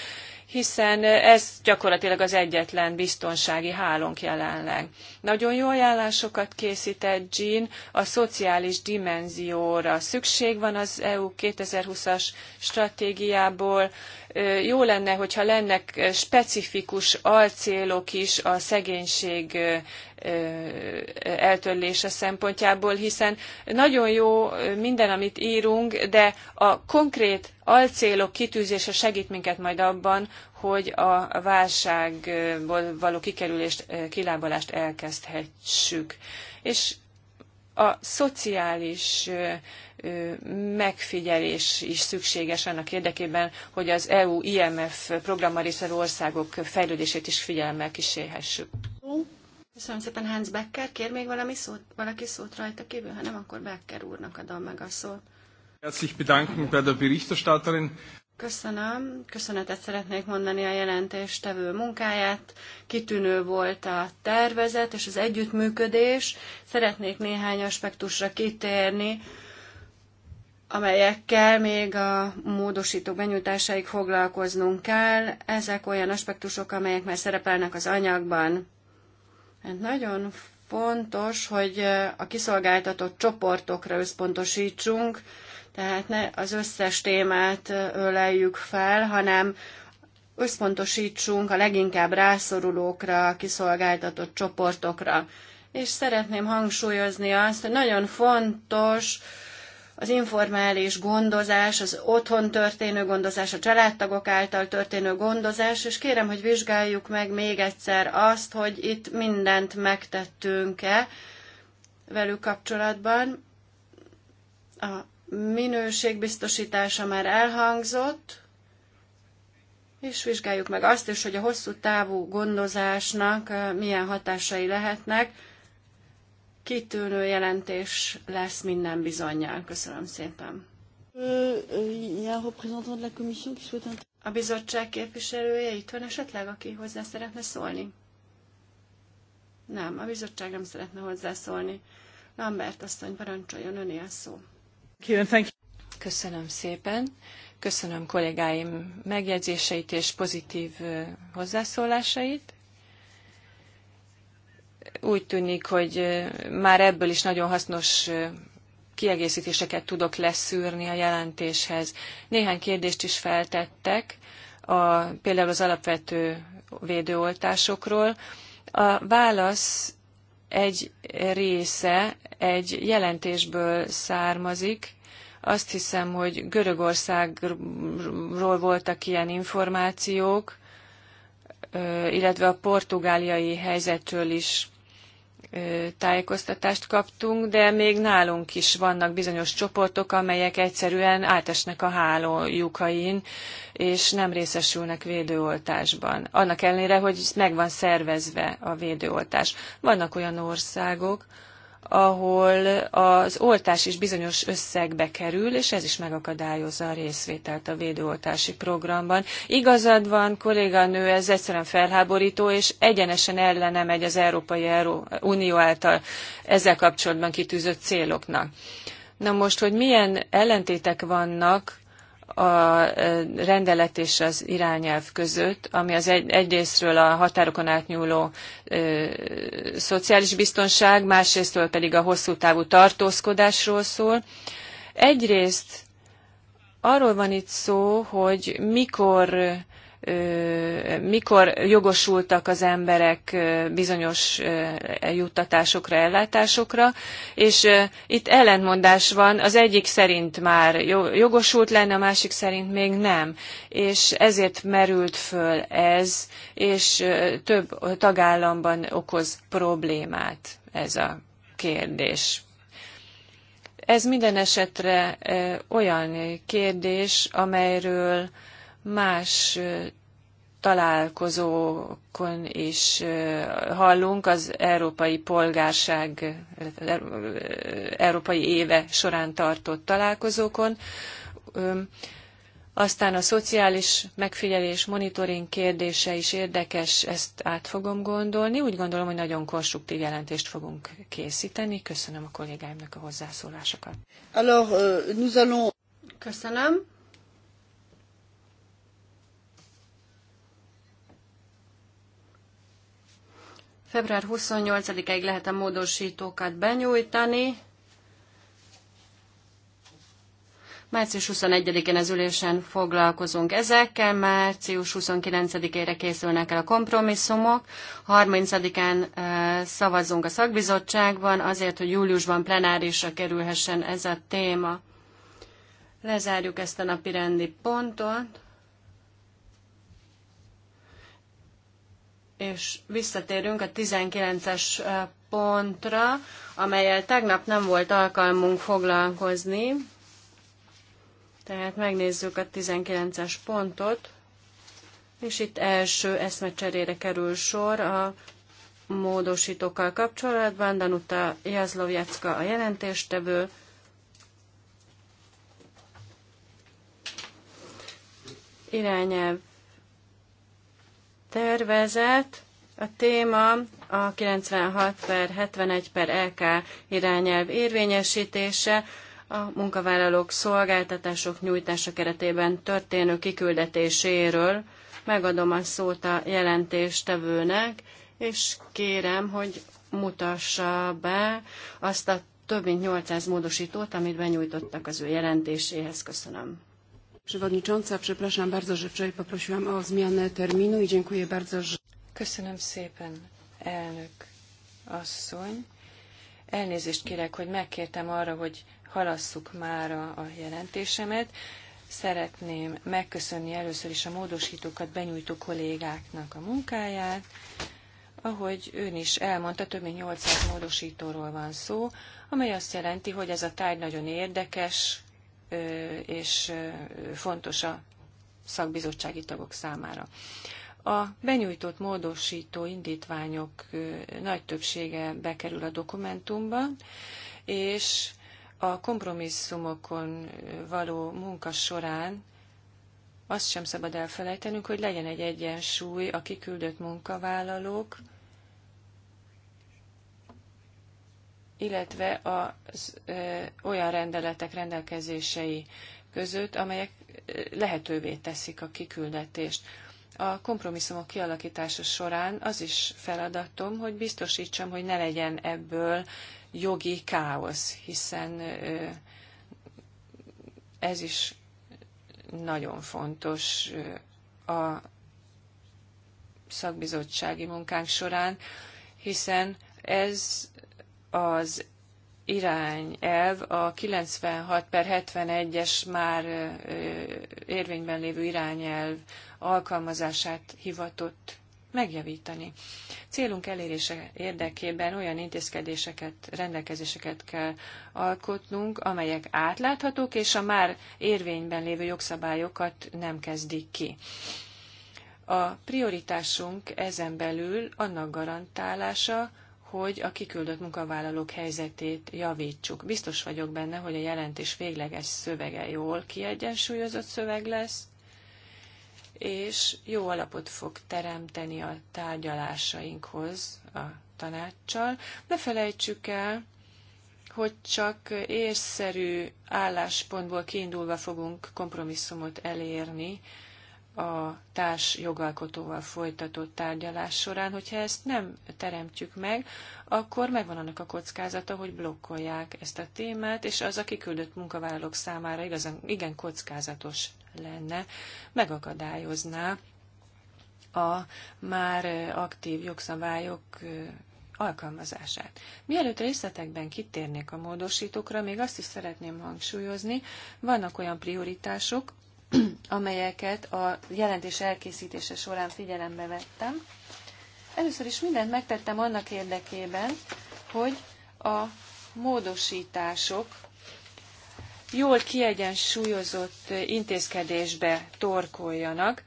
hiszen ez gyakorlatilag az egyetlen biztonsági hálónk jelenleg. Nagyon jó ajánlásokat készített Jean, a szociális dimenzióra szükség van az EU 2020-as stratégiából. Jó lenne, hogyha lennek specifikus alcélok is a szegénység eltörlése szempontjából, hiszen nagyon jó minden, amit írunk, de a konkrét alcélok kitűzése segít minket majd abban, hogy a válságból való kikerülést, kilábalást elkezdhessük. És a szociális megfigyelés is szükséges annak érdekében, hogy az EU-IMF programmal részvevő országok fejlődését is figyelemmel kísérhessük. Köszönöm szépen, Hans Becker. Kér még valami szót, valaki szót rajta kívül? Ha nem, akkor Becker úrnak adom meg a szót. Herzlich bedanken bei der Berichterstatterin. Köszönöm. Köszönetet szeretnék mondani a jelentéstevő munkáját. Kitűnő volt a tervezet és az együttműködés. Szeretnék néhány aspektusra kitérni, amelyekkel még a módosítók benyújtásáig foglalkoznunk kell. Ezek olyan aspektusok, amelyek már szerepelnek az anyagban. Hát nagyon fontos, hogy a kiszolgáltatott csoportokra összpontosítsunk, tehát ne az összes témát öleljük fel, hanem összpontosítsunk a leginkább rászorulókra, a kiszolgáltatott csoportokra. És szeretném hangsúlyozni azt, hogy nagyon fontos, az informális gondozás, az otthon történő gondozás, a családtagok által történő gondozás, és kérem, hogy vizsgáljuk meg még egyszer azt, hogy itt mindent megtettünk-e velük kapcsolatban. A minőségbiztosítása már elhangzott, és vizsgáljuk meg azt is, hogy a hosszú távú gondozásnak eh, milyen hatásai lehetnek, kitűnő jelentés lesz minden bizonyal. Köszönöm szépen. Euh, euh, a bizottság képviselője itt van esetleg, aki hozzá szeretne szólni? Nem, a bizottság nem szeretne hozzászólni. Lambert asszony, parancsoljon öné a szó. Köszönöm szépen. Köszönöm kollégáim megjegyzéseit és pozitív hozzászólásait úgy tűnik, hogy már ebből is nagyon hasznos kiegészítéseket tudok leszűrni a jelentéshez. Néhány kérdést is feltettek, a, például az alapvető védőoltásokról. A válasz egy része egy jelentésből származik. Azt hiszem, hogy Görögországról voltak ilyen információk, illetve a portugáliai helyzetről is tájékoztatást kaptunk, de még nálunk is vannak bizonyos csoportok, amelyek egyszerűen átesnek a hálójukain, és nem részesülnek védőoltásban. Annak ellenére, hogy meg van szervezve a védőoltás. Vannak olyan országok, ahol az oltás is bizonyos összegbe kerül, és ez is megakadályozza a részvételt a védőoltási programban. Igazad van, kolléganő, ez egyszerűen felháborító, és egyenesen ellene megy az Európai Unió által ezzel kapcsolatban kitűzött céloknak. Na most, hogy milyen ellentétek vannak a rendelet és az irányelv között, ami az egy, egyrésztről a határokon átnyúló ö, szociális biztonság, másrésztről pedig a hosszú távú tartózkodásról szól. Egyrészt arról van itt szó, hogy mikor mikor jogosultak az emberek bizonyos juttatásokra, ellátásokra, és itt ellentmondás van, az egyik szerint már jogosult lenne, a másik szerint még nem, és ezért merült föl ez, és több tagállamban okoz problémát ez a kérdés ez minden esetre olyan kérdés, amelyről más találkozókon is hallunk az európai polgárság, er-, európai éve során tartott találkozókon. Aztán a szociális megfigyelés, monitoring kérdése is érdekes, ezt át fogom gondolni. Úgy gondolom, hogy nagyon konstruktív jelentést fogunk készíteni. Köszönöm a kollégáimnak a hozzászólásokat. Euh, Köszönöm. Február 28-ig lehet a módosítókat benyújtani. Március 21-én az ülésen foglalkozunk ezekkel, március 29-ére készülnek el a kompromisszumok, 30-án szavazunk a szakbizottságban azért, hogy júliusban plenárisra kerülhessen ez a téma. Lezárjuk ezt a napi rendi pontot. és visszatérünk a 19-es pontra, amelyel tegnap nem volt alkalmunk foglalkozni. Tehát megnézzük a 19-es pontot, és itt első eszmecserére kerül sor a módosítókkal kapcsolatban. Danuta Jazlovjacka a jelentéstevő. Irányelv tervezet. A téma a 96 per 71 per LK irányelv érvényesítése a munkavállalók szolgáltatások nyújtása keretében történő kiküldetéséről. Megadom a szót a jelentéstevőnek, és kérem, hogy mutassa be azt a több mint 800 módosítót, amit benyújtottak az ő jelentéséhez. Köszönöm. Przewodnicząca, przepraszam bardzo, że wczoraj poprosiłam o zmianę terminu i dziękuję bardzo, że... Köszönöm szépen, elnök asszony. Elnézést kérek, hogy megkértem arra, hogy halasszuk már a, jelentésemet. Szeretném megköszönni először is a módosítókat benyújtó kollégáknak a munkáját. Ahogy ön is elmondta, több mint 800 módosítóról van szó, amely azt jelenti, hogy ez a tárgy nagyon érdekes, és fontos a szakbizottsági tagok számára. A benyújtott módosító indítványok nagy többsége bekerül a dokumentumba, és a kompromisszumokon való munka során azt sem szabad elfelejtenünk, hogy legyen egy egyensúly a kiküldött munkavállalók, illetve az olyan rendeletek rendelkezései között, amelyek lehetővé teszik a kiküldetést. A kompromisszumok kialakítása során az is feladatom, hogy biztosítsam, hogy ne legyen ebből jogi káosz, hiszen ez is nagyon fontos a szakbizottsági munkánk során, hiszen ez az irányelv, a 96 per 71-es már érvényben lévő irányelv alkalmazását hivatott megjavítani. Célunk elérése érdekében olyan intézkedéseket, rendelkezéseket kell alkotnunk, amelyek átláthatók, és a már érvényben lévő jogszabályokat nem kezdik ki. A prioritásunk ezen belül annak garantálása, hogy a kiküldött munkavállalók helyzetét javítsuk. Biztos vagyok benne, hogy a jelentés végleges szövege jól kiegyensúlyozott szöveg lesz, és jó alapot fog teremteni a tárgyalásainkhoz a tanácssal. Ne felejtsük el, hogy csak észszerű álláspontból kiindulva fogunk kompromisszumot elérni a társ jogalkotóval folytatott tárgyalás során, hogyha ezt nem teremtjük meg, akkor megvan annak a kockázata, hogy blokkolják ezt a témát, és az a kiküldött munkavállalók számára igazán igen kockázatos lenne, megakadályozná a már aktív jogszabályok alkalmazását. Mielőtt részletekben kitérnék a módosítókra, még azt is szeretném hangsúlyozni, vannak olyan prioritások, <clears throat> amelyeket a jelentés elkészítése során figyelembe vettem. Először is mindent megtettem annak érdekében, hogy a módosítások jól kiegyensúlyozott intézkedésbe torkoljanak.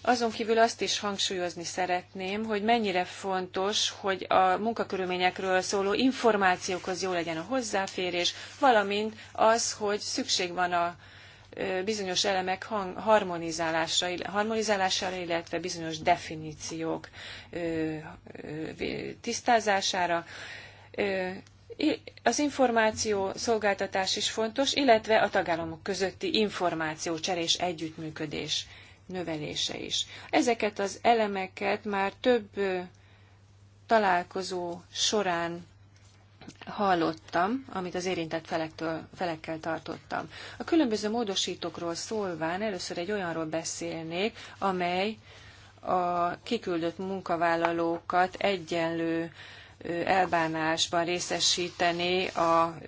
Azon kívül azt is hangsúlyozni szeretném, hogy mennyire fontos, hogy a munkakörülményekről szóló információkhoz jó legyen a hozzáférés, valamint az, hogy szükség van a bizonyos elemek hang, harmonizálásra, harmonizálására, illetve bizonyos definíciók tisztázására. Az információ szolgáltatás is fontos, illetve a tagállamok közötti információ cserés együttműködés növelése is. Ezeket az elemeket már több találkozó során hallottam, amit az érintett felektől, felekkel tartottam. A különböző módosítókról szólván először egy olyanról beszélnék, amely a kiküldött munkavállalókat egyenlő elbánásban részesíteni a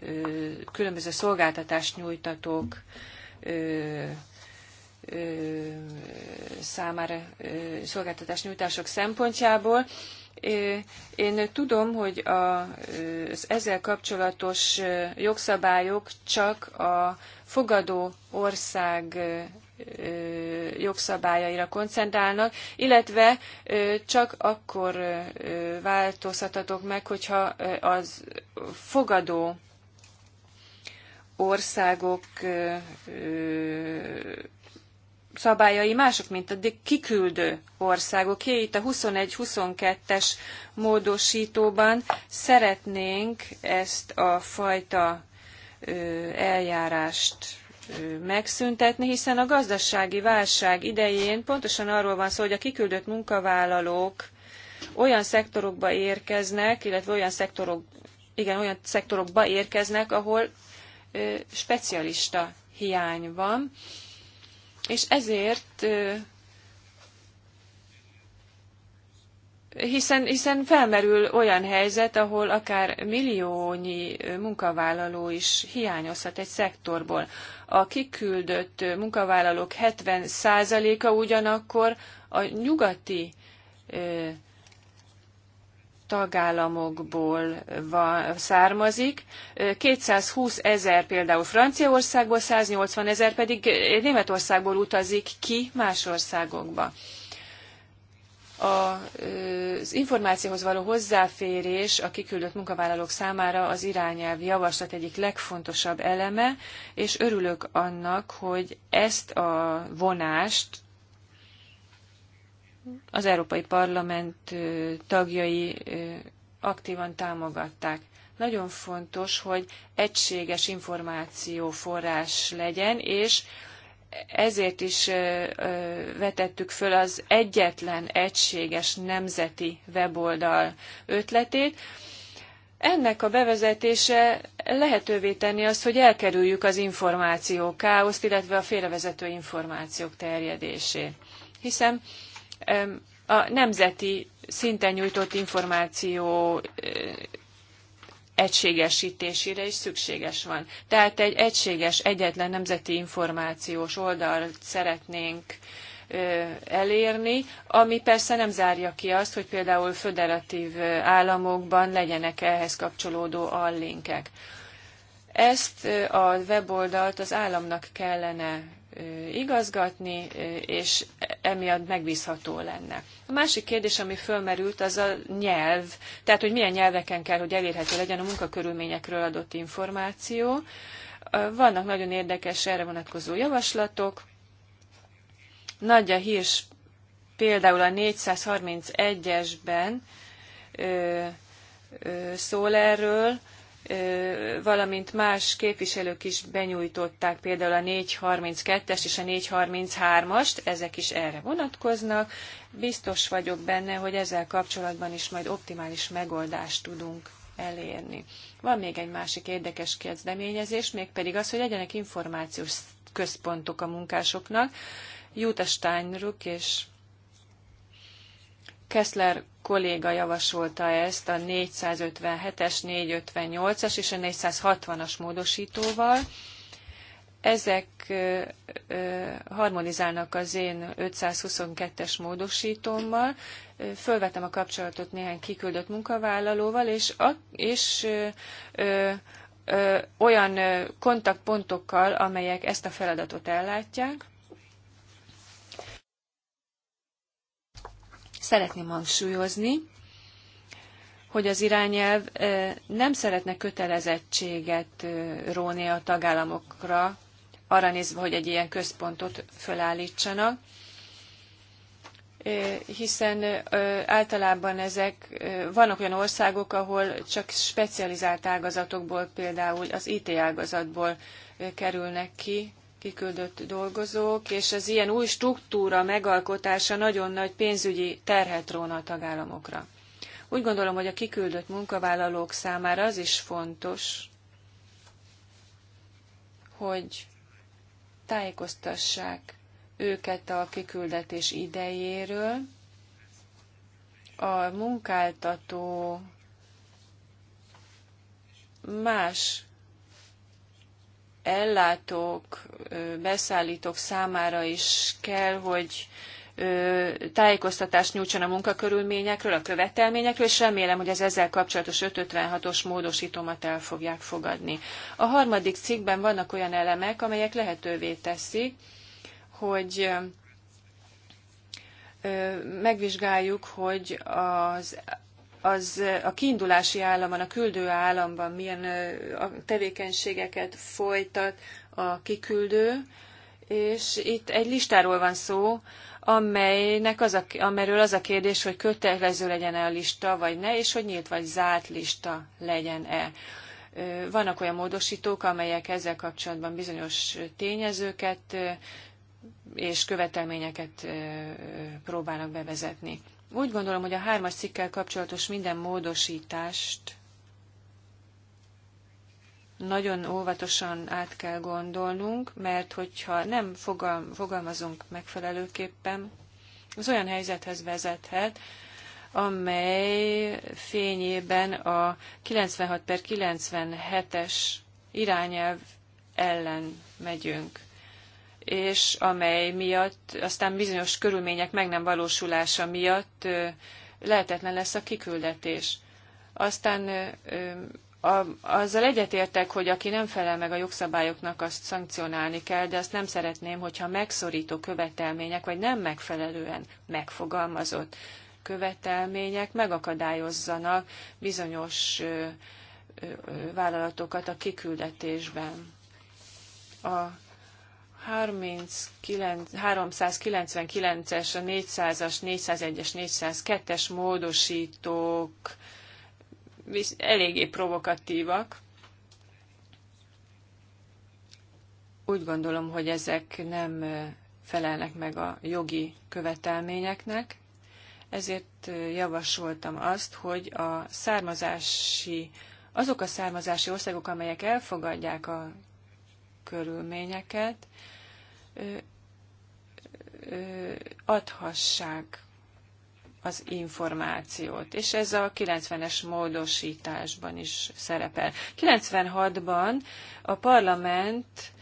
különböző szolgáltatást nyújtatók számára szolgáltatás nyújtások szempontjából. Én tudom, hogy az ezzel kapcsolatos jogszabályok csak a fogadó ország jogszabályaira koncentrálnak, illetve csak akkor változhatatok meg, hogyha az fogadó országok szabályai mások, mint a kiküldő országoké. Itt a 21-22-es módosítóban szeretnénk ezt a fajta eljárást megszüntetni, hiszen a gazdasági válság idején pontosan arról van szó, hogy a kiküldött munkavállalók olyan szektorokba érkeznek, illetve olyan szektorok, igen, olyan szektorokba érkeznek, ahol specialista hiány van, és ezért hiszen, hiszen felmerül olyan helyzet, ahol akár milliónyi munkavállaló is hiányozhat egy szektorból. A kiküldött munkavállalók 70%-a ugyanakkor a nyugati tagállamokból van, származik. 220 ezer például Franciaországból, 180 ezer pedig Németországból utazik ki más országokba. A, az információhoz való hozzáférés a kiküldött munkavállalók számára az irányelv javaslat egyik legfontosabb eleme, és örülök annak, hogy ezt a vonást az Európai Parlament tagjai aktívan támogatták. Nagyon fontos, hogy egységes információforrás legyen, és ezért is vetettük föl az egyetlen egységes nemzeti weboldal ötletét. Ennek a bevezetése lehetővé tenni azt, hogy elkerüljük az információ káoszt, illetve a félrevezető információk terjedését. Hiszen a nemzeti szinten nyújtott információ egységesítésére is szükséges van. Tehát egy egységes, egyetlen nemzeti információs oldalt szeretnénk elérni, ami persze nem zárja ki azt, hogy például föderatív államokban legyenek ehhez kapcsolódó allinkek. Ezt a weboldalt az államnak kellene igazgatni, és emiatt megbízható lenne. A másik kérdés, ami fölmerült, az a nyelv, tehát hogy milyen nyelveken kell, hogy elérhető legyen a munkakörülményekről adott információ. Vannak nagyon érdekes erre vonatkozó javaslatok. Nagy a hírs például a 431-esben szól erről, valamint más képviselők is benyújtották például a 432 est és a 433-ast, ezek is erre vonatkoznak. Biztos vagyok benne, hogy ezzel kapcsolatban is majd optimális megoldást tudunk elérni. Van még egy másik érdekes kezdeményezés, mégpedig az, hogy legyenek információs központok a munkásoknak. Jutastányruk és Kessler kolléga javasolta ezt a 457-es, 458-as és a 460-as módosítóval. Ezek harmonizálnak az én 522-es módosítómmal. Fölvettem a kapcsolatot néhány kiküldött munkavállalóval, és, a, és ö, ö, olyan kontaktpontokkal, amelyek ezt a feladatot ellátják. Szeretném hangsúlyozni, hogy az irányelv nem szeretne kötelezettséget róni a tagállamokra, arra nézve, hogy egy ilyen központot felállítsanak, hiszen általában ezek, vannak olyan országok, ahol csak specializált ágazatokból, például az IT ágazatból kerülnek ki kiküldött dolgozók, és az ilyen új struktúra megalkotása nagyon nagy pénzügyi terhet róna a tagállamokra. Úgy gondolom, hogy a kiküldött munkavállalók számára az is fontos, hogy tájékoztassák őket a kiküldetés idejéről. A munkáltató más ellátók, beszállítók számára is kell, hogy tájékoztatást nyújtson a munkakörülményekről, a követelményekről, és remélem, hogy az ezzel kapcsolatos 556-os módosítómat el fogják fogadni. A harmadik cikkben vannak olyan elemek, amelyek lehetővé teszi, hogy megvizsgáljuk, hogy az az a kiindulási államban, a küldő államban milyen a tevékenységeket folytat a kiküldő, és itt egy listáról van szó, amelynek az a, amelyről az a kérdés, hogy kötelező legyen-e a lista, vagy ne, és hogy nyílt vagy zárt lista legyen-e. Vannak olyan módosítók, amelyek ezzel kapcsolatban bizonyos tényezőket és követelményeket próbálnak bevezetni. Úgy gondolom, hogy a hármas cikkel kapcsolatos minden módosítást nagyon óvatosan át kell gondolnunk, mert hogyha nem fogalmazunk megfelelőképpen, az olyan helyzethez vezethet, amely fényében a 96 per 97-es irányelv ellen megyünk és amely miatt aztán bizonyos körülmények meg nem valósulása miatt lehetetlen lesz a kiküldetés. Aztán a, azzal egyetértek, hogy aki nem felel meg a jogszabályoknak, azt szankcionálni kell, de azt nem szeretném, hogyha megszorító követelmények, vagy nem megfelelően megfogalmazott követelmények megakadályozzanak bizonyos vállalatokat a kiküldetésben. A 399-es, a 400-as, 401-es, 402-es módosítók eléggé provokatívak. Úgy gondolom, hogy ezek nem felelnek meg a jogi követelményeknek, ezért javasoltam azt, hogy a származási, azok a származási országok, amelyek elfogadják a körülményeket, adhassák az információt. És ez a 90-es módosításban is szerepel. 96-ban a parlament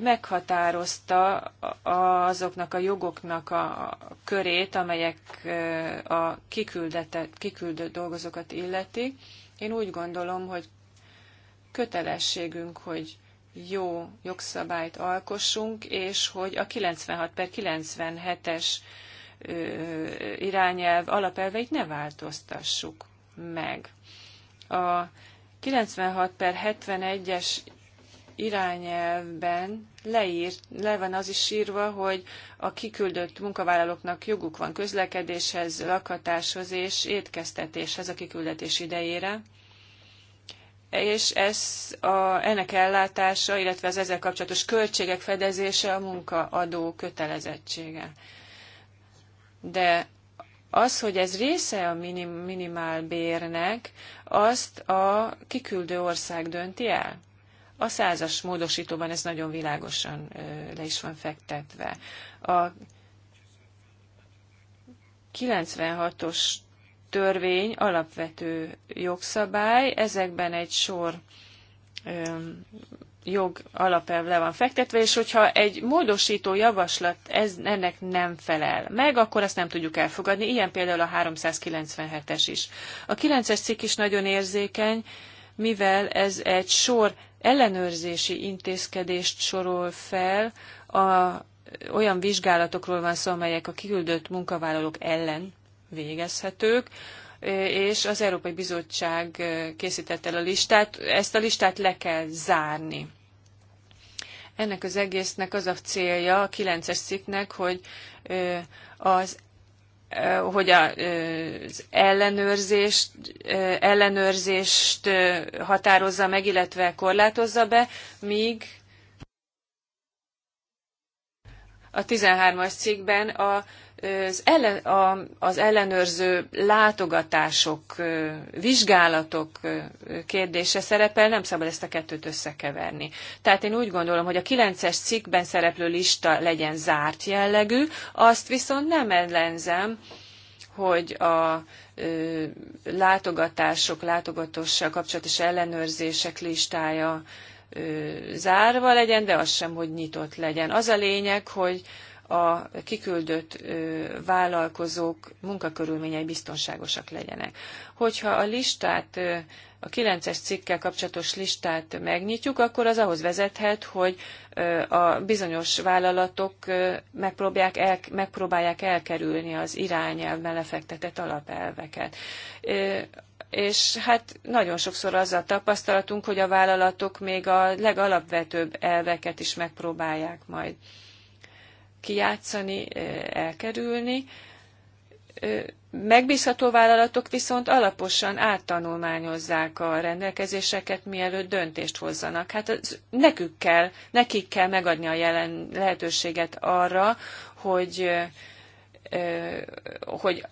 meghatározta azoknak a jogoknak a körét, amelyek a kiküldetett, kiküldött dolgozókat illeti. Én úgy gondolom, hogy kötelességünk, hogy jó jogszabályt alkossunk, és hogy a 96 per 97-es irányelv alapelveit ne változtassuk meg. A 96 per 71-es irányelvben leírt, le van az is írva, hogy a kiküldött munkavállalóknak joguk van közlekedéshez, lakhatáshoz és étkeztetéshez a kiküldetés idejére és ez a, ennek ellátása, illetve az ezzel kapcsolatos költségek fedezése a munkaadó kötelezettsége. De az, hogy ez része a minim, minimálbérnek, azt a kiküldő ország dönti el. A százas módosítóban ez nagyon világosan le is van fektetve. A 96-os törvény, alapvető jogszabály, ezekben egy sor jog alapelv le van fektetve, és hogyha egy módosító javaslat ez, ennek nem felel meg, akkor azt nem tudjuk elfogadni. Ilyen például a 397-es is. A 9-es cikk is nagyon érzékeny, mivel ez egy sor ellenőrzési intézkedést sorol fel, a, olyan vizsgálatokról van szó, amelyek a kiküldött munkavállalók ellen végezhetők, és az Európai Bizottság készített el a listát, ezt a listát le kell zárni. Ennek az egésznek az a célja, a 9-es cikknek, hogy az hogy az ellenőrzést, ellenőrzést határozza meg, illetve korlátozza be, míg a 13-as cikkben a az, ellen, a, az ellenőrző látogatások, vizsgálatok kérdése szerepel, nem szabad ezt a kettőt összekeverni. Tehát én úgy gondolom, hogy a 9-es cikkben szereplő lista legyen zárt jellegű, azt viszont nem ellenzem, hogy a ö, látogatások, látogatossal kapcsolatos ellenőrzések listája ö, zárva legyen, de az sem, hogy nyitott legyen. Az a lényeg, hogy a kiküldött vállalkozók munkakörülményei biztonságosak legyenek. Hogyha a listát, a 9-es cikkkel kapcsolatos listát megnyitjuk, akkor az ahhoz vezethet, hogy a bizonyos vállalatok megpróbálják, el, megpróbálják elkerülni az irányelvben lefektetett alapelveket és hát nagyon sokszor az a tapasztalatunk, hogy a vállalatok még a legalapvetőbb elveket is megpróbálják majd kijátszani, elkerülni. Megbízható vállalatok viszont alaposan áttanulmányozzák a rendelkezéseket, mielőtt döntést hozzanak. Hát az, nekük kell, nekik kell megadni a jelen lehetőséget arra, hogy, hogy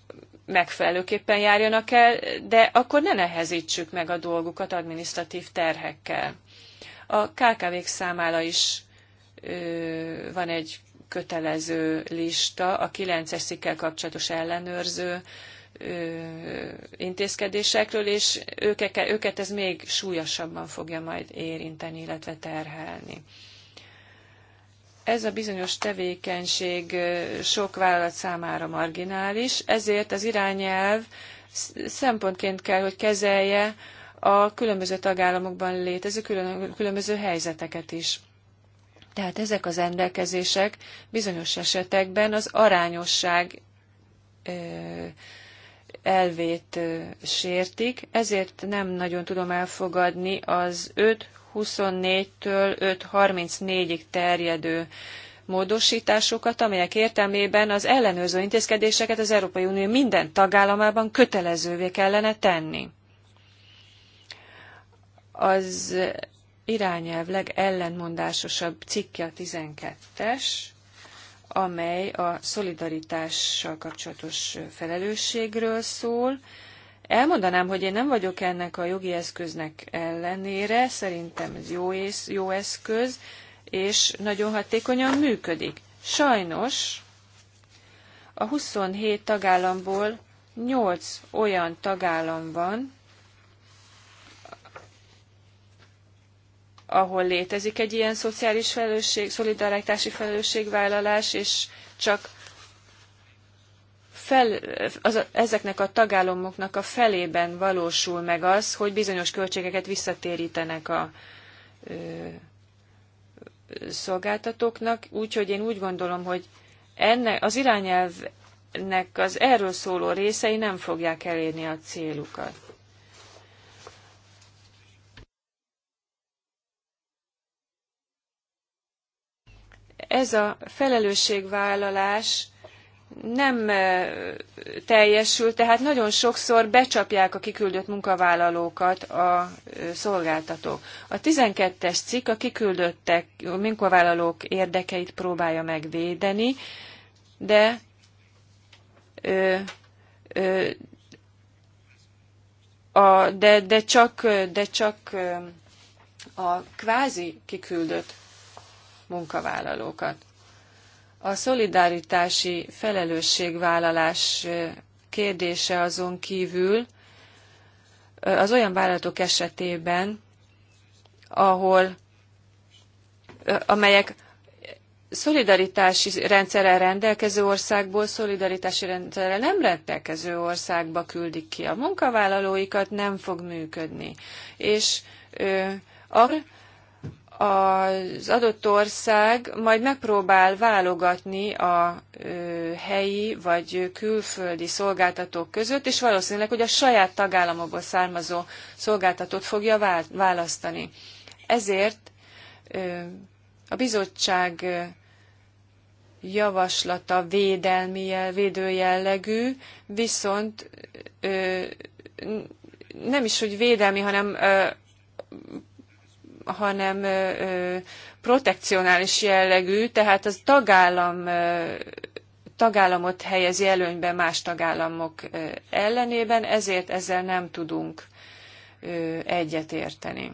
megfelelőképpen járjanak el, de akkor ne nehezítsük meg a dolgukat administratív terhekkel. A KKV-k számára is van egy kötelező lista a 9-es szikkel kapcsolatos ellenőrző intézkedésekről, és őket, őket ez még súlyosabban fogja majd érinteni, illetve terhelni. Ez a bizonyos tevékenység sok vállalat számára marginális, ezért az irányelv szempontként kell, hogy kezelje a különböző tagállamokban létező különböző helyzeteket is. Tehát ezek az rendelkezések bizonyos esetekben az arányosság elvét sértik, ezért nem nagyon tudom elfogadni az 5.24-től 5.34-ig terjedő módosításokat, amelyek értelmében az ellenőrző intézkedéseket az Európai Unió minden tagállamában kötelezővé kellene tenni. Az irányelv legellentmondásosabb cikke a 12-es, amely a szolidaritással kapcsolatos felelősségről szól. Elmondanám, hogy én nem vagyok ennek a jogi eszköznek ellenére, szerintem ez jó, ész, jó eszköz, és nagyon hatékonyan működik. Sajnos a 27 tagállamból 8 olyan tagállam van, ahol létezik egy ilyen szociális felelősség, szolidaritási felelősségvállalás, és csak fel, az, ezeknek a tagállamoknak a felében valósul meg az, hogy bizonyos költségeket visszatérítenek a ö, szolgáltatóknak, úgyhogy én úgy gondolom, hogy ennek az irányelvnek az erről szóló részei nem fogják elérni a célukat. ez a felelősségvállalás nem teljesül, tehát nagyon sokszor becsapják a kiküldött munkavállalókat a szolgáltatók. A 12-es cikk a kiküldöttek a munkavállalók érdekeit próbálja megvédeni, de ö, ö, a, de, de csak, de csak a kvázi kiküldött munkavállalókat. A szolidaritási felelősségvállalás kérdése azon kívül az olyan vállalatok esetében, ahol amelyek szolidaritási rendszerrel rendelkező országból szolidaritási rendszerrel nem rendelkező országba küldik ki a munkavállalóikat, nem fog működni. És akkor az adott ország majd megpróbál válogatni a helyi vagy külföldi szolgáltatók között, és valószínűleg, hogy a saját tagállamokból származó szolgáltatót fogja választani. Ezért a bizottság javaslata védelmi védőjellegű, viszont nem is, hogy védelmi, hanem hanem protekcionális jellegű, tehát az tagállam tagállamot helyezi előnybe más tagállamok ellenében, ezért ezzel nem tudunk egyetérteni.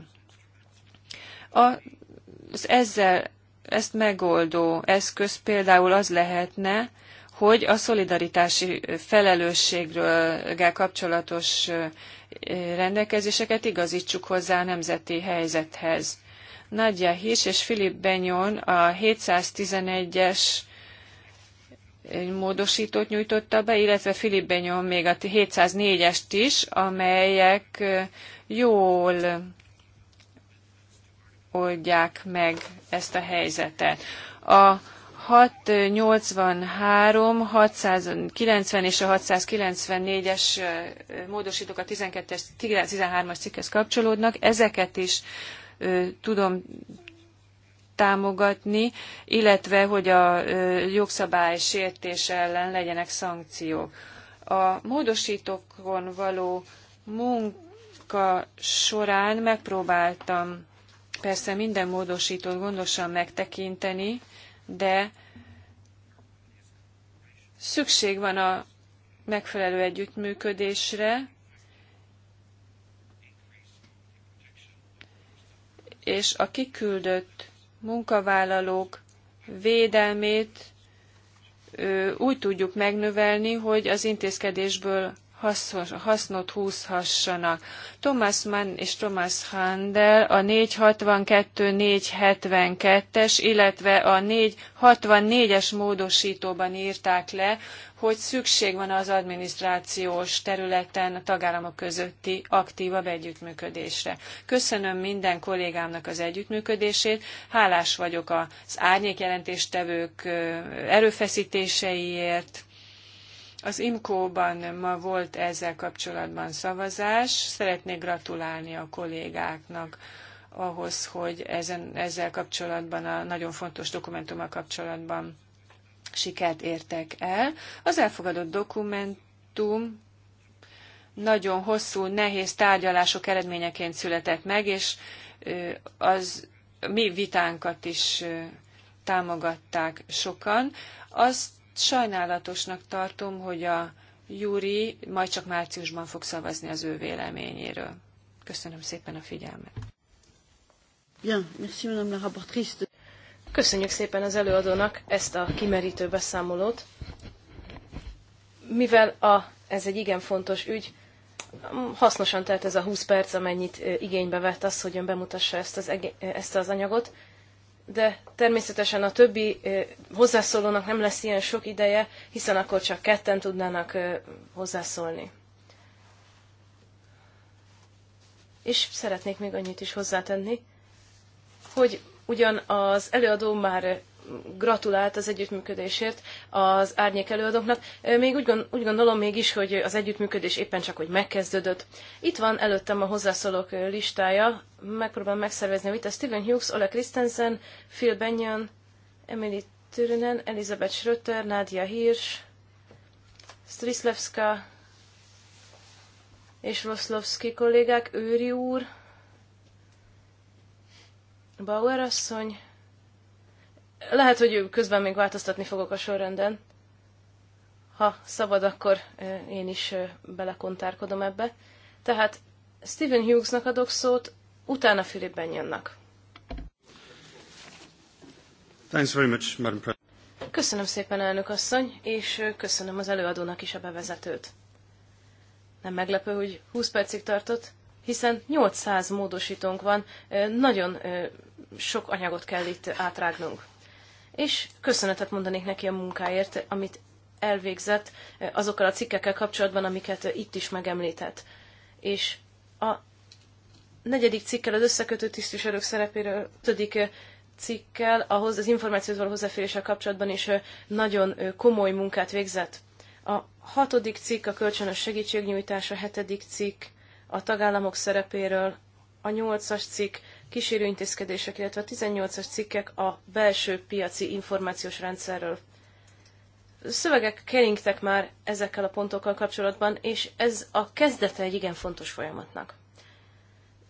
Az ezzel ezt megoldó eszköz például az lehetne, hogy a szolidaritási felelősségről kapcsolatos rendelkezéseket igazítsuk hozzá a nemzeti helyzethez. Nadja Hiss és Philip Benyon a 711-es módosítót nyújtotta be, illetve Philip Benyon még a 704-est is, amelyek jól oldják meg ezt a helyzetet. A 683, 690 és a 694-es módosítók a 12-es, 13-as cikkhez kapcsolódnak. Ezeket is tudom támogatni, illetve hogy a jogszabály sértés ellen legyenek szankciók. A módosítókon való munka során megpróbáltam persze minden módosítót gondosan megtekinteni, de szükség van a megfelelő együttműködésre, és a kiküldött munkavállalók védelmét úgy tudjuk megnövelni, hogy az intézkedésből hasznos, hasznot húzhassanak. Thomas Mann és Thomas Handel a 462-472-es, illetve a 464-es módosítóban írták le, hogy szükség van az adminisztrációs területen a tagállamok közötti aktívabb együttműködésre. Köszönöm minden kollégámnak az együttműködését, hálás vagyok az árnyékjelentéstevők erőfeszítéseiért, az IMCO-ban ma volt ezzel kapcsolatban szavazás. Szeretnék gratulálni a kollégáknak ahhoz, hogy ezen, ezzel kapcsolatban, a nagyon fontos dokumentummal kapcsolatban sikert értek el. Az elfogadott dokumentum nagyon hosszú, nehéz tárgyalások eredményeként született meg, és az mi vitánkat is támogatták sokan. Azt Sajnálatosnak tartom, hogy a Júri majd csak márciusban fog szavazni az ő véleményéről. Köszönöm szépen a figyelmet. Bien, merci madame la rapportrice. Köszönjük szépen az előadónak ezt a kimerítő beszámolót. Mivel a, ez egy igen fontos ügy, hasznosan telt ez a 20 perc, amennyit igénybe vett az, hogy ön bemutassa ezt az, ezt az anyagot de természetesen a többi hozzászólónak nem lesz ilyen sok ideje, hiszen akkor csak ketten tudnának hozzászólni. És szeretnék még annyit is hozzátenni, hogy ugyan az előadó már gratulált az együttműködésért az árnyék előadóknak. Még úgy, gond, úgy gondolom mégis, hogy az együttműködés éppen csak, hogy megkezdődött. Itt van előttem a hozzászólók listája, megpróbálom megszervezni a vitát. Steven Hughes, Ole Christensen, Phil Benyon, Emily Türinen, Elizabeth Schröter, Nadia Hirsch, Strislevska és Roszlovski kollégák, Őri úr, Bauer asszony, lehet, hogy közben még változtatni fogok a sorrenden. Ha szabad, akkor én is belekontárkodom ebbe. Tehát Stephen Hughesnak adok szót, utána Philip Benyonnak. Thanks very much, Madam President. Köszönöm szépen, elnök asszony, és köszönöm az előadónak is a bevezetőt. Nem meglepő, hogy 20 percig tartott, hiszen 800 módosítónk van, nagyon sok anyagot kell itt átrágnunk és köszönetet mondanék neki a munkáért, amit elvégzett eh, azokkal a cikkekkel kapcsolatban, amiket eh, itt is megemlített. És a negyedik cikkel az összekötő tisztviselők szerepéről, ötödik eh, cikkel, ahhoz az információhoz való hozzáféréssel kapcsolatban is nagyon komoly munkát végzett. A hatodik cikk a kölcsönös segítségnyújtás, a hetedik cikk a tagállamok szerepéről, a nyolcas cikk kísérő intézkedések, illetve a 18-as cikkek a belső piaci információs rendszerről. Szövegek keringtek már ezekkel a pontokkal kapcsolatban, és ez a kezdete egy igen fontos folyamatnak.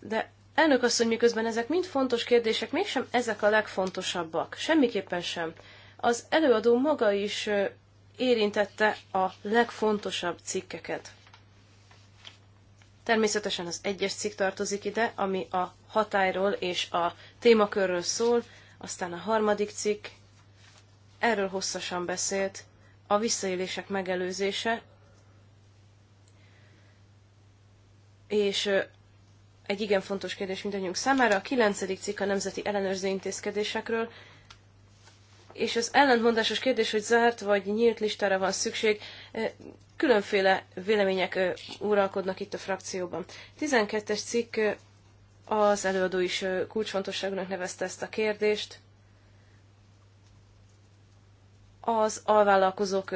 De elnök asszony, miközben ezek mind fontos kérdések, mégsem ezek a legfontosabbak. Semmiképpen sem. Az előadó maga is érintette a legfontosabb cikkeket. Természetesen az egyes cikk tartozik ide, ami a hatályról és a témakörről szól, aztán a harmadik cikk, erről hosszasan beszélt, a visszaélések megelőzése, és egy igen fontos kérdés mindannyiunk számára, a kilencedik cikk a nemzeti ellenőrző intézkedésekről, és az ellentmondásos kérdés, hogy zárt vagy nyílt listára van szükség, különféle vélemények uralkodnak itt a frakcióban. 12-es cikk az előadó is kulcsfontosságnak nevezte ezt a kérdést. Az alvállalkozók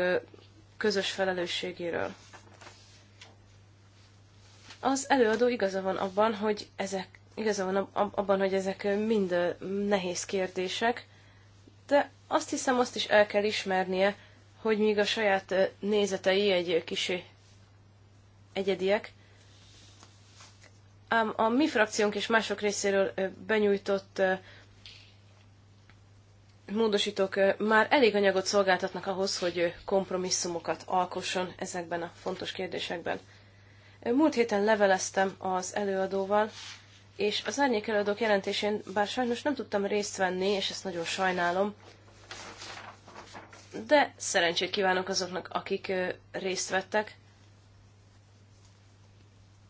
közös felelősségéről. Az előadó igaza van abban, hogy ezek igaza van abban, hogy ezek mind nehéz kérdések, de azt hiszem azt is el kell ismernie, hogy míg a saját nézetei egy kis egyediek, ám a mi frakciónk és mások részéről benyújtott módosítók már elég anyagot szolgáltatnak ahhoz, hogy kompromisszumokat alkosson ezekben a fontos kérdésekben. Múlt héten leveleztem az előadóval, és az árnyék előadók jelentésén, bár sajnos nem tudtam részt venni, és ezt nagyon sajnálom, de szerencsét kívánok azoknak, akik részt vettek.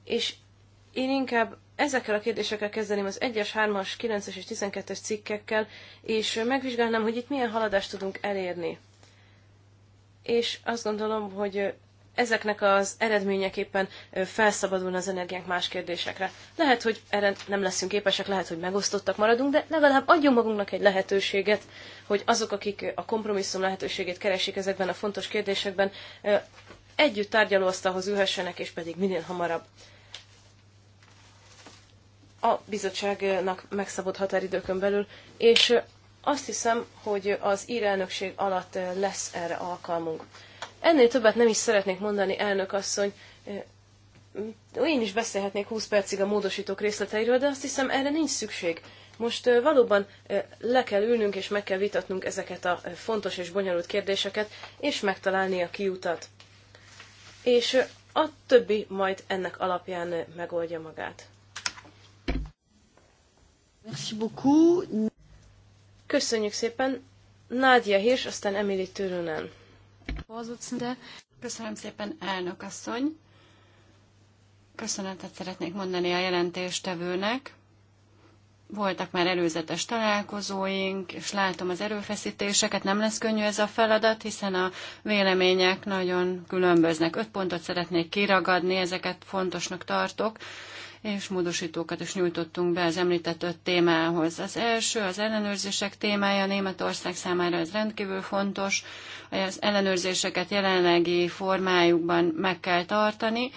És én inkább ezekkel a kérdésekkel kezdeném az 1-es, 3-as, 9-es és 12-es cikkekkel, és megvizsgálnám, hogy itt milyen haladást tudunk elérni. És azt gondolom, hogy ezeknek az eredményeképpen felszabadulna az energiánk más kérdésekre. Lehet, hogy erre nem leszünk képesek, lehet, hogy megosztottak maradunk, de legalább adjunk magunknak egy lehetőséget, hogy azok, akik a kompromisszum lehetőségét keresik ezekben a fontos kérdésekben, együtt tárgyalóasztalhoz ülhessenek, és pedig minél hamarabb a bizottságnak megszabott határidőkön belül, és azt hiszem, hogy az ír elnökség alatt lesz erre alkalmunk. Ennél többet nem is szeretnék mondani, elnök asszony. Én is beszélhetnék 20 percig a módosítók részleteiről, de azt hiszem erre nincs szükség. Most valóban le kell ülnünk és meg kell vitatnunk ezeket a fontos és bonyolult kérdéseket, és megtalálni a kiutat. És a többi majd ennek alapján megoldja magát. Merci beaucoup. Köszönjük szépen. Nádia Hirsch, aztán Emily Törönen. Köszönöm szépen, elnök asszony. Köszönetet szeretnék mondani a jelentéstevőnek. Voltak már előzetes találkozóink, és látom az erőfeszítéseket. Nem lesz könnyű ez a feladat, hiszen a vélemények nagyon különböznek. Öt pontot szeretnék kiragadni, ezeket fontosnak tartok és módosítókat is nyújtottunk be az említett öt témához. Az első, az ellenőrzések témája Németország számára ez rendkívül fontos. Az ellenőrzéseket jelenlegi formájukban meg kell tartani.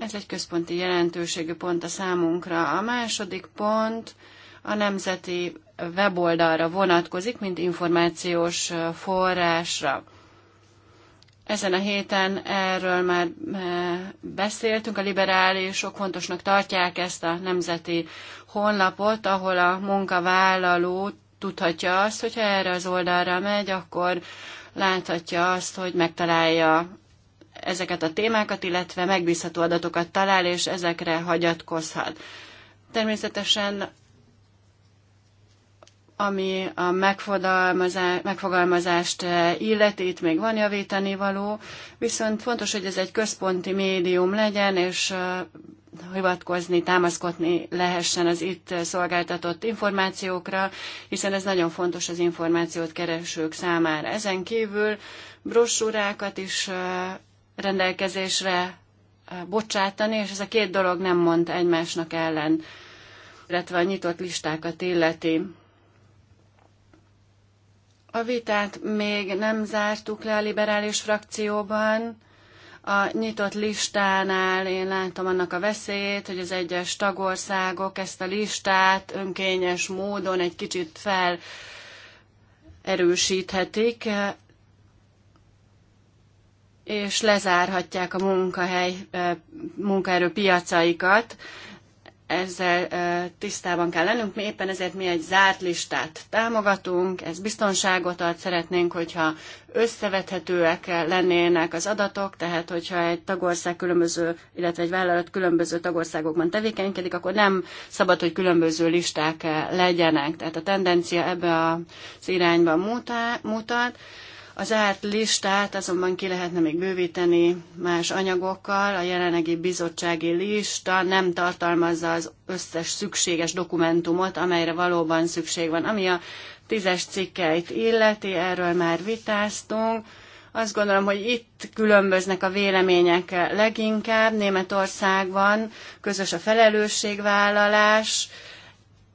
Ez egy központi jelentőségű pont a számunkra. A második pont a nemzeti weboldalra vonatkozik, mint információs forrásra. Ezen a héten erről már eh, beszéltünk, a liberálisok fontosnak tartják ezt a nemzeti honlapot, ahol a munkavállaló tudhatja azt, hogyha erre az oldalra megy, akkor láthatja azt, hogy megtalálja ezeket a témákat, illetve megbízható adatokat talál, és ezekre hagyatkozhat. Természetesen ami a megfogalmazást eh, illeti, itt még van javítani való, viszont fontos, hogy ez egy központi médium legyen, és eh, hivatkozni, támaszkodni lehessen az itt eh, szolgáltatott információkra, hiszen ez nagyon fontos az információt keresők számára. Ezen kívül brosúrákat is rendelkezésre bocsátani, és ez a két dolog nem mond egymásnak ellen, illetve a nyitott listákat illeti. A vitát még nem zártuk le a liberális frakcióban. A nyitott listánál én látom annak a veszélyét, hogy az egyes tagországok ezt a listát önkényes módon egy kicsit fel erősíthetik, és lezárhatják a munkahely, eh, munkaerő piacaikat ezzel tisztában kell lennünk. Mi éppen ezért mi egy zárt listát támogatunk, ez biztonságot ad, szeretnénk, hogyha összevethetőek lennének az adatok, tehát hogyha egy tagország különböző, illetve egy vállalat különböző tagországokban tevékenykedik, akkor nem szabad, hogy különböző listák legyenek. Tehát a tendencia ebbe az irányba mutat. Az árt listát azonban ki lehetne még bővíteni más anyagokkal. A jelenlegi bizottsági lista nem tartalmazza az összes szükséges dokumentumot, amelyre valóban szükség van. Ami a tízes cikkeit illeti, erről már vitáztunk. Azt gondolom, hogy itt különböznek a vélemények leginkább. Németországban közös a felelősségvállalás,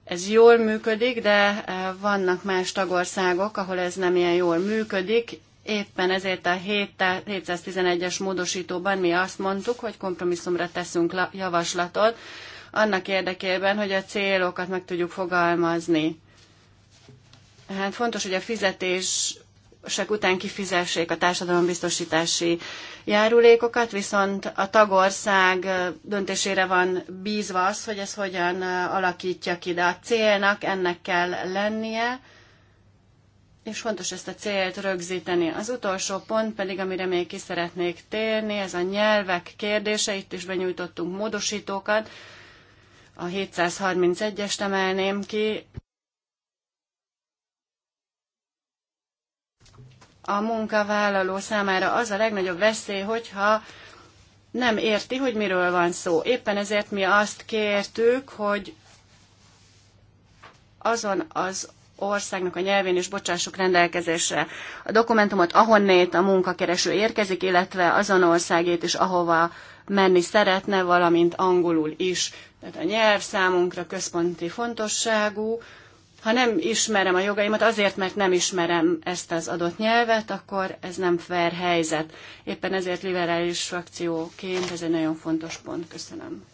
ez jól működik, de eh, vannak más tagországok, ahol ez nem ilyen jól működik. Éppen ezért a 711-es módosítóban mi azt mondtuk, hogy kompromisszumra teszünk javaslatot, annak érdekében, hogy a célokat meg tudjuk fogalmazni. Hát fontos, hogy a fizetés után kifizessék a társadalombiztosítási járulékokat, viszont a tagország döntésére van bízva az, hogy ez hogyan alakítja ki, de a célnak ennek kell lennie, és fontos ezt a célt rögzíteni. Az utolsó pont pedig, amire még ki szeretnék térni, ez a nyelvek kérdése, itt is benyújtottunk módosítókat, a 731-est emelném ki, a munkavállaló számára az a legnagyobb veszély, hogyha nem érti, hogy miről van szó. Éppen ezért mi azt kértük, hogy azon az országnak a nyelvén is bocsássuk rendelkezésre a dokumentumot, ahonnét a munkakereső érkezik, illetve azon országét is, ahova menni szeretne, valamint angolul is. Tehát a nyelv számunkra központi fontosságú, ha nem ismerem a jogaimat azért, mert nem ismerem ezt az adott nyelvet, akkor ez nem fair helyzet. Éppen ezért liberális frakcióként ez egy nagyon fontos pont. Köszönöm.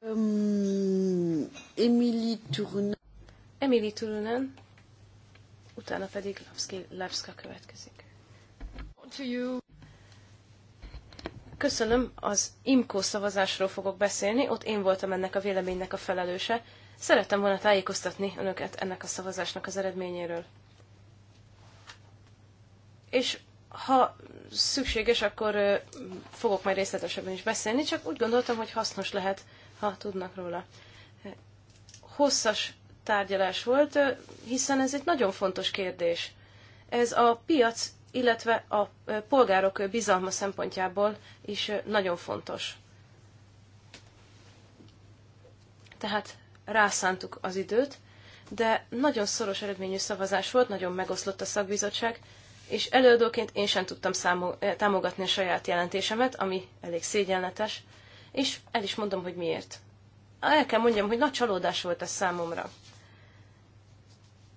Um, Emily Turunen. Emily Turunen. Utána pedig Lapszki, Lapszka következik. To you. Köszönöm, az IMCO szavazásról fogok beszélni, ott én voltam ennek a véleménynek a felelőse, Szerettem volna tájékoztatni önöket ennek a szavazásnak az eredményéről. És ha szükséges, akkor fogok majd részletesebben is beszélni, csak úgy gondoltam, hogy hasznos lehet, ha tudnak róla. Hosszas tárgyalás volt, hiszen ez egy nagyon fontos kérdés. Ez a piac, illetve a polgárok bizalma szempontjából is nagyon fontos. Tehát rászántuk az időt, de nagyon szoros eredményű szavazás volt, nagyon megoszlott a szakbizottság, és előadóként én sem tudtam számol, eh, támogatni a saját jelentésemet, ami elég szégyenletes, és el is mondom, hogy miért. El kell mondjam, hogy nagy csalódás volt ez számomra.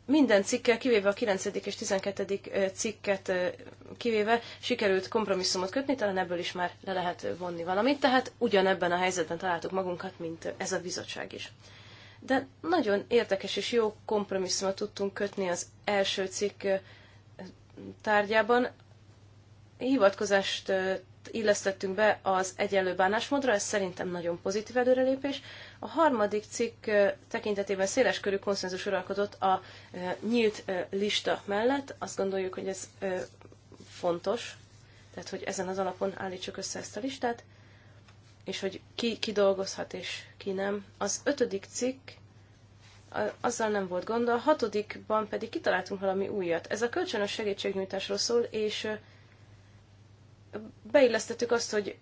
Minden cikkel, kivéve a 9. és 12. Eh, cikket eh, kivéve sikerült kompromisszumot kötni, talán ebből is már le lehet vonni valamit, tehát ugyanebben a helyzetben találtuk magunkat, mint ez a bizottság is de nagyon érdekes és jó kompromisszumot tudtunk kötni az első cikk tárgyában. Hivatkozást illesztettünk be az egyenlő bánásmódra, ez szerintem nagyon pozitív előrelépés. A harmadik cikk tekintetében széles körű konszenzus uralkodott a nyílt lista mellett. Azt gondoljuk, hogy ez fontos, tehát hogy ezen az alapon állítsuk össze ezt a listát és hogy ki, ki dolgozhat és ki nem. Az ötödik cikk, azzal nem volt gond, a hatodikban pedig kitaláltunk valami újat. Ez a kölcsönös segítségnyújtásról szól, és beillesztettük azt, hogy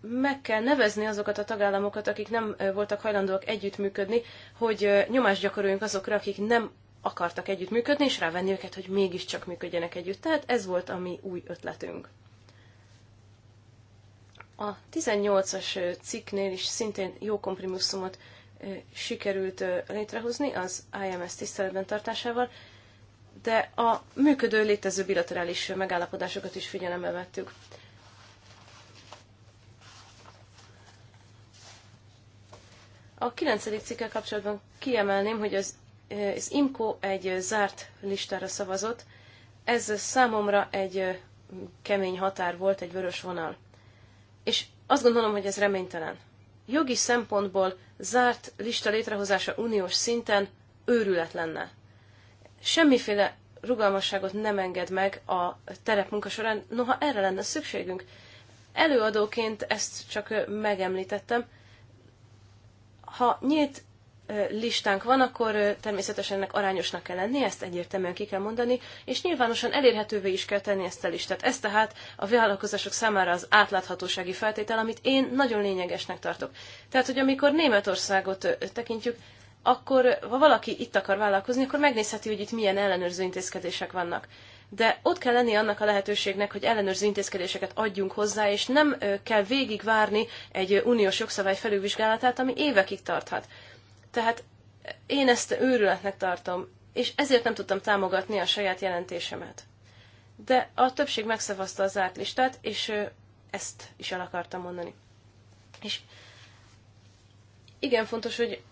meg kell nevezni azokat a tagállamokat, akik nem voltak hajlandóak együttműködni, hogy nyomást gyakoroljunk azokra, akik nem akartak együttműködni, és rávenni őket, hogy mégiscsak működjenek együtt. Tehát ez volt a mi új ötletünk. A 18-as cikknél is szintén jó kompromisszumot sikerült létrehozni az IMS tiszteletben tartásával, de a működő létező bilaterális megállapodásokat is figyelembe vettük. A 9. cikkel kapcsolatban kiemelném, hogy az, az IMCO egy zárt listára szavazott. Ez számomra egy kemény határ volt, egy vörös vonal és azt gondolom, hogy ez reménytelen. Jogi szempontból zárt lista létrehozása uniós szinten őrület lenne. Semmiféle rugalmasságot nem enged meg a terepmunka során, noha erre lenne szükségünk. Előadóként ezt csak megemlítettem. Ha nyílt listánk van, akkor természetesen ennek arányosnak kell lenni, ezt egyértelműen ki kell mondani, és nyilvánosan elérhetővé is kell tenni ezt a listát. Ez tehát a vállalkozások számára az átláthatósági feltétel, amit én nagyon lényegesnek tartok. Tehát, hogy amikor Németországot tekintjük, akkor ha valaki itt akar vállalkozni, akkor megnézheti, hogy itt milyen ellenőrző intézkedések vannak. De ott kell lenni annak a lehetőségnek, hogy ellenőrző intézkedéseket adjunk hozzá, és nem kell végigvárni egy uniós jogszabály felülvizsgálatát, ami évekig tarthat. Tehát én ezt őrületnek tartom, és ezért nem tudtam támogatni a saját jelentésemet. De a többség megszavazta az zárt listát, és ezt is el akartam mondani. És igen fontos, hogy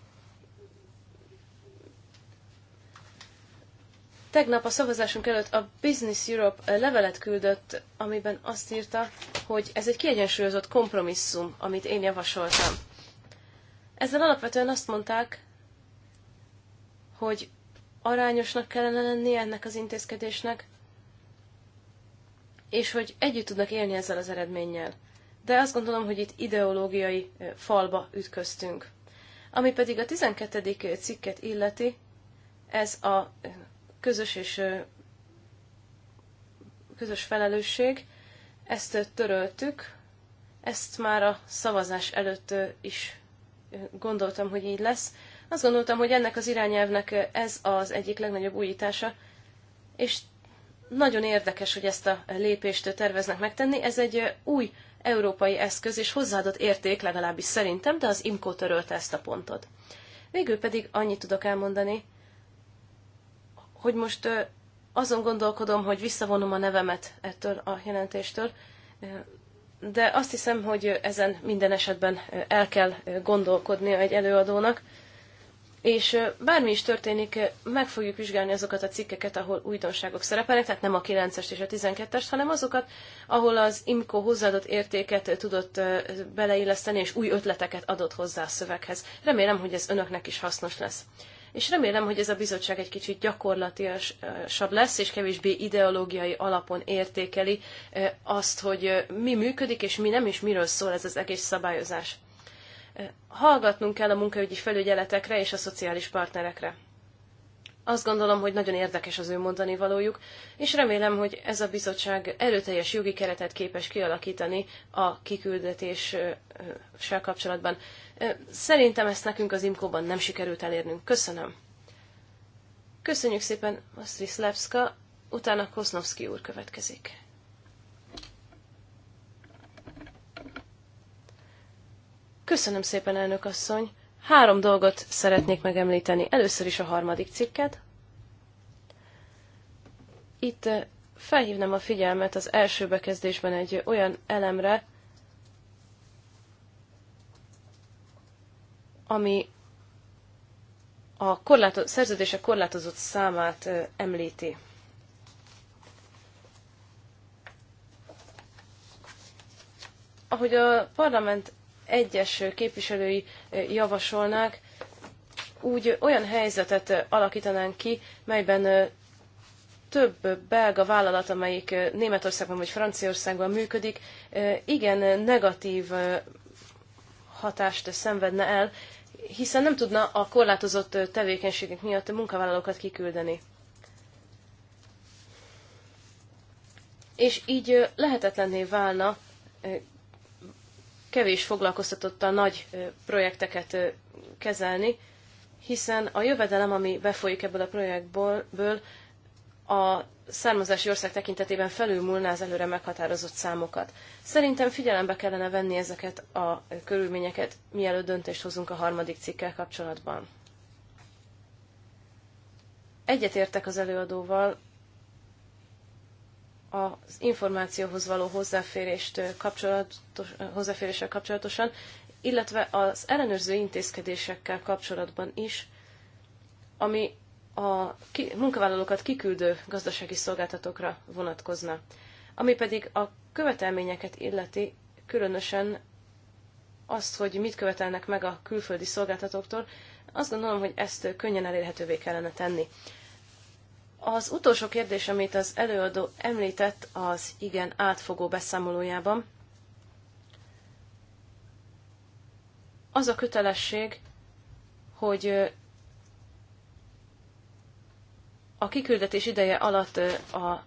tegnap a szavazásunk előtt a Business Europe levelet küldött, amiben azt írta, hogy ez egy kiegyensúlyozott kompromisszum, amit én javasoltam ezzel alapvetően azt mondták, hogy arányosnak kellene lenni ennek az intézkedésnek, és hogy együtt tudnak élni ezzel az eredménnyel. De azt gondolom, hogy itt ideológiai falba ütköztünk. Ami pedig a 12. cikket illeti, ez a közös és közös felelősség, ezt töröltük, ezt már a szavazás előtt is gondoltam, hogy így lesz. Azt gondoltam, hogy ennek az irányelvnek ez az egyik legnagyobb újítása, és nagyon érdekes, hogy ezt a lépést terveznek megtenni. Ez egy új európai eszköz, és hozzáadott érték legalábbis szerintem, de az IMCO törölte ezt a pontot. Végül pedig annyit tudok elmondani, hogy most azon gondolkodom, hogy visszavonom a nevemet ettől a jelentéstől, de azt hiszem, hogy ezen minden esetben el kell gondolkodnia egy előadónak, és bármi is történik, meg fogjuk vizsgálni azokat a cikkeket, ahol újdonságok szerepelnek, tehát nem a 9-est és a 12-est, hanem azokat, ahol az IMCO hozzáadott értéket tudott beleilleszteni, és új ötleteket adott hozzá a szöveghez. Remélem, hogy ez önöknek is hasznos lesz és remélem, hogy ez a bizottság egy kicsit gyakorlatilasabb lesz, és kevésbé ideológiai alapon értékeli azt, hogy mi működik, és mi nem, és miről szól ez az egész szabályozás. Hallgatnunk kell a munkaügyi felügyeletekre és a szociális partnerekre. Azt gondolom, hogy nagyon érdekes az ő mondani valójuk, és remélem, hogy ez a bizottság erőteljes jogi keretet képes kialakítani a kiküldetéssel kapcsolatban. Szerintem ezt nekünk az Imkóban nem sikerült elérnünk. Köszönöm. Köszönjük szépen, Mastris Lepska, utána Kosznovszki úr következik. Köszönöm szépen, elnök asszony. Három dolgot szeretnék megemlíteni. Először is a harmadik cikket. Itt eh, felhívnám a figyelmet az első bekezdésben egy olyan elemre, ami a korláto- szerződések korlátozott számát eh, említi. Ahogy a parlament egyes képviselői eh, javasolnák, úgy olyan helyzetet eh, alakítanánk ki, melyben eh, több belga vállalat, amelyik Németországban vagy Franciaországban működik, igen negatív hatást szenvedne el, hiszen nem tudna a korlátozott tevékenységek miatt munkavállalókat kiküldeni. És így lehetetlenné válna kevés a nagy projekteket kezelni, hiszen a jövedelem, ami befolyik ebből a projektből, a származási ország tekintetében felülmúlná az előre meghatározott számokat. Szerintem figyelembe kellene venni ezeket a körülményeket, mielőtt döntést hozunk a harmadik cikkel kapcsolatban. Egyetértek az előadóval az információhoz való hozzáférést kapcsolatos, hozzáféréssel kapcsolatosan, illetve az ellenőrző intézkedésekkel kapcsolatban is, ami a munkavállalókat kiküldő gazdasági szolgáltatókra vonatkozna. Ami pedig a követelményeket illeti, különösen azt, hogy mit követelnek meg a külföldi szolgáltatóktól, azt gondolom, hogy ezt könnyen elérhetővé kellene tenni. Az utolsó kérdés, amit az előadó említett, az igen átfogó beszámolójában. Az a kötelesség, hogy a kiküldetés ideje alatt a,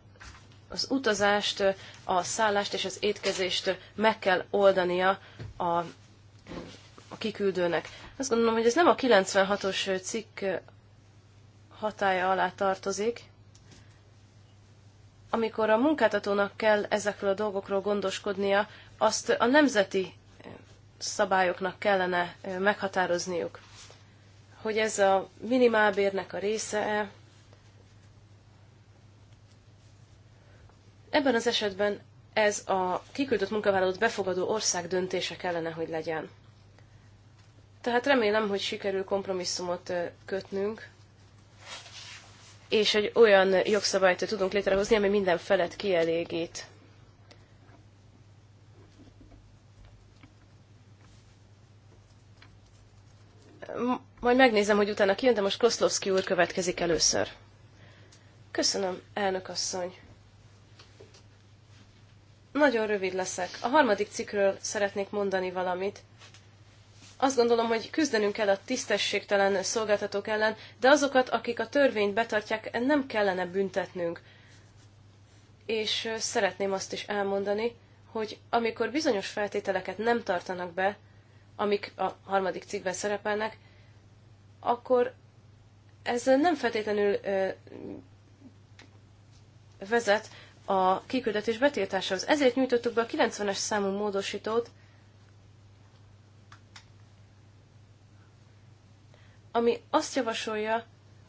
az utazást, a szállást és az étkezést meg kell oldania a, a kiküldőnek. Azt gondolom, hogy ez nem a 96-os cikk hatája alá tartozik, amikor a munkáltatónak kell ezekről a dolgokról gondoskodnia, azt a nemzeti szabályoknak kellene meghatározniuk. Hogy ez a minimálbérnek a része-e. Ebben az esetben ez a kiküldött munkavállalót befogadó ország döntése kellene, hogy legyen. Tehát remélem, hogy sikerül kompromisszumot kötnünk és egy olyan jogszabályt tudunk létrehozni, ami minden felet kielégít. Majd megnézem, hogy utána kijön, de most Koszlovszki úr következik először. Köszönöm, elnök asszony. Nagyon rövid leszek. A harmadik cikről szeretnék mondani valamit azt gondolom, hogy küzdenünk kell a tisztességtelen szolgáltatók ellen, de azokat, akik a törvényt betartják, nem kellene büntetnünk. És szeretném azt is elmondani, hogy amikor bizonyos feltételeket nem tartanak be, amik a harmadik cikkben szerepelnek, akkor ez nem feltétlenül vezet a kiküldetés betiltásához. Ezért nyújtottuk be a 90-es számú módosítót, ami azt javasolja,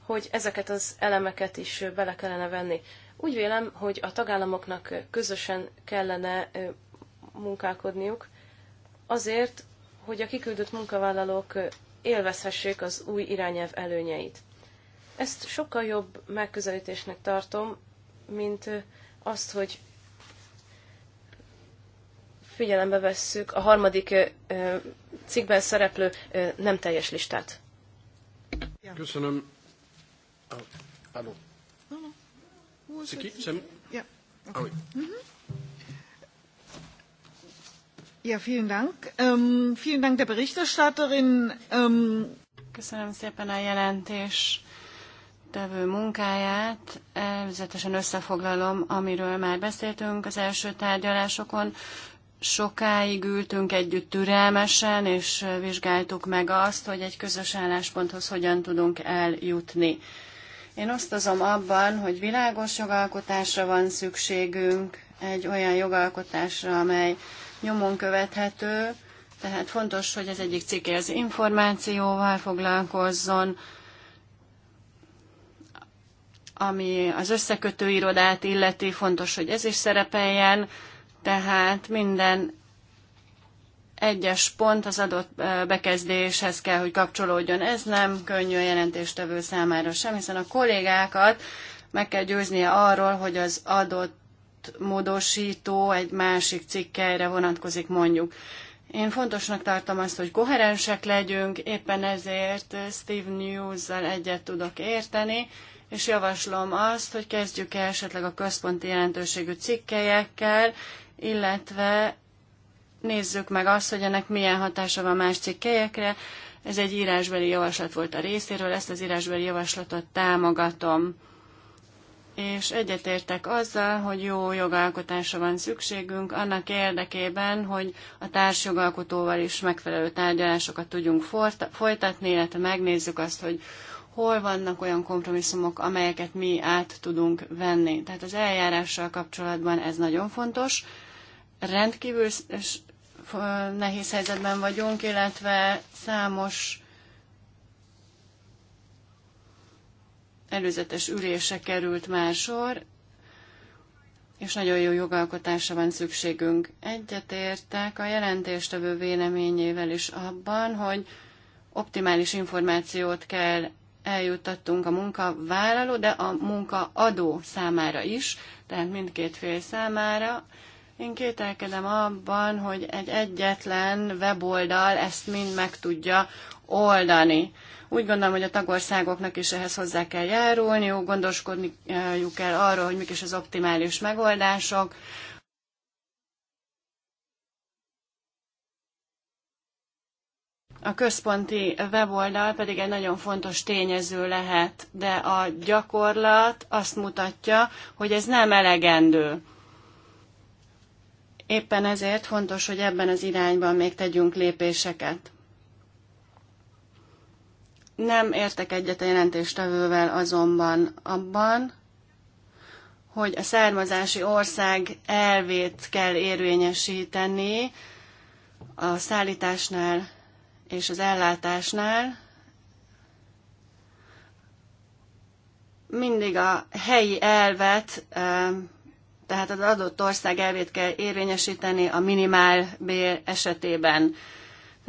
hogy ezeket az elemeket is bele kellene venni. Úgy vélem, hogy a tagállamoknak közösen kellene munkálkodniuk azért, hogy a kiküldött munkavállalók élvezhessék az új irányelv előnyeit. Ezt sokkal jobb megközelítésnek tartom, mint azt, hogy figyelembe vesszük a harmadik cikkben szereplő nem teljes listát. Köszönöm. Ah, pardon. Non, non. okay. Ah oui. mm Ja, vielen Dank. Ähm, vielen Dank der Berichterstatterin. Ähm, Köszönöm szépen a jelentés tevő munkáját. Előzetesen összefoglalom, amiről már beszéltünk az első tárgyalásokon sokáig ültünk együtt türelmesen, és vizsgáltuk meg azt, hogy egy közös állásponthoz hogyan tudunk eljutni. Én osztozom abban, hogy világos jogalkotásra van szükségünk, egy olyan jogalkotásra, amely nyomon követhető, tehát fontos, hogy az egyik cikke az információval foglalkozzon, ami az összekötő irodát illeti, fontos, hogy ez is szerepeljen, tehát minden egyes pont az adott bekezdéshez kell, hogy kapcsolódjon. Ez nem könnyű a jelentéstevő számára sem, hiszen a kollégákat meg kell győznie arról, hogy az adott módosító egy másik cikkelyre vonatkozik mondjuk. Én fontosnak tartom azt, hogy koherensek legyünk, éppen ezért Steve News-zal egyet tudok érteni, és javaslom azt, hogy kezdjük el esetleg a központi jelentőségű cikkelyekkel, illetve nézzük meg azt, hogy ennek milyen hatása van más cikkelyekre. Ez egy írásbeli javaslat volt a részéről, ezt az írásbeli javaslatot támogatom. És egyetértek azzal, hogy jó jogalkotásra van szükségünk, annak érdekében, hogy a társjogalkotóval is megfelelő tárgyalásokat tudjunk folytatni, illetve megnézzük azt, hogy hol vannak olyan kompromisszumok, amelyeket mi át tudunk venni. Tehát az eljárással kapcsolatban ez nagyon fontos rendkívül nehéz helyzetben vagyunk, illetve számos előzetes ülése került már sor, és nagyon jó jogalkotásra van szükségünk. Egyetértek a jelentéstevő véleményével is abban, hogy optimális információt kell eljuttattunk a munkavállaló, de a munkaadó számára is, tehát mindkét fél számára, én kételkedem abban, hogy egy egyetlen weboldal ezt mind meg tudja oldani. Úgy gondolom, hogy a tagországoknak is ehhez hozzá kell jó, gondoskodniuk eh, kell arról, hogy mik is az optimális megoldások, A központi weboldal pedig egy nagyon fontos tényező lehet, de a gyakorlat azt mutatja, hogy ez nem elegendő. Éppen ezért fontos, hogy ebben az irányban még tegyünk lépéseket. Nem értek egyet a jelentéstevővel azonban abban, hogy a származási ország elvét kell érvényesíteni a szállításnál és az ellátásnál. Mindig a helyi elvet eh, tehát az adott ország elvét kell érvényesíteni a minimál bér esetében.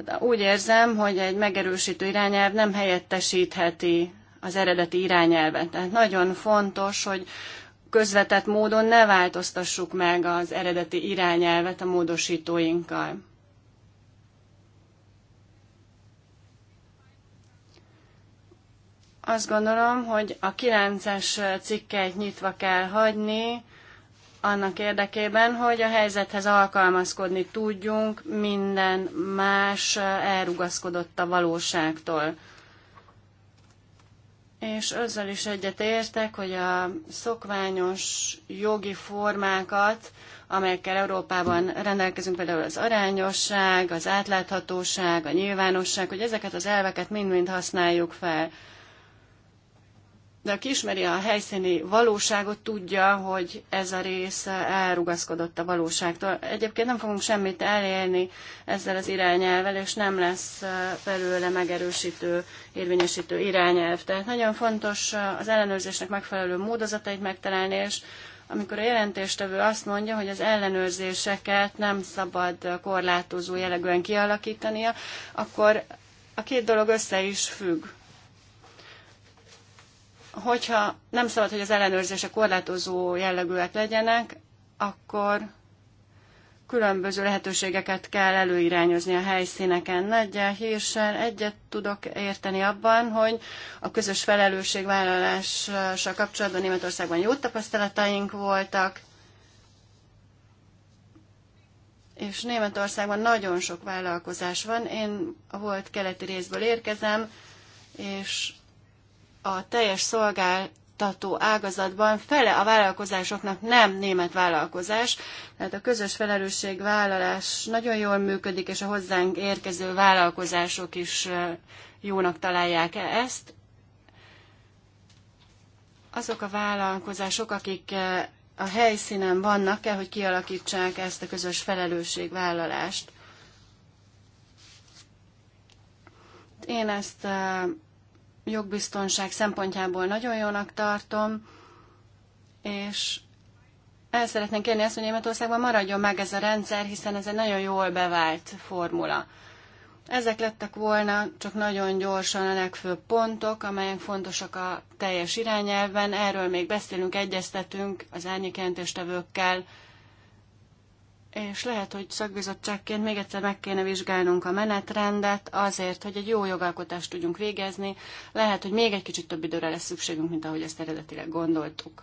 Tehát úgy érzem, hogy egy megerősítő irányelv nem helyettesítheti az eredeti irányelvet. Tehát nagyon fontos, hogy közvetett módon ne változtassuk meg az eredeti irányelvet a módosítóinkkal. Azt gondolom, hogy a 9-es cikkeit nyitva kell hagyni, annak érdekében, hogy a helyzethez alkalmazkodni tudjunk, minden más elrugaszkodott a valóságtól. És azzal is egyetértek, hogy a szokványos jogi formákat, amelyekkel Európában rendelkezünk, például az arányosság, az átláthatóság, a nyilvánosság, hogy ezeket az elveket mind-mind használjuk fel de aki ismeri a helyszíni valóságot, tudja, hogy ez a rész elrugaszkodott a valóságtól. Egyébként nem fogunk semmit elérni ezzel az irányelvel, és nem lesz belőle megerősítő, érvényesítő irányelv. Tehát nagyon fontos az ellenőrzésnek megfelelő módozatait megtalálni, és amikor a jelentéstevő azt mondja, hogy az ellenőrzéseket nem szabad korlátozó jellegűen kialakítania, akkor a két dolog össze is függ Hogyha nem szabad, hogy az ellenőrzések korlátozó jellegűek legyenek, akkor különböző lehetőségeket kell előirányozni a helyszíneken. Nagyjel hírsel egyet tudok érteni abban, hogy a közös felelősségvállalással kapcsolatban Németországban jó tapasztalataink voltak, és Németországban nagyon sok vállalkozás van. Én a volt keleti részből érkezem, és a teljes szolgáltató ágazatban fele a vállalkozásoknak nem német vállalkozás, tehát a közös felelősségvállalás nagyon jól működik, és a hozzánk érkező vállalkozások is jónak találják -e ezt. Azok a vállalkozások, akik a helyszínen vannak-e, hogy kialakítsák ezt a közös felelősségvállalást. Én ezt jogbiztonság szempontjából nagyon jónak tartom, és el szeretném kérni azt, hogy Németországban maradjon meg ez a rendszer, hiszen ez egy nagyon jól bevált formula. Ezek lettek volna csak nagyon gyorsan a legfőbb pontok, amelyek fontosak a teljes irányelven. Erről még beszélünk, egyeztetünk az árnyékjelentéstevőkkel, és lehet, hogy szakbizottságként még egyszer meg kéne vizsgálnunk a menetrendet azért, hogy egy jó jogalkotást tudjunk végezni. Lehet, hogy még egy kicsit több időre lesz szükségünk, mint ahogy ezt eredetileg gondoltuk.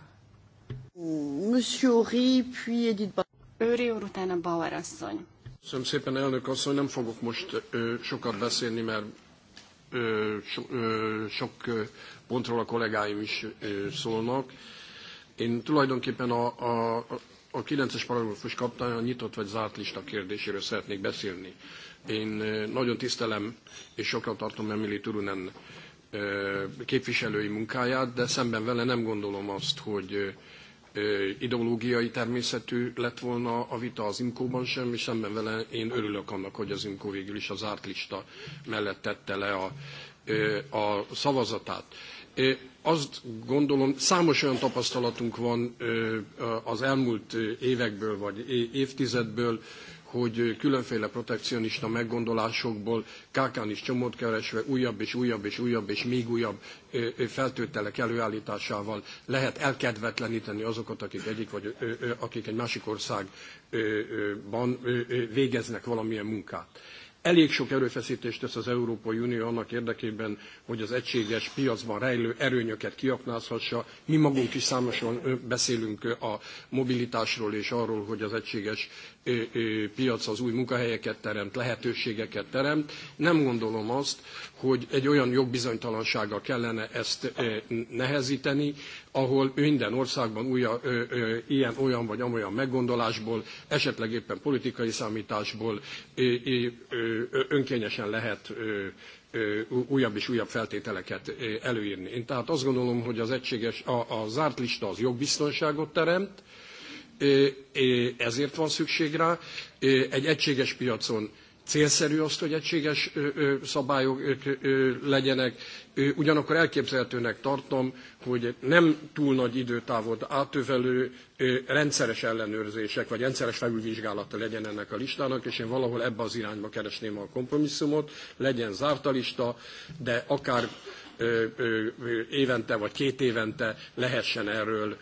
Monsieur puis Edith Őri úr, utána Bauer asszony. Köszönöm szépen, elnök asszony, nem fogok most ö, sokat beszélni, mert ö, so, ö, sok pontról a kollégáim is ö, szólnak. Én tulajdonképpen a, a, a 9-es paragrafus kapta a nyitott vagy zárt lista kérdéséről szeretnék beszélni. Én nagyon tisztelem és sokra tartom Emily Turunen képviselői munkáját, de szemben vele nem gondolom azt, hogy ideológiai természetű lett volna a vita az Imkóban sem, és szemben vele én örülök annak, hogy az Imkó végül is a zárt lista mellett tette le a, a szavazatát azt gondolom, számos olyan tapasztalatunk van az elmúlt évekből vagy évtizedből, hogy különféle protekcionista meggondolásokból kákán is csomót keresve újabb és újabb és újabb és még újabb feltételek előállításával lehet elkedvetleníteni azokat, akik egyik vagy akik egy másik országban végeznek valamilyen munkát. Elég sok erőfeszítést tesz az Európai Unió annak érdekében, hogy az egységes piacban rejlő erőnyöket kiaknázhassa. Mi magunk is számosan beszélünk a mobilitásról és arról, hogy az egységes piac az új munkahelyeket teremt, lehetőségeket teremt. Nem gondolom azt, hogy egy olyan jogbizonytalansággal kellene ezt nehezíteni, ahol minden országban újja, ö, ö, ilyen, olyan vagy amolyan meggondolásból, esetleg éppen politikai számításból ö, ö, ö, önkényesen lehet ö, újabb és újabb feltételeket előírni. Én tehát azt gondolom, hogy az egységes, a, a zárt lista az jogbiztonságot teremt, ezért van szükség rá. Egy egységes piacon célszerű azt, hogy egységes szabályok legyenek, ugyanakkor elképzelhetőnek tartom, hogy nem túl nagy időtávot átövelő rendszeres ellenőrzések, vagy rendszeres felülvizsgálata legyen ennek a listának, és én valahol ebbe az irányba keresném a kompromisszumot, legyen zárt a lista, de akár évente vagy két évente lehessen erről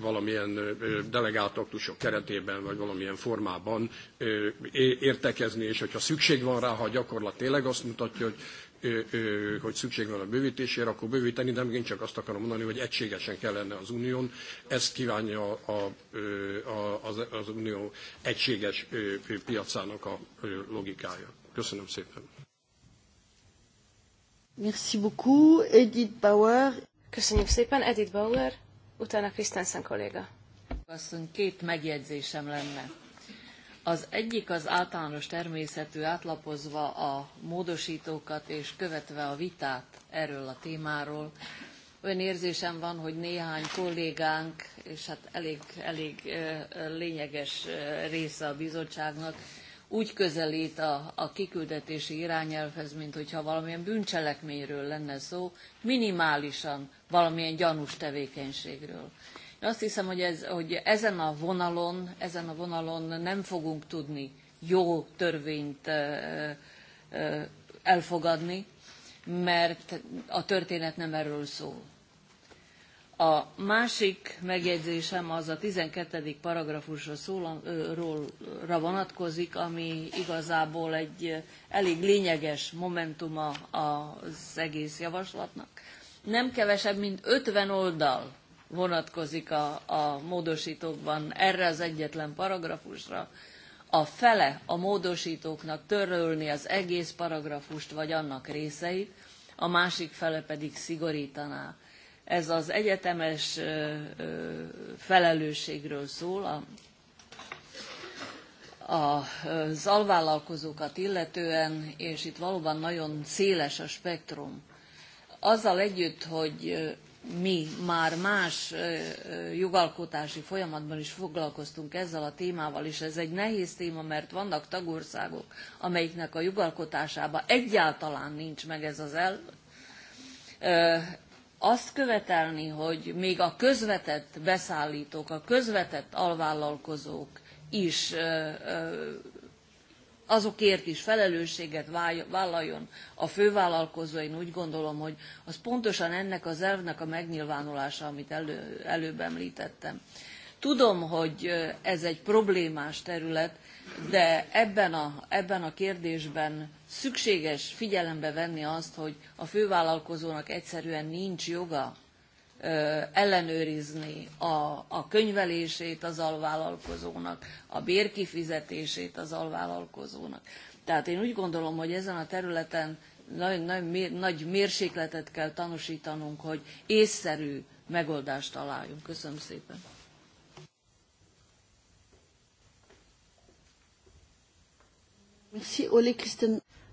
valamilyen delegáltaktusok keretében, vagy valamilyen formában értekezni, és hogyha szükség van rá, ha a gyakorlat tényleg azt mutatja, hogy hogy szükség van a bővítésére, akkor bővíteni, de én csak azt akarom mondani, hogy egységesen kellene az unión. Ezt kívánja a, a, az, az unió egységes piacának a logikája. Köszönöm szépen. Merci beaucoup, Edith Bauer. Köszönjük szépen, Edith Bauer, utána Krisztensen kolléga. Asszony, két megjegyzésem lenne. Az egyik az általános természetű átlapozva a módosítókat és követve a vitát erről a témáról. Olyan érzésem van, hogy néhány kollégánk, és hát elég, elég lényeges része a bizottságnak, úgy közelít a, a kiküldetési irányelvhez, mint hogyha valamilyen bűncselekményről lenne szó, minimálisan valamilyen gyanús tevékenységről. Én azt hiszem, hogy, ez, hogy ezen a vonalon, ezen a vonalon nem fogunk tudni jó törvényt elfogadni, mert a történet nem erről szól a másik megjegyzésem az a 12. paragrafusra szól, vonatkozik, ami igazából egy elég lényeges momentuma az egész javaslatnak. Nem kevesebb, mint 50 oldal vonatkozik a, a módosítókban erre az egyetlen paragrafusra. A fele a módosítóknak törölni az egész paragrafust vagy annak részeit, a másik fele pedig szigorítaná ez az egyetemes felelősségről szól, a az alvállalkozókat illetően, és itt valóban nagyon széles a spektrum. Azzal együtt, hogy mi már más jogalkotási folyamatban is foglalkoztunk ezzel a témával, és ez egy nehéz téma, mert vannak tagországok, amelyiknek a jogalkotásában egyáltalán nincs meg ez az el azt követelni, hogy még a közvetett beszállítók, a közvetett alvállalkozók is azokért is felelősséget vállaljon a fővállalkozó, én úgy gondolom, hogy az pontosan ennek az elvnek a megnyilvánulása, amit elő, előbb említettem. Tudom, hogy ez egy problémás terület, de ebben a, ebben a kérdésben szükséges figyelembe venni azt, hogy a fővállalkozónak egyszerűen nincs joga ellenőrizni a, a könyvelését az alvállalkozónak, a bérkifizetését az alvállalkozónak. Tehát én úgy gondolom, hogy ezen a területen nagy, nagy, nagy mérsékletet kell tanúsítanunk, hogy észszerű megoldást találjunk. Köszönöm szépen.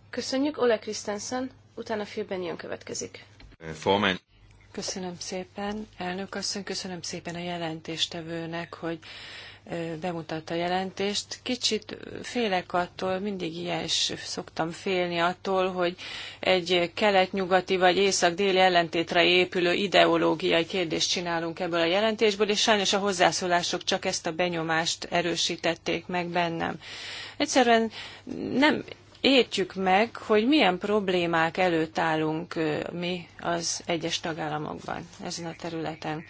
Köszönjük, Ole Christensen, utána félben jön következik. Eh, Formen. Köszönöm szépen, elnök asszony, köszönöm szépen a jelentéstevőnek, hogy bemutatta a jelentést. Kicsit félek attól, mindig ilyen is szoktam félni attól, hogy egy kelet-nyugati vagy észak-déli ellentétre épülő ideológiai kérdést csinálunk ebből a jelentésből, és sajnos a hozzászólások csak ezt a benyomást erősítették meg bennem. Egyszerűen nem értjük meg, hogy milyen problémák előtt állunk mi az egyes tagállamokban ezen a területen.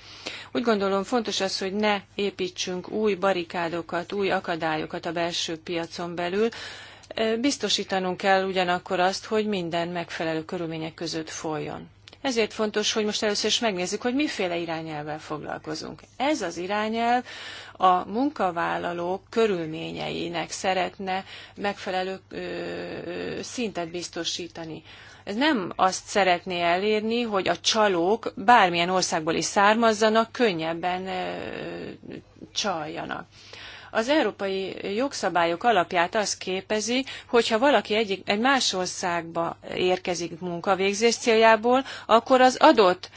Úgy gondolom fontos az, hogy ne építsünk új barikádokat, új akadályokat a belső piacon belül, biztosítanunk kell ugyanakkor azt, hogy minden megfelelő körülmények között folyjon. Ezért fontos, hogy most először is megnézzük, hogy miféle irányelvvel foglalkozunk. Ez az irányelv a munkavállalók körülményeinek szeretne megfelelő szintet biztosítani. Ez nem azt szeretné elérni, hogy a csalók bármilyen országból is származzanak, könnyebben csaljanak. Az európai jogszabályok alapját az képezi, hogyha valaki egyik, egy más országba érkezik munkavégzés céljából, akkor az adott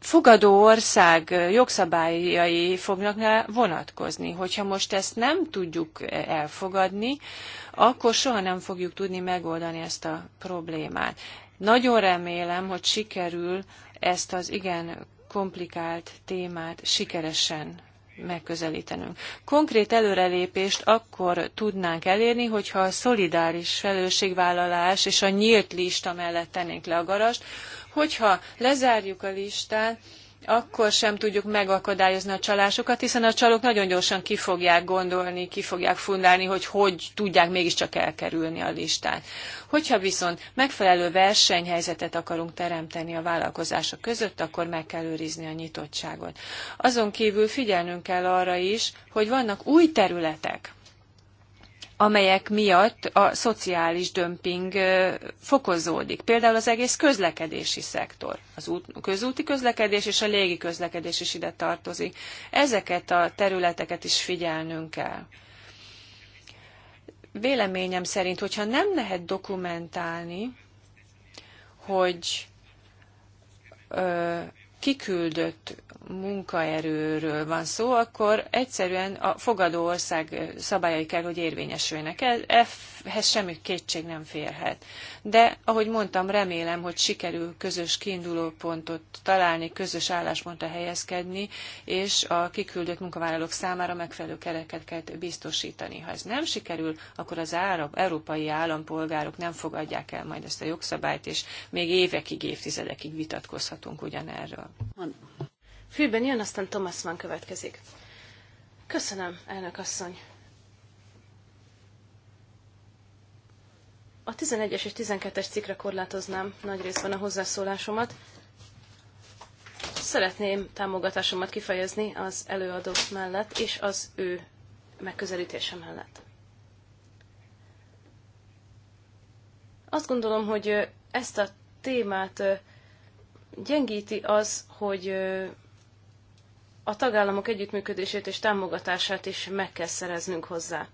fogadó ország jogszabályai fognak rá vonatkozni. Hogyha most ezt nem tudjuk elfogadni, akkor soha nem fogjuk tudni megoldani ezt a problémát. Nagyon remélem, hogy sikerül ezt az igen komplikált témát sikeresen megközelítenünk. Konkrét előrelépést akkor tudnánk elérni, hogyha a szolidáris felelősségvállalás és a nyílt lista mellett tennénk le a garast, hogyha lezárjuk a listát, akkor sem tudjuk megakadályozni a csalásokat, hiszen a csalók nagyon gyorsan ki fogják gondolni, ki fogják fundálni, hogy hogy tudják mégiscsak elkerülni a listát. Hogyha viszont megfelelő versenyhelyzetet akarunk teremteni a vállalkozások között, akkor meg kell őrizni a nyitottságot. Azon kívül figyelnünk kell arra is, hogy vannak új területek, amelyek miatt a szociális dömping fokozódik. Például az egész közlekedési szektor, az út, közúti közlekedés és a légi közlekedés is ide tartozik. Ezeket a területeket is figyelnünk kell. Véleményem szerint, hogyha nem lehet dokumentálni, hogy ö, kiküldött munkaerőről van szó, akkor egyszerűen a fogadó ország szabályai kell, hogy érvényesüljenek. Ehhez semmi kétség nem férhet. De, ahogy mondtam, remélem, hogy sikerül közös kiindulópontot találni, közös álláspontra helyezkedni, és a kiküldött munkavállalók számára megfelelő kerekeket biztosítani. Ha ez nem sikerül, akkor az árab, európai állampolgárok nem fogadják el majd ezt a jogszabályt, és még évekig, évtizedekig vitatkozhatunk ugyanerről. Fülben jön, aztán Thomas van következik. Köszönöm, elnök asszony. A 11-es és 12-es cikkre korlátoznám nagy részben a hozzászólásomat. Szeretném támogatásomat kifejezni az előadók mellett és az ő megközelítése mellett. Azt gondolom, hogy ezt a témát gyengíti az, hogy a tagállamok együttműködését és támogatását is meg kell szereznünk hozzá.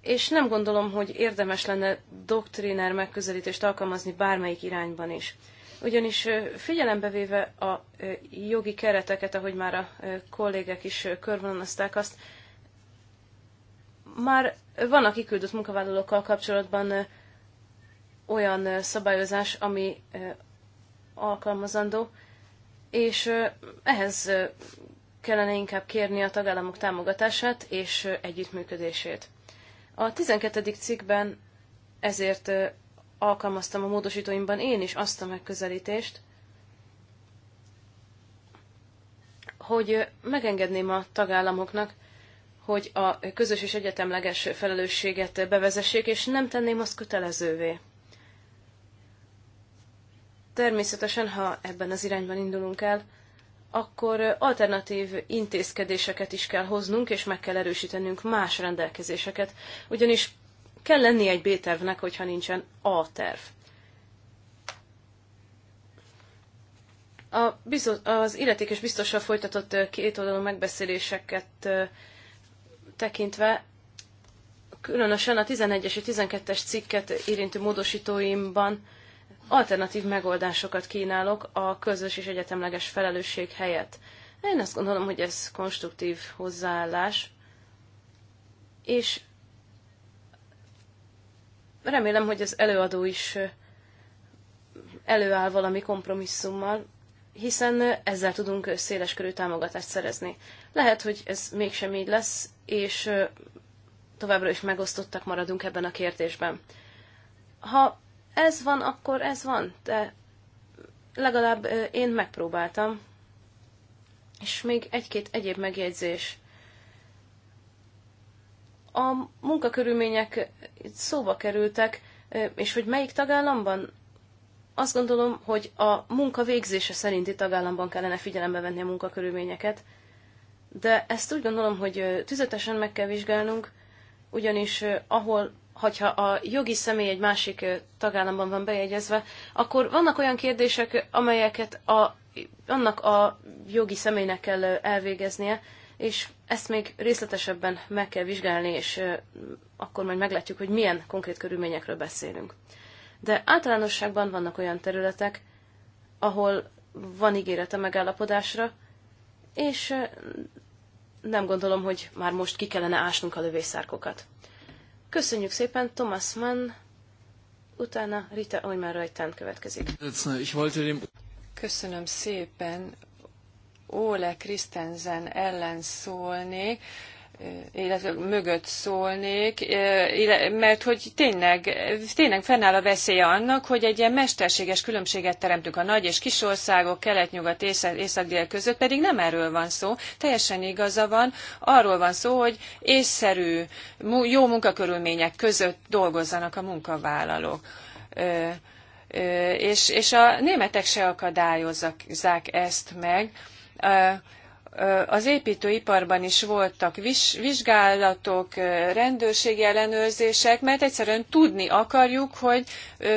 És nem gondolom, hogy érdemes lenne doktriner megközelítést alkalmazni bármelyik irányban is. Ugyanis figyelembe véve a jogi kereteket, ahogy már a kollégek is körvonalazták azt, már van a kiküldött munkavállalókkal kapcsolatban olyan szabályozás, ami alkalmazandó, és ehhez kellene inkább kérni a tagállamok támogatását és együttműködését. A 12. cikkben ezért alkalmaztam a módosítóimban én is azt a megközelítést, hogy megengedném a tagállamoknak, hogy a közös és egyetemleges felelősséget bevezessék, és nem tenném azt kötelezővé. Természetesen, ha ebben az irányban indulunk el, akkor alternatív intézkedéseket is kell hoznunk, és meg kell erősítenünk más rendelkezéseket, ugyanis kell lenni egy B-tervnek, hogyha nincsen A-terv. A bizot, az illetékes biztossal folytatott kétoldalú megbeszéléseket tekintve, különösen a 11-es és 12-es cikket érintő módosítóimban alternatív megoldásokat kínálok a közös és egyetemleges felelősség helyett. Én azt gondolom, hogy ez konstruktív hozzáállás, és remélem, hogy az előadó is előáll valami kompromisszummal, hiszen ezzel tudunk széleskörű támogatást szerezni. Lehet, hogy ez mégsem így lesz, és továbbra is megosztottak maradunk ebben a kérdésben. Ha ez van, akkor ez van, de legalább én megpróbáltam. És még egy-két egyéb megjegyzés. A munkakörülmények szóba kerültek, és hogy melyik tagállamban? Azt gondolom, hogy a munka végzése szerinti tagállamban kellene figyelembe venni a munkakörülményeket, de ezt úgy gondolom, hogy tüzetesen meg kell vizsgálnunk, ugyanis ahol hogyha a jogi személy egy másik tagállamban van bejegyezve, akkor vannak olyan kérdések, amelyeket a, annak a jogi személynek kell elvégeznie, és ezt még részletesebben meg kell vizsgálni, és akkor majd meglátjuk, hogy milyen konkrét körülményekről beszélünk. De általánosságban vannak olyan területek, ahol van ígérete megállapodásra, és nem gondolom, hogy már most ki kellene ásnunk a lövészárkokat. Köszönjük szépen, Thomas Mann, utána Rita Oymar Rajtán következik. Köszönöm szépen, Ole Kristensen ellen szólnék illetve mögött szólnék, mert hogy tényleg, tényleg fennáll a veszélye annak, hogy egy ilyen mesterséges különbséget teremtünk a nagy és kis országok, kelet-nyugat, észak-dél között, pedig nem erről van szó, teljesen igaza van, arról van szó, hogy észszerű, jó munkakörülmények között dolgozzanak a munkavállalók és, és a németek se akadályozzák ezt meg. Az építőiparban is voltak vizsgálatok, rendőrségi ellenőrzések, mert egyszerűen tudni akarjuk, hogy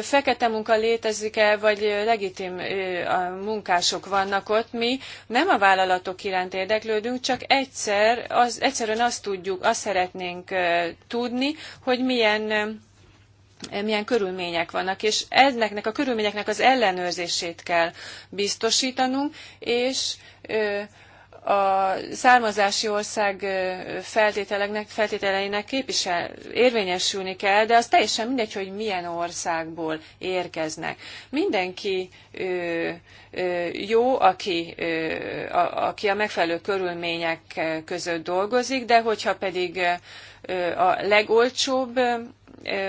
fekete munka létezik-e, vagy legitim munkások vannak ott. Mi nem a vállalatok iránt érdeklődünk, csak egyszer, az, egyszerűen azt tudjuk, azt szeretnénk tudni, hogy milyen milyen körülmények vannak, és ezeknek a körülményeknek az ellenőrzését kell biztosítanunk, és a származási ország feltételeinek feltételeinek képvisel, érvényesülni kell, de az teljesen mindegy, hogy milyen országból érkeznek. Mindenki ö, ö, jó, aki, ö, a, aki a megfelelő körülmények között dolgozik, de hogyha pedig a legolcsóbb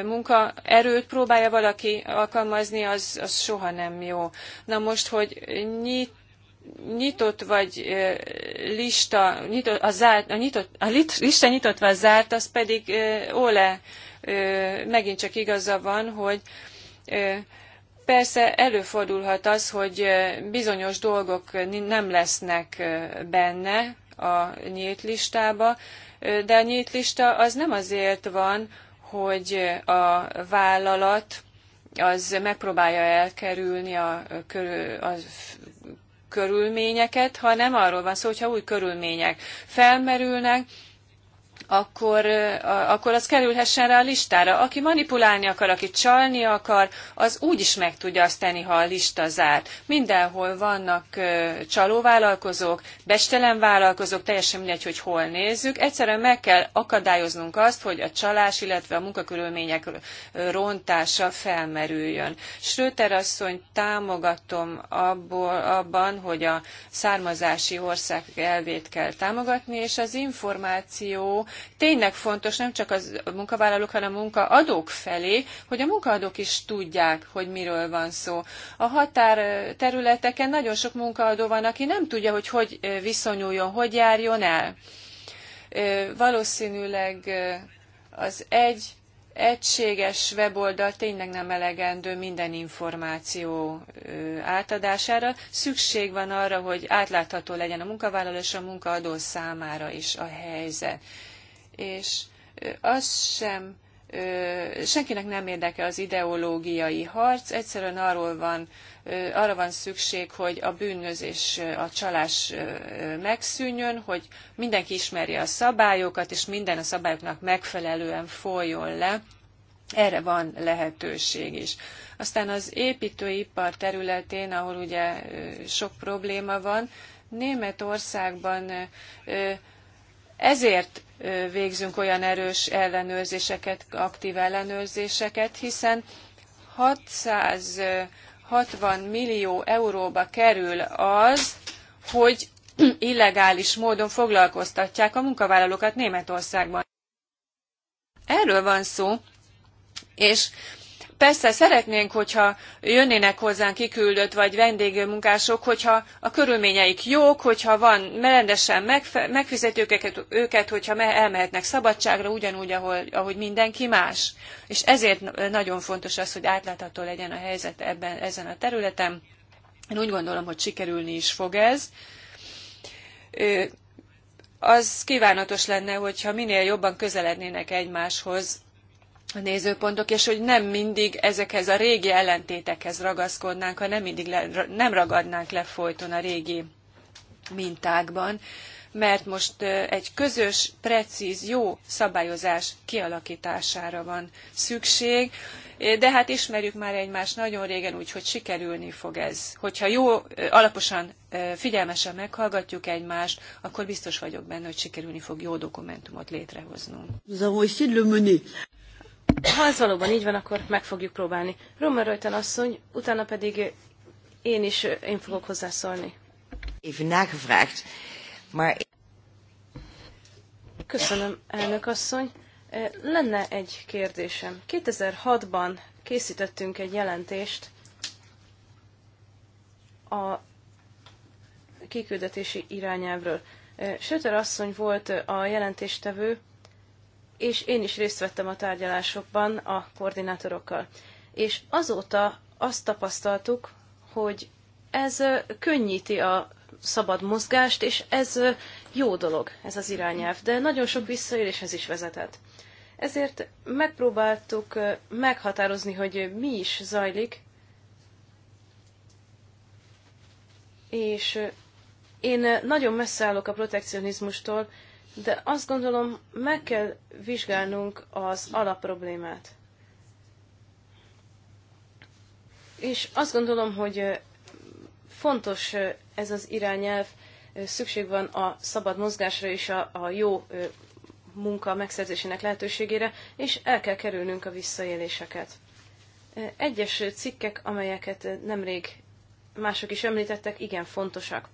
munkaerőt próbálja valaki alkalmazni, az, az soha nem jó. Na most, hogy nyit nyitott vagy lista, nyitott, a, zárt, a, nyitott, a lista nyitott vagy zárt, az pedig Ole megint csak igaza van, hogy Persze előfordulhat az, hogy bizonyos dolgok nem lesznek benne a nyílt listába, de a nyílt lista az nem azért van, hogy a vállalat az megpróbálja elkerülni a, a körülményeket, hanem arról van szó, hogyha új körülmények felmerülnek, akkor, akkor az kerülhessen rá a listára. Aki manipulálni akar, aki csalni akar, az úgy is meg tudja azt tenni, ha a lista zárt. Mindenhol vannak csalóvállalkozók, bestelen vállalkozók, teljesen mindegy, hogy hol nézzük. Egyszerűen meg kell akadályoznunk azt, hogy a csalás, illetve a munkakörülmények rontása felmerüljön. Schröter asszony támogatom abból, abban, hogy a származási ország elvét kell támogatni, és az információ, tényleg fontos nem csak az munkavállalók, hanem a munkaadók felé, hogy a munkaadók is tudják, hogy miről van szó. A határ területeken nagyon sok munkaadó van, aki nem tudja, hogy hogy viszonyuljon, hogy járjon el. Valószínűleg az egy egységes weboldal tényleg nem elegendő minden információ átadására. Szükség van arra, hogy átlátható legyen a munkavállaló és a munkaadó számára is a helyzet és az sem, senkinek nem érdeke az ideológiai harc, egyszerűen arról van, arra van szükség, hogy a bűnözés, a csalás megszűnjön, hogy mindenki ismerje a szabályokat, és minden a szabályoknak megfelelően folyjon le. Erre van lehetőség is. Aztán az építőipar területén, ahol ugye sok probléma van, Németországban ezért végzünk olyan erős ellenőrzéseket, aktív ellenőrzéseket, hiszen 660 millió euróba kerül az, hogy <clears throat> illegális módon foglalkoztatják a munkavállalókat Németországban. Erről van szó, és Persze szeretnénk, hogyha jönnének hozzánk kiküldött vagy vendégmunkások, hogyha a körülményeik jók, hogyha van rendesen megfe- megfizetjük őket, őket, hogyha elmehetnek szabadságra, ugyanúgy, ahol, ahogy mindenki más. És ezért nagyon fontos az, hogy átlátható legyen a helyzet ebben, ezen a területen. Én úgy gondolom, hogy sikerülni is fog ez az kívánatos lenne, hogyha minél jobban közelednének egymáshoz nézőpontok, és hogy nem mindig ezekhez a régi ellentétekhez ragaszkodnánk, ha nem mindig le, nem ragadnánk le folyton a régi mintákban, mert most egy közös, precíz, jó szabályozás kialakítására van szükség, de hát ismerjük már egymást nagyon régen, úgyhogy sikerülni fog ez. Hogyha jó, alaposan, figyelmesen meghallgatjuk egymást, akkor biztos vagyok benne, hogy sikerülni fog jó dokumentumot létrehoznunk. Ha ez valóban így van, akkor meg fogjuk próbálni. Romer Röjten asszony, utána pedig én is én fogok hozzászólni. Even nagevraagd, maar... Köszönöm, elnök asszony. E, lenne egy kérdésem. 2006-ban készítettünk egy jelentést a kiküldetési irányelvről. E, Söter asszony volt a jelentéstevő, és én is részt vettem a tárgyalásokban a koordinátorokkal. És azóta azt tapasztaltuk, hogy ez könnyíti a szabad mozgást, és ez jó dolog, ez az irányelv, de nagyon sok visszaéléshez is vezetett. Ezért megpróbáltuk meghatározni, hogy mi is zajlik, és én nagyon messze állok a protekcionizmustól, de azt gondolom, meg kell vizsgálnunk az alapproblémát. És azt gondolom, hogy fontos ez az irányelv, szükség van a szabad mozgásra és a, a jó munka megszerzésének lehetőségére, és el kell kerülnünk a visszaéléseket. Egyes cikkek, amelyeket nemrég mások is említettek, igen fontosak.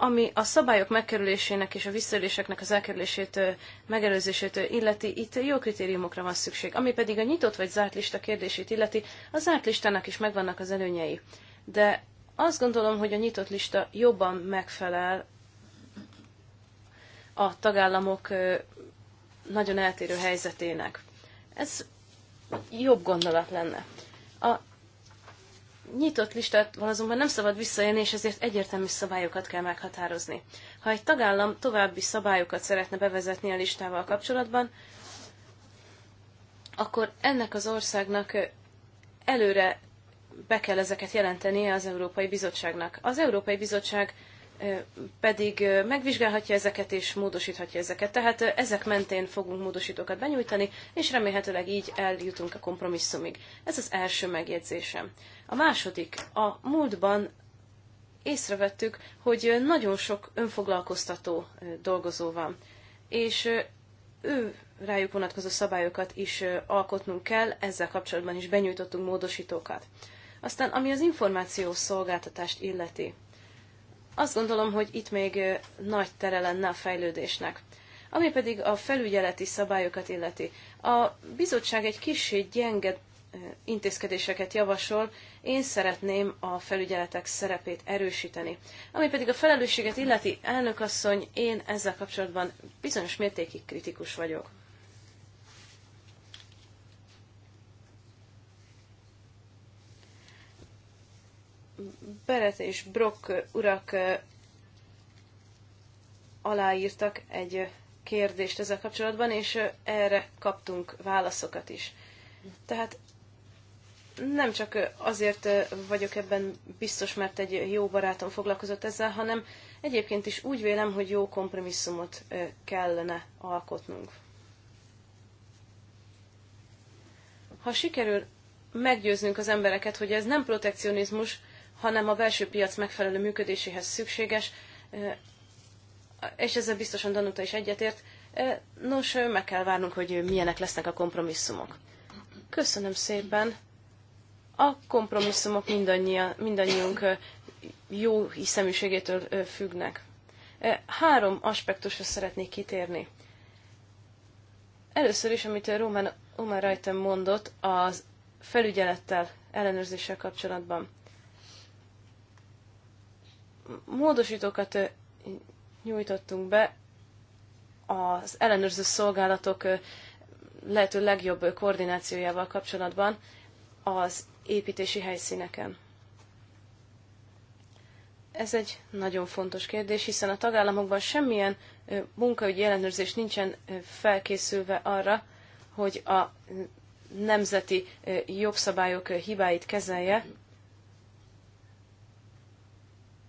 Ami a szabályok megkerülésének és a visszaéléseknek az elkerülését, megelőzését illeti, itt jó kritériumokra van szükség. Ami pedig a nyitott vagy zárt lista kérdését illeti, a zárt listának is megvannak az előnyei. De azt gondolom, hogy a nyitott lista jobban megfelel a tagállamok nagyon eltérő helyzetének. Ez jobb gondolat lenne nyitott van azonban nem szabad visszaélni, és ezért egyértelmű szabályokat kell meghatározni. Ha egy tagállam további szabályokat szeretne bevezetni a listával kapcsolatban, akkor ennek az országnak előre be kell ezeket jelentenie az Európai Bizottságnak. Az Európai Bizottság pedig megvizsgálhatja ezeket és módosíthatja ezeket. Tehát ezek mentén fogunk módosítókat benyújtani, és remélhetőleg így eljutunk a kompromisszumig. Ez az első megjegyzésem. A második, a múltban észrevettük, hogy nagyon sok önfoglalkoztató dolgozó van, és ő rájuk vonatkozó szabályokat is alkotnunk kell, ezzel kapcsolatban is benyújtottunk módosítókat. Aztán, ami az információ szolgáltatást illeti, azt gondolom, hogy itt még nagy tere lenne a fejlődésnek. Ami pedig a felügyeleti szabályokat illeti. A bizottság egy kicsit gyenge intézkedéseket javasol, én szeretném a felügyeletek szerepét erősíteni. Ami pedig a felelősséget illeti, elnökasszony, én ezzel kapcsolatban bizonyos mértékig kritikus vagyok. Beret és Brock urak aláírtak egy kérdést ezzel kapcsolatban, és erre kaptunk válaszokat is. Tehát nem csak azért vagyok ebben biztos, mert egy jó barátom foglalkozott ezzel, hanem egyébként is úgy vélem, hogy jó kompromisszumot kellene alkotnunk. Ha sikerül meggyőznünk az embereket, hogy ez nem protekcionizmus, hanem a belső piac megfelelő működéséhez szükséges, és ezzel biztosan Danuta is egyetért, nos, meg kell várnunk, hogy milyenek lesznek a kompromisszumok. Köszönöm szépen! A kompromisszumok mindannyiunk jó hiszeműségétől függnek. Három aspektusra szeretnék kitérni. Először is, amit Roman, Roman Reiten mondott, az felügyelettel, ellenőrzéssel kapcsolatban. Módosítókat nyújtottunk be az ellenőrző szolgálatok lehető legjobb koordinációjával kapcsolatban, az építési helyszíneken. Ez egy nagyon fontos kérdés, hiszen a tagállamokban semmilyen munkaügyi ellenőrzés nincsen felkészülve arra, hogy a nemzeti jogszabályok hibáit kezelje,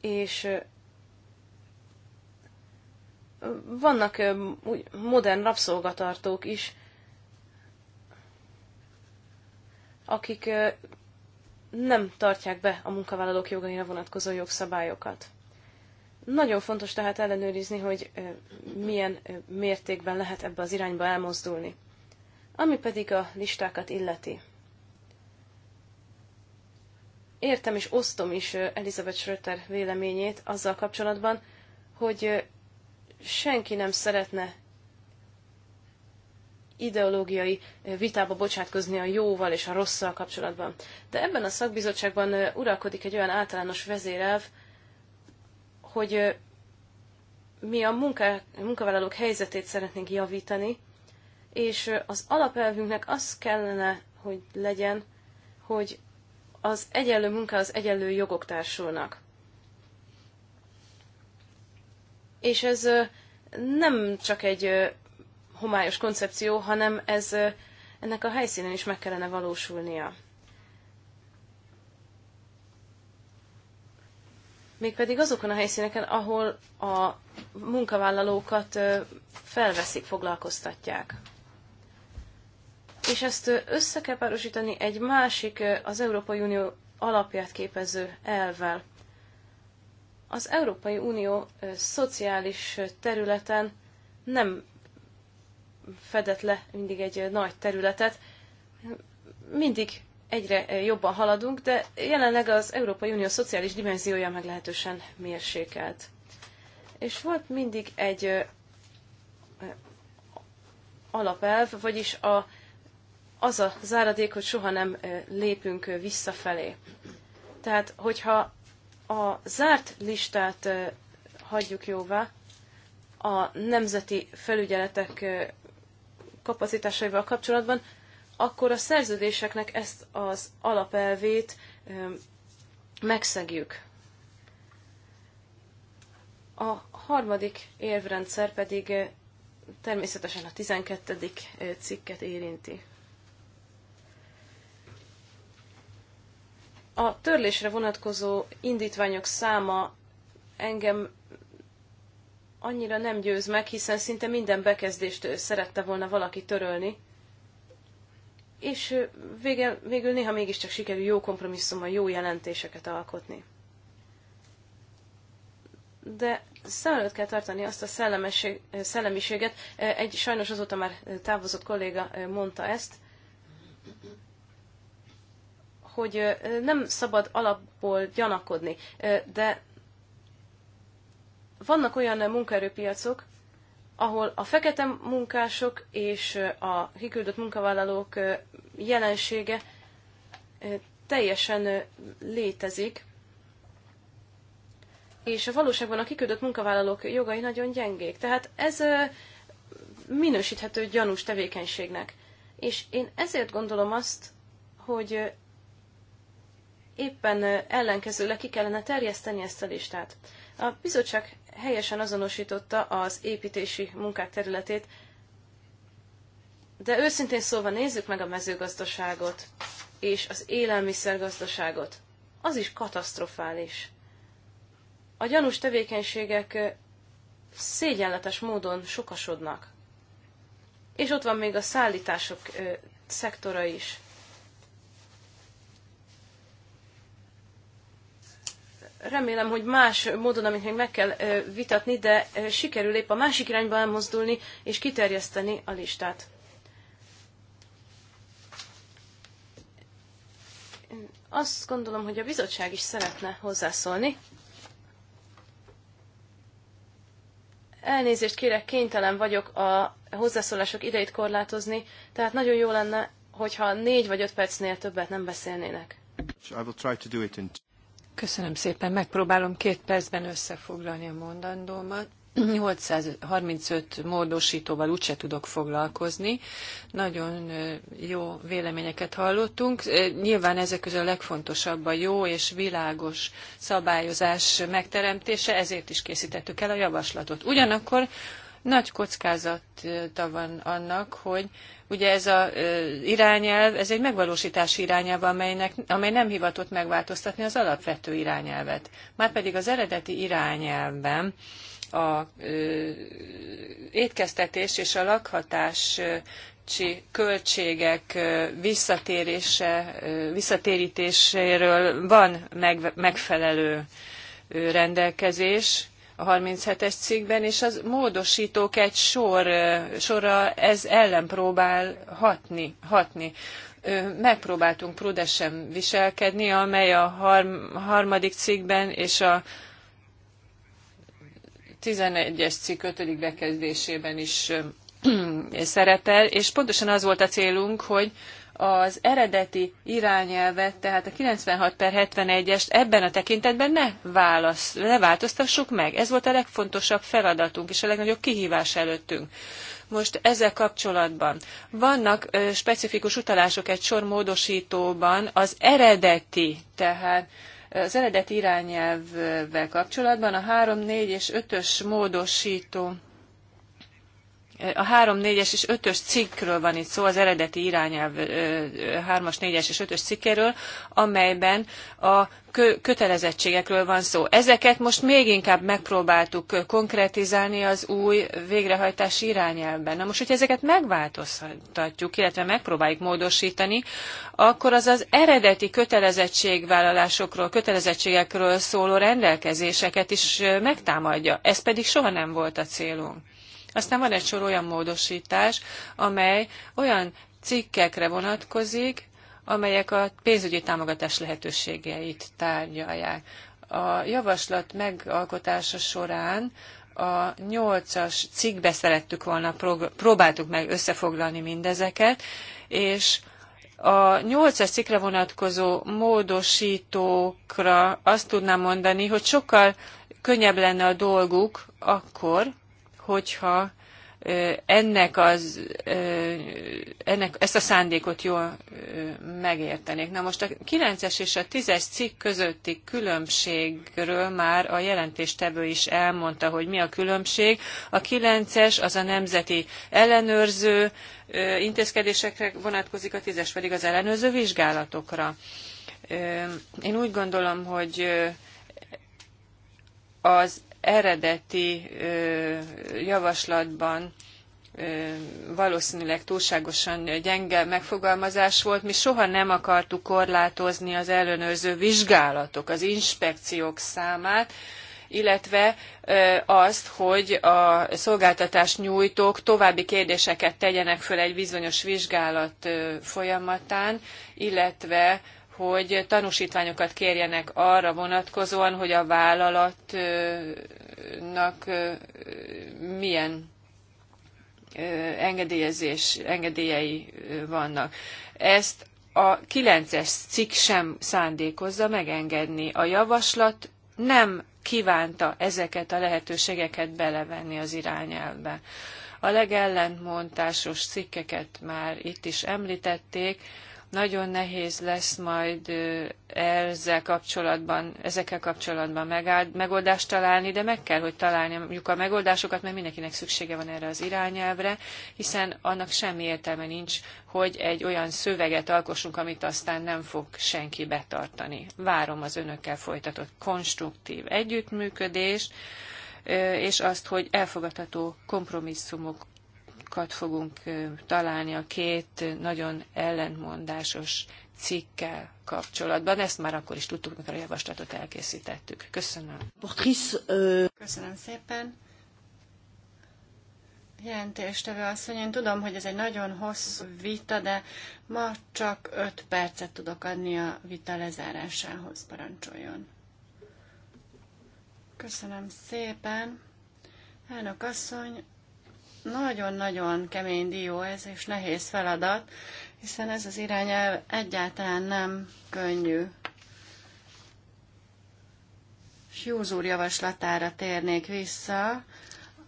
és vannak modern rabszolgatartók is, akik nem tartják be a munkavállalók jogaira vonatkozó jogszabályokat. Nagyon fontos tehát ellenőrizni, hogy milyen mértékben lehet ebbe az irányba elmozdulni. Ami pedig a listákat illeti. Értem és osztom is Elizabeth Schröter véleményét azzal kapcsolatban, hogy senki nem szeretne ideológiai vitába bocsátkozni a jóval és a rosszal kapcsolatban. De ebben a szakbizottságban uralkodik egy olyan általános vezérelv, hogy mi a munka, munkavállalók helyzetét szeretnénk javítani, és az alapelvünknek az kellene, hogy legyen, hogy az egyenlő munka az egyenlő jogok társulnak. És ez nem csak egy homályos koncepció, hanem ez ennek a helyszínen is meg kellene valósulnia. Mégpedig azokon a helyszíneken, ahol a munkavállalókat felveszik, foglalkoztatják. És ezt össze kell párosítani egy másik, az Európai Unió alapját képező elvel. Az Európai Unió szociális területen nem fedett le mindig egy nagy területet. Mindig egyre jobban haladunk, de jelenleg az Európai Unió szociális dimenziója meglehetősen mérsékelt. És volt mindig egy alapelv, vagyis a, az a záradék, hogy soha nem lépünk visszafelé. Tehát, hogyha a zárt listát hagyjuk jóvá, a nemzeti felügyeletek kapacitásaival kapcsolatban, akkor a szerződéseknek ezt az alapelvét megszegjük. A harmadik érvrendszer pedig természetesen a 12. cikket érinti. A törlésre vonatkozó indítványok száma engem annyira nem győz meg, hiszen szinte minden bekezdést szerette volna valaki törölni. És vége, végül néha mégiscsak sikerül jó kompromisszummal jó jelentéseket alkotni. De szem előtt kell tartani azt a szellemiséget. Egy sajnos azóta már távozott kolléga mondta ezt, hogy nem szabad alapból gyanakodni, de vannak olyan munkaerőpiacok, ahol a fekete munkások és a kiküldött munkavállalók jelensége teljesen létezik, és a valóságban a kiküldött munkavállalók jogai nagyon gyengék. Tehát ez minősíthető gyanús tevékenységnek. És én ezért gondolom azt, hogy éppen ellenkezőleg ki kellene terjeszteni ezt a listát. A bizottság helyesen azonosította az építési munkák területét, de őszintén szólva nézzük meg a mezőgazdaságot és az élelmiszergazdaságot. Az is katasztrofális. A gyanús tevékenységek szégyenletes módon sokasodnak. És ott van még a szállítások szektora is. remélem, hogy más módon, amit még meg kell vitatni, de sikerül épp a másik irányba elmozdulni és kiterjeszteni a listát. Én azt gondolom, hogy a bizottság is szeretne hozzászólni. Elnézést kérek, kénytelen vagyok a hozzászólások idejét korlátozni, tehát nagyon jó lenne, hogyha négy vagy öt percnél többet nem beszélnének. I will try to do it in Köszönöm szépen, megpróbálom két percben összefoglalni a mondandómat. 835 módosítóval úgyse tudok foglalkozni. Nagyon jó véleményeket hallottunk. Nyilván ezek közül a legfontosabb a jó és világos szabályozás megteremtése, ezért is készítettük el a javaslatot. Ugyanakkor nagy kockázata van annak, hogy ugye ez az irányelv, ez egy megvalósítási irányelv, amelynek, amely nem hivatott megváltoztatni az alapvető irányelvet. Márpedig az eredeti irányelvben a ö, étkeztetés és a lakhatás költségek visszatérése, visszatérítéséről van megfelelő rendelkezés, a 37-es cikkben, és az módosítók egy sor, sorra ez ellen próbál hatni. hatni megpróbáltunk prudesen viselkedni, amely a harmadik cikkben és a 11-es cikk 5. bekezdésében is <clears throat> szerepel, és pontosan az volt a célunk, hogy az eredeti irányelvet, tehát a 96 per 71-est ebben a tekintetben ne, válasz, ne változtassuk meg. Ez volt a legfontosabb feladatunk és a legnagyobb kihívás előttünk. Most ezzel kapcsolatban vannak ö, specifikus utalások egy sor módosítóban az eredeti, tehát az eredeti irányelvvel kapcsolatban a 3, 4 és 5-ös módosító a 3, 4-es és 5-ös cikkről van itt szó, az eredeti irányelv 3-as, 4-es és 5-ös cikkéről, amelyben a kö- kötelezettségekről van szó. Ezeket most még inkább megpróbáltuk konkrétizálni az új végrehajtási irányelvben. Na most, hogyha ezeket megváltoztatjuk, illetve megpróbáljuk módosítani, akkor az az eredeti kötelezettségvállalásokról, kötelezettségekről szóló rendelkezéseket is megtámadja. Ez pedig soha nem volt a célunk. Aztán van egy sor olyan módosítás, amely olyan cikkekre vonatkozik, amelyek a pénzügyi támogatás lehetőségeit tárgyalják. A javaslat megalkotása során a nyolcas cikkbe szerettük volna, próbáltuk meg összefoglalni mindezeket, és a nyolcas cikkre vonatkozó módosítókra azt tudnám mondani, hogy sokkal könnyebb lenne a dolguk akkor, hogyha ennek, az, ennek ezt a szándékot jól megértenék. Na most a 9-es és a 10-es cikk közötti különbségről már a jelentéstevő is elmondta, hogy mi a különbség. A 9-es az a nemzeti ellenőrző intézkedésekre vonatkozik, a 10-es pedig az ellenőrző vizsgálatokra. Én úgy gondolom, hogy az eredeti javaslatban valószínűleg túlságosan gyenge megfogalmazás volt. Mi soha nem akartuk korlátozni az ellenőrző vizsgálatok, az inspekciók számát, illetve azt, hogy a szolgáltatás nyújtók további kérdéseket tegyenek föl egy bizonyos vizsgálat folyamatán, illetve hogy tanúsítványokat kérjenek arra vonatkozóan, hogy a vállalatnak milyen engedélyezés, engedélyei vannak. Ezt a kilences es cikk sem szándékozza megengedni. A javaslat nem kívánta ezeket a lehetőségeket belevenni az irányelvbe. A legellentmondásos cikkeket már itt is említették, nagyon nehéz lesz majd ezzel kapcsolatban, ezekkel kapcsolatban megáld, megoldást találni, de meg kell, hogy találjuk a megoldásokat, mert mindenkinek szüksége van erre az irányelvre, hiszen annak semmi értelme nincs, hogy egy olyan szöveget alkossunk, amit aztán nem fog senki betartani. Várom az önökkel folytatott konstruktív együttműködést, és azt, hogy elfogadható kompromisszumok megoldásokat fogunk találni a két nagyon ellentmondásos cikkkel kapcsolatban. Ezt már akkor is tudtuk, mikor a javaslatot elkészítettük. Köszönöm. Köszönöm szépen. Jelentéstevő asszony, én tudom, hogy ez egy nagyon hosszú vita, de ma csak öt percet tudok adni a vita lezárásához, parancsoljon. Köszönöm szépen. Elnök asszony, nagyon-nagyon kemény dió ez, és nehéz feladat, hiszen ez az irányelv egyáltalán nem könnyű. Hughes úr javaslatára térnék vissza,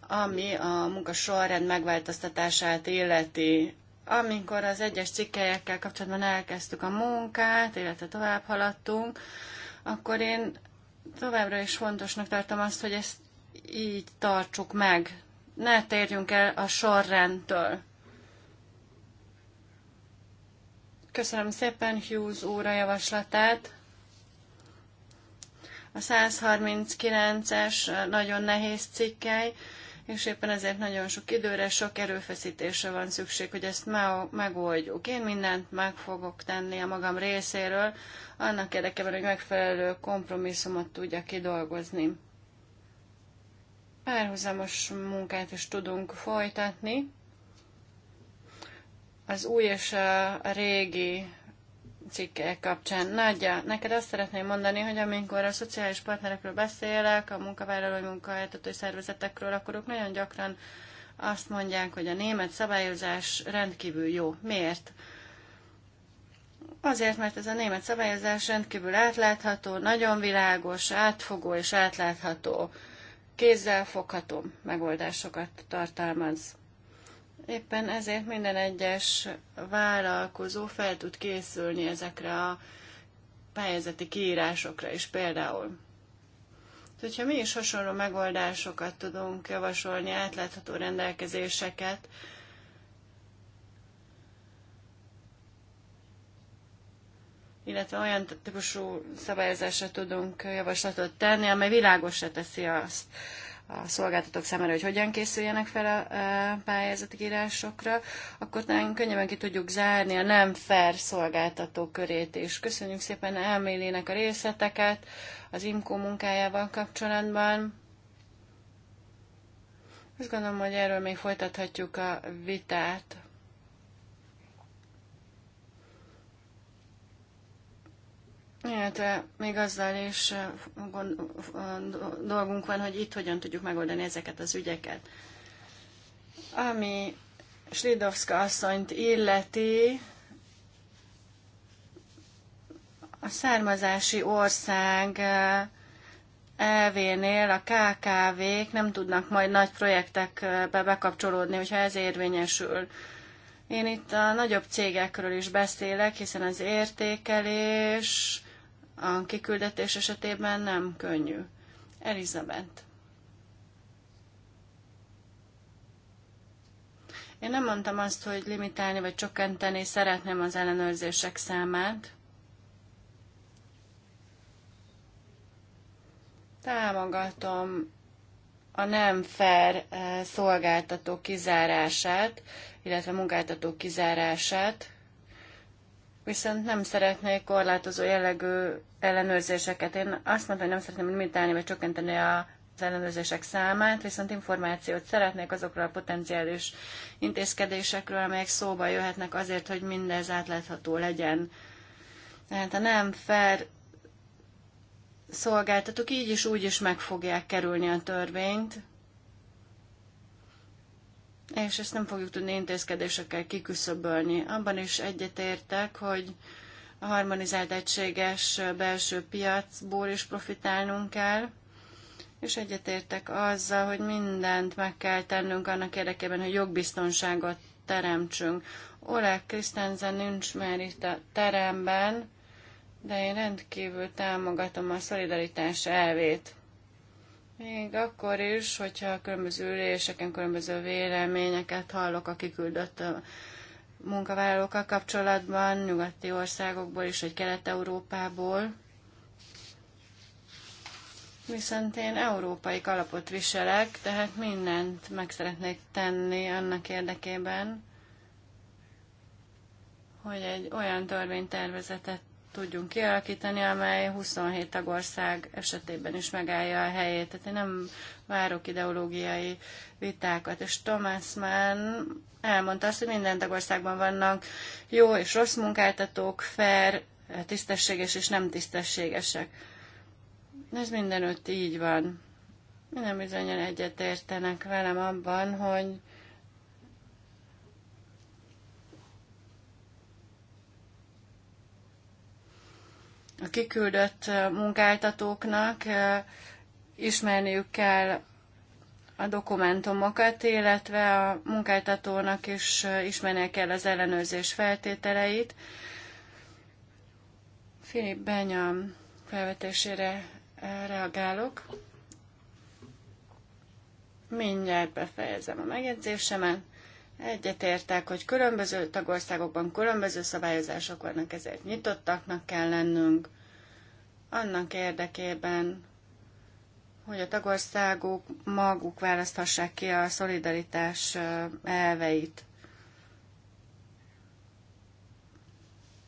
ami a munka sorrend megváltoztatását illeti. Amikor az egyes cikkelyekkel kapcsolatban elkezdtük a munkát, illetve tovább haladtunk, akkor én továbbra is fontosnak tartom azt, hogy ezt így tartsuk meg ne térjünk el a sorrendtől. Köszönöm szépen Hughes óra javaslatát. A 139-es nagyon nehéz cikkely, és éppen ezért nagyon sok időre, sok erőfeszítésre van szükség, hogy ezt megoldjuk. Én mindent meg fogok tenni a magam részéről, annak érdekében, hogy megfelelő kompromisszumot tudja kidolgozni párhuzamos munkát is tudunk folytatni. Az új és a régi cikkek kapcsán. Nagyja, neked azt szeretném mondani, hogy amikor a szociális partnerekről beszélek, a munkavállalói munkahelyetetői szervezetekről, akkor ők nagyon gyakran azt mondják, hogy a német szabályozás rendkívül jó. Miért? Azért, mert ez a német szabályozás rendkívül átlátható, nagyon világos, átfogó és átlátható fogható megoldásokat tartalmaz. Éppen ezért minden egyes vállalkozó fel tud készülni ezekre a pályázati kiírásokra is például. Tehát, hogyha mi is hasonló megoldásokat tudunk javasolni, átlátható rendelkezéseket, illetve olyan típusú szabályozásra tudunk javaslatot tenni, amely világosra teszi azt a szolgáltatók számára, hogy hogyan készüljenek fel a e, pályázati írásokra, akkor talán könnyebben ki tudjuk zárni a nem fair szolgáltató körét is. Köszönjük szépen Elmélének a részleteket az IMCO munkájával kapcsolatban. Azt gondolom, hogy erről még folytathatjuk a vitát. Illetve még azzal is dolgunk van, hogy itt hogyan tudjuk megoldani ezeket az ügyeket. Ami Slidovska asszonyt illeti, a származási ország elvénél a KKV-k nem tudnak majd nagy projektekbe bekapcsolódni, hogyha ez érvényesül. Én itt a nagyobb cégekről is beszélek, hiszen az értékelés a kiküldetés esetében nem könnyű. Elizabeth. Én nem mondtam azt, hogy limitálni vagy csökkenteni szeretném az ellenőrzések számát. Támogatom a nem fair eh, szolgáltató kizárását, illetve munkáltató kizárását, viszont nem szeretnék korlátozó jellegű ellenőrzéseket. Én azt mondtam, hogy nem szeretném limitálni vagy csökkenteni a az ellenőrzések számát, viszont információt szeretnék azokról a potenciális intézkedésekről, amelyek szóba jöhetnek azért, hogy mindez átlátható legyen. Tehát ha nem fair szolgáltatók így is úgy is meg fogják kerülni a törvényt, és ezt nem fogjuk tudni intézkedésekkel kiküszöbölni. Abban is egyetértek, hogy a harmonizált egységes belső piacból is profitálnunk kell, és egyetértek azzal, hogy mindent meg kell tennünk annak érdekében, hogy jogbiztonságot teremtsünk. Oleg Krisztenzen nincs már itt a teremben, de én rendkívül támogatom a szolidaritás elvét. Még akkor is, hogyha a különböző üléseken különböző véleményeket hallok a kiküldött munkavállalókkal kapcsolatban, nyugati országokból is, vagy Kelet-Európából. Viszont én európai kalapot viselek, tehát mindent meg szeretnék tenni annak érdekében, hogy egy olyan törvénytervezetet tudjunk kialakítani, amely 27 tagország esetében is megállja a helyét. Tehát én nem várok ideológiai vitákat. És Thomas Mann elmondta azt, hogy minden tagországban vannak jó és rossz munkáltatók, fair, tisztességes és nem tisztességesek. Ez mindenütt így van. Nem bizonyan egyetértenek velem abban, hogy a kiküldött munkáltatóknak ismerniük kell a dokumentumokat, illetve a munkáltatónak is ismernie kell az ellenőrzés feltételeit. Filip Benyam felvetésére reagálok. Mindjárt befejezem a megjegyzésemet. Egyetértek, hogy különböző tagországokban különböző szabályozások vannak, ezért nyitottaknak kell lennünk. Annak érdekében, hogy a tagországok maguk választhassák ki a szolidaritás elveit.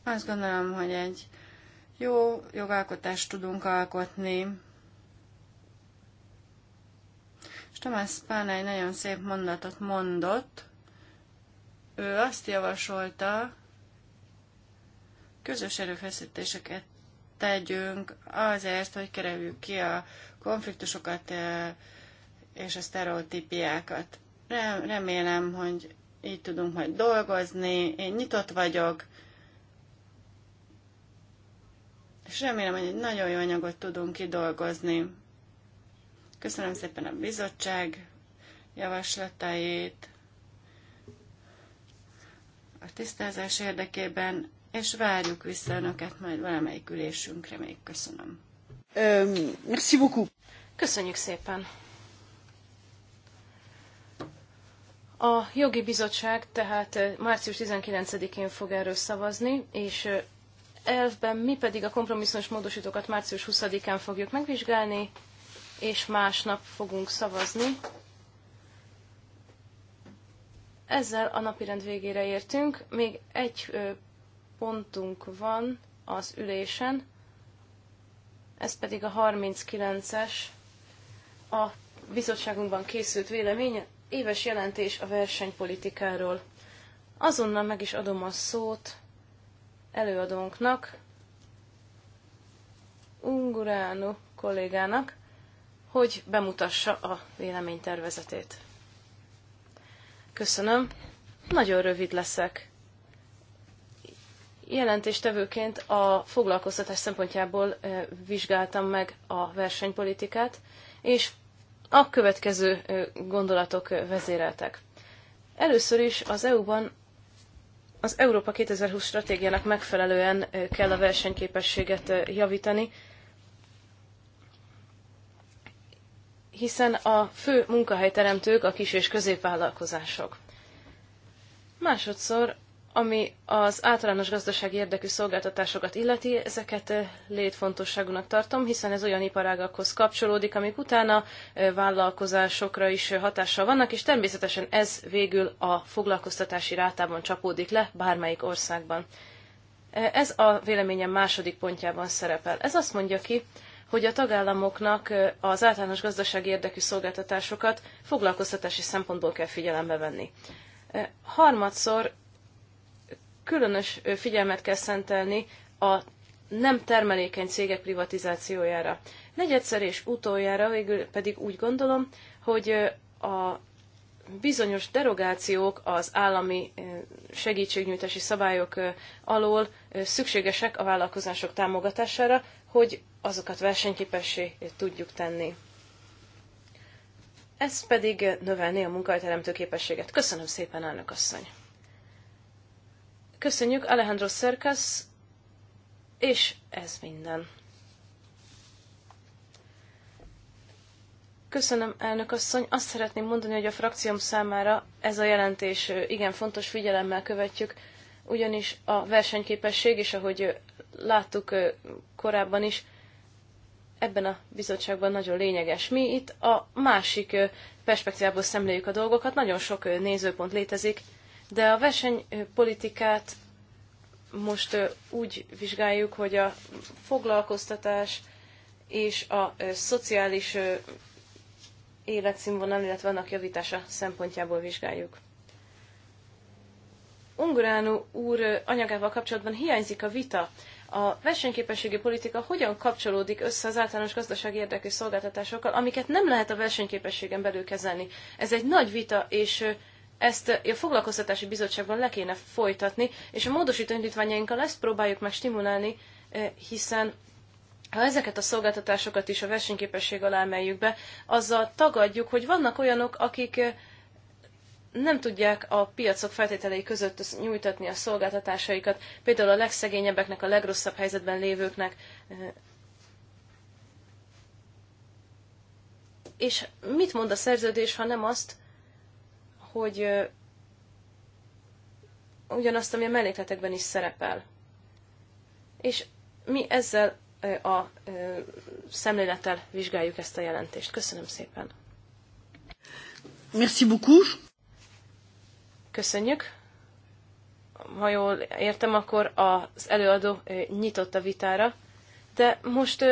Azt gondolom, hogy egy jó jogalkotást tudunk alkotni. És Tomás Pán egy nagyon szép mondatot mondott. Ő azt javasolta, közös erőfeszítéseket tegyünk azért, hogy kerüljük ki a konfliktusokat és a sztereotípiákat. Remélem, hogy így tudunk majd dolgozni, én nyitott vagyok, és remélem, hogy egy nagyon jó anyagot tudunk kidolgozni. Köszönöm szépen a bizottság javaslatait a tisztázás érdekében, és várjuk vissza Önöket majd valamelyik ülésünkre még. Köszönöm. Um, merci beaucoup. Köszönjük szépen! A jogi bizottság tehát eh, március 19-én fog erről szavazni, és eh, elvben mi pedig a kompromisszumos módosítókat március 20-án fogjuk megvizsgálni, és másnap fogunk szavazni. Ezzel a napirend végére értünk. Még egy eh, pontunk van az ülésen, ez pedig a 39-es a bizottságunkban készült vélemény, éves jelentés a versenypolitikáról. Azonnal meg is adom a szót előadónknak, Unguránu kollégának, hogy bemutassa a véleménytervezetét. Köszönöm. Nagyon rövid leszek. Jelentéstevőként a foglalkoztatás szempontjából vizsgáltam meg a versenypolitikát, és a következő gondolatok vezéreltek. Először is az EU-ban az Európa 2020 stratégiának megfelelően kell a versenyképességet javítani, hiszen a fő munkahelyteremtők a kis és középvállalkozások. Másodszor ami az általános gazdasági érdekű szolgáltatásokat illeti, ezeket eh, létfontosságúnak tartom, hiszen ez olyan iparágakhoz kapcsolódik, amik utána eh, vállalkozásokra is eh, hatással vannak, és természetesen ez végül a foglalkoztatási rátában csapódik le bármelyik országban. Ez a véleményem második pontjában szerepel. Ez azt mondja ki, hogy a tagállamoknak az általános gazdasági érdekű szolgáltatásokat foglalkoztatási szempontból kell figyelembe venni. Harmadszor különös figyelmet kell szentelni a nem termelékeny cégek privatizációjára. Negyedszer és utoljára végül pedig úgy gondolom, hogy a bizonyos derogációk az állami segítségnyújtási szabályok alól szükségesek a vállalkozások támogatására, hogy azokat versenyképessé tudjuk tenni. Ez pedig növelni a munkahelyteremtő képességet. Köszönöm szépen, elnök asszony! Köszönjük, Alejandro Szerkesz, és ez minden. Köszönöm, elnök asszony. Azt szeretném mondani, hogy a frakcióm számára ez a jelentés igen fontos, figyelemmel követjük, ugyanis a versenyképesség és ahogy láttuk korábban is, ebben a bizottságban nagyon lényeges. Mi itt a másik perspektívából szemléljük a dolgokat, nagyon sok nézőpont létezik, de a versenypolitikát most úgy vizsgáljuk, hogy a foglalkoztatás és a szociális életszínvonal, illetve annak javítása szempontjából vizsgáljuk. Unguránu úr anyagával kapcsolatban hiányzik a vita. A versenyképességi politika hogyan kapcsolódik össze az általános gazdasági érdekű szolgáltatásokkal, amiket nem lehet a versenyképességen belül kezelni? Ez egy nagy vita, és ezt a foglalkoztatási bizottságban le kéne folytatni, és a módosító indítványainkkal ezt próbáljuk meg stimulálni, eh, hiszen ha ezeket a szolgáltatásokat is a versenyképesség alá emeljük be, azzal tagadjuk, hogy vannak olyanok, akik eh, nem tudják a piacok feltételei között nyújtatni a szolgáltatásaikat, például a legszegényebbeknek, a legrosszabb helyzetben lévőknek. Eh, és mit mond a szerződés, ha nem azt, hogy ugyanazt, ami a mellékletekben is szerepel. És mi ezzel a szemlélettel vizsgáljuk ezt a jelentést. Köszönöm szépen. Merci beaucoup. Köszönjük. Ha jól értem, akkor az előadó nyitott a vitára, de most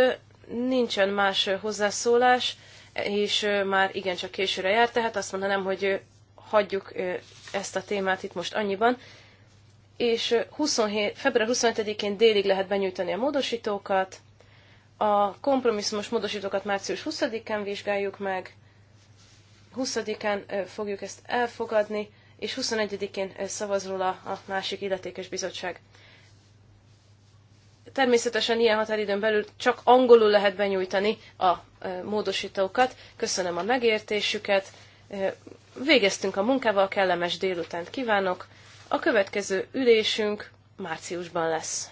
nincsen más hozzászólás, és már igencsak későre járt, tehát azt mondanám, hogy hagyjuk ezt a témát itt most annyiban, és 27, február 27-én délig lehet benyújtani a módosítókat, a kompromisszumos módosítókat március 20-án vizsgáljuk meg, 20-án fogjuk ezt elfogadni, és 21-én szavaz róla a másik illetékes bizottság. Természetesen ilyen határidőn belül csak angolul lehet benyújtani a módosítókat. Köszönöm a megértésüket, végeztünk a munkával, kellemes délutánt kívánok. A következő ülésünk márciusban lesz.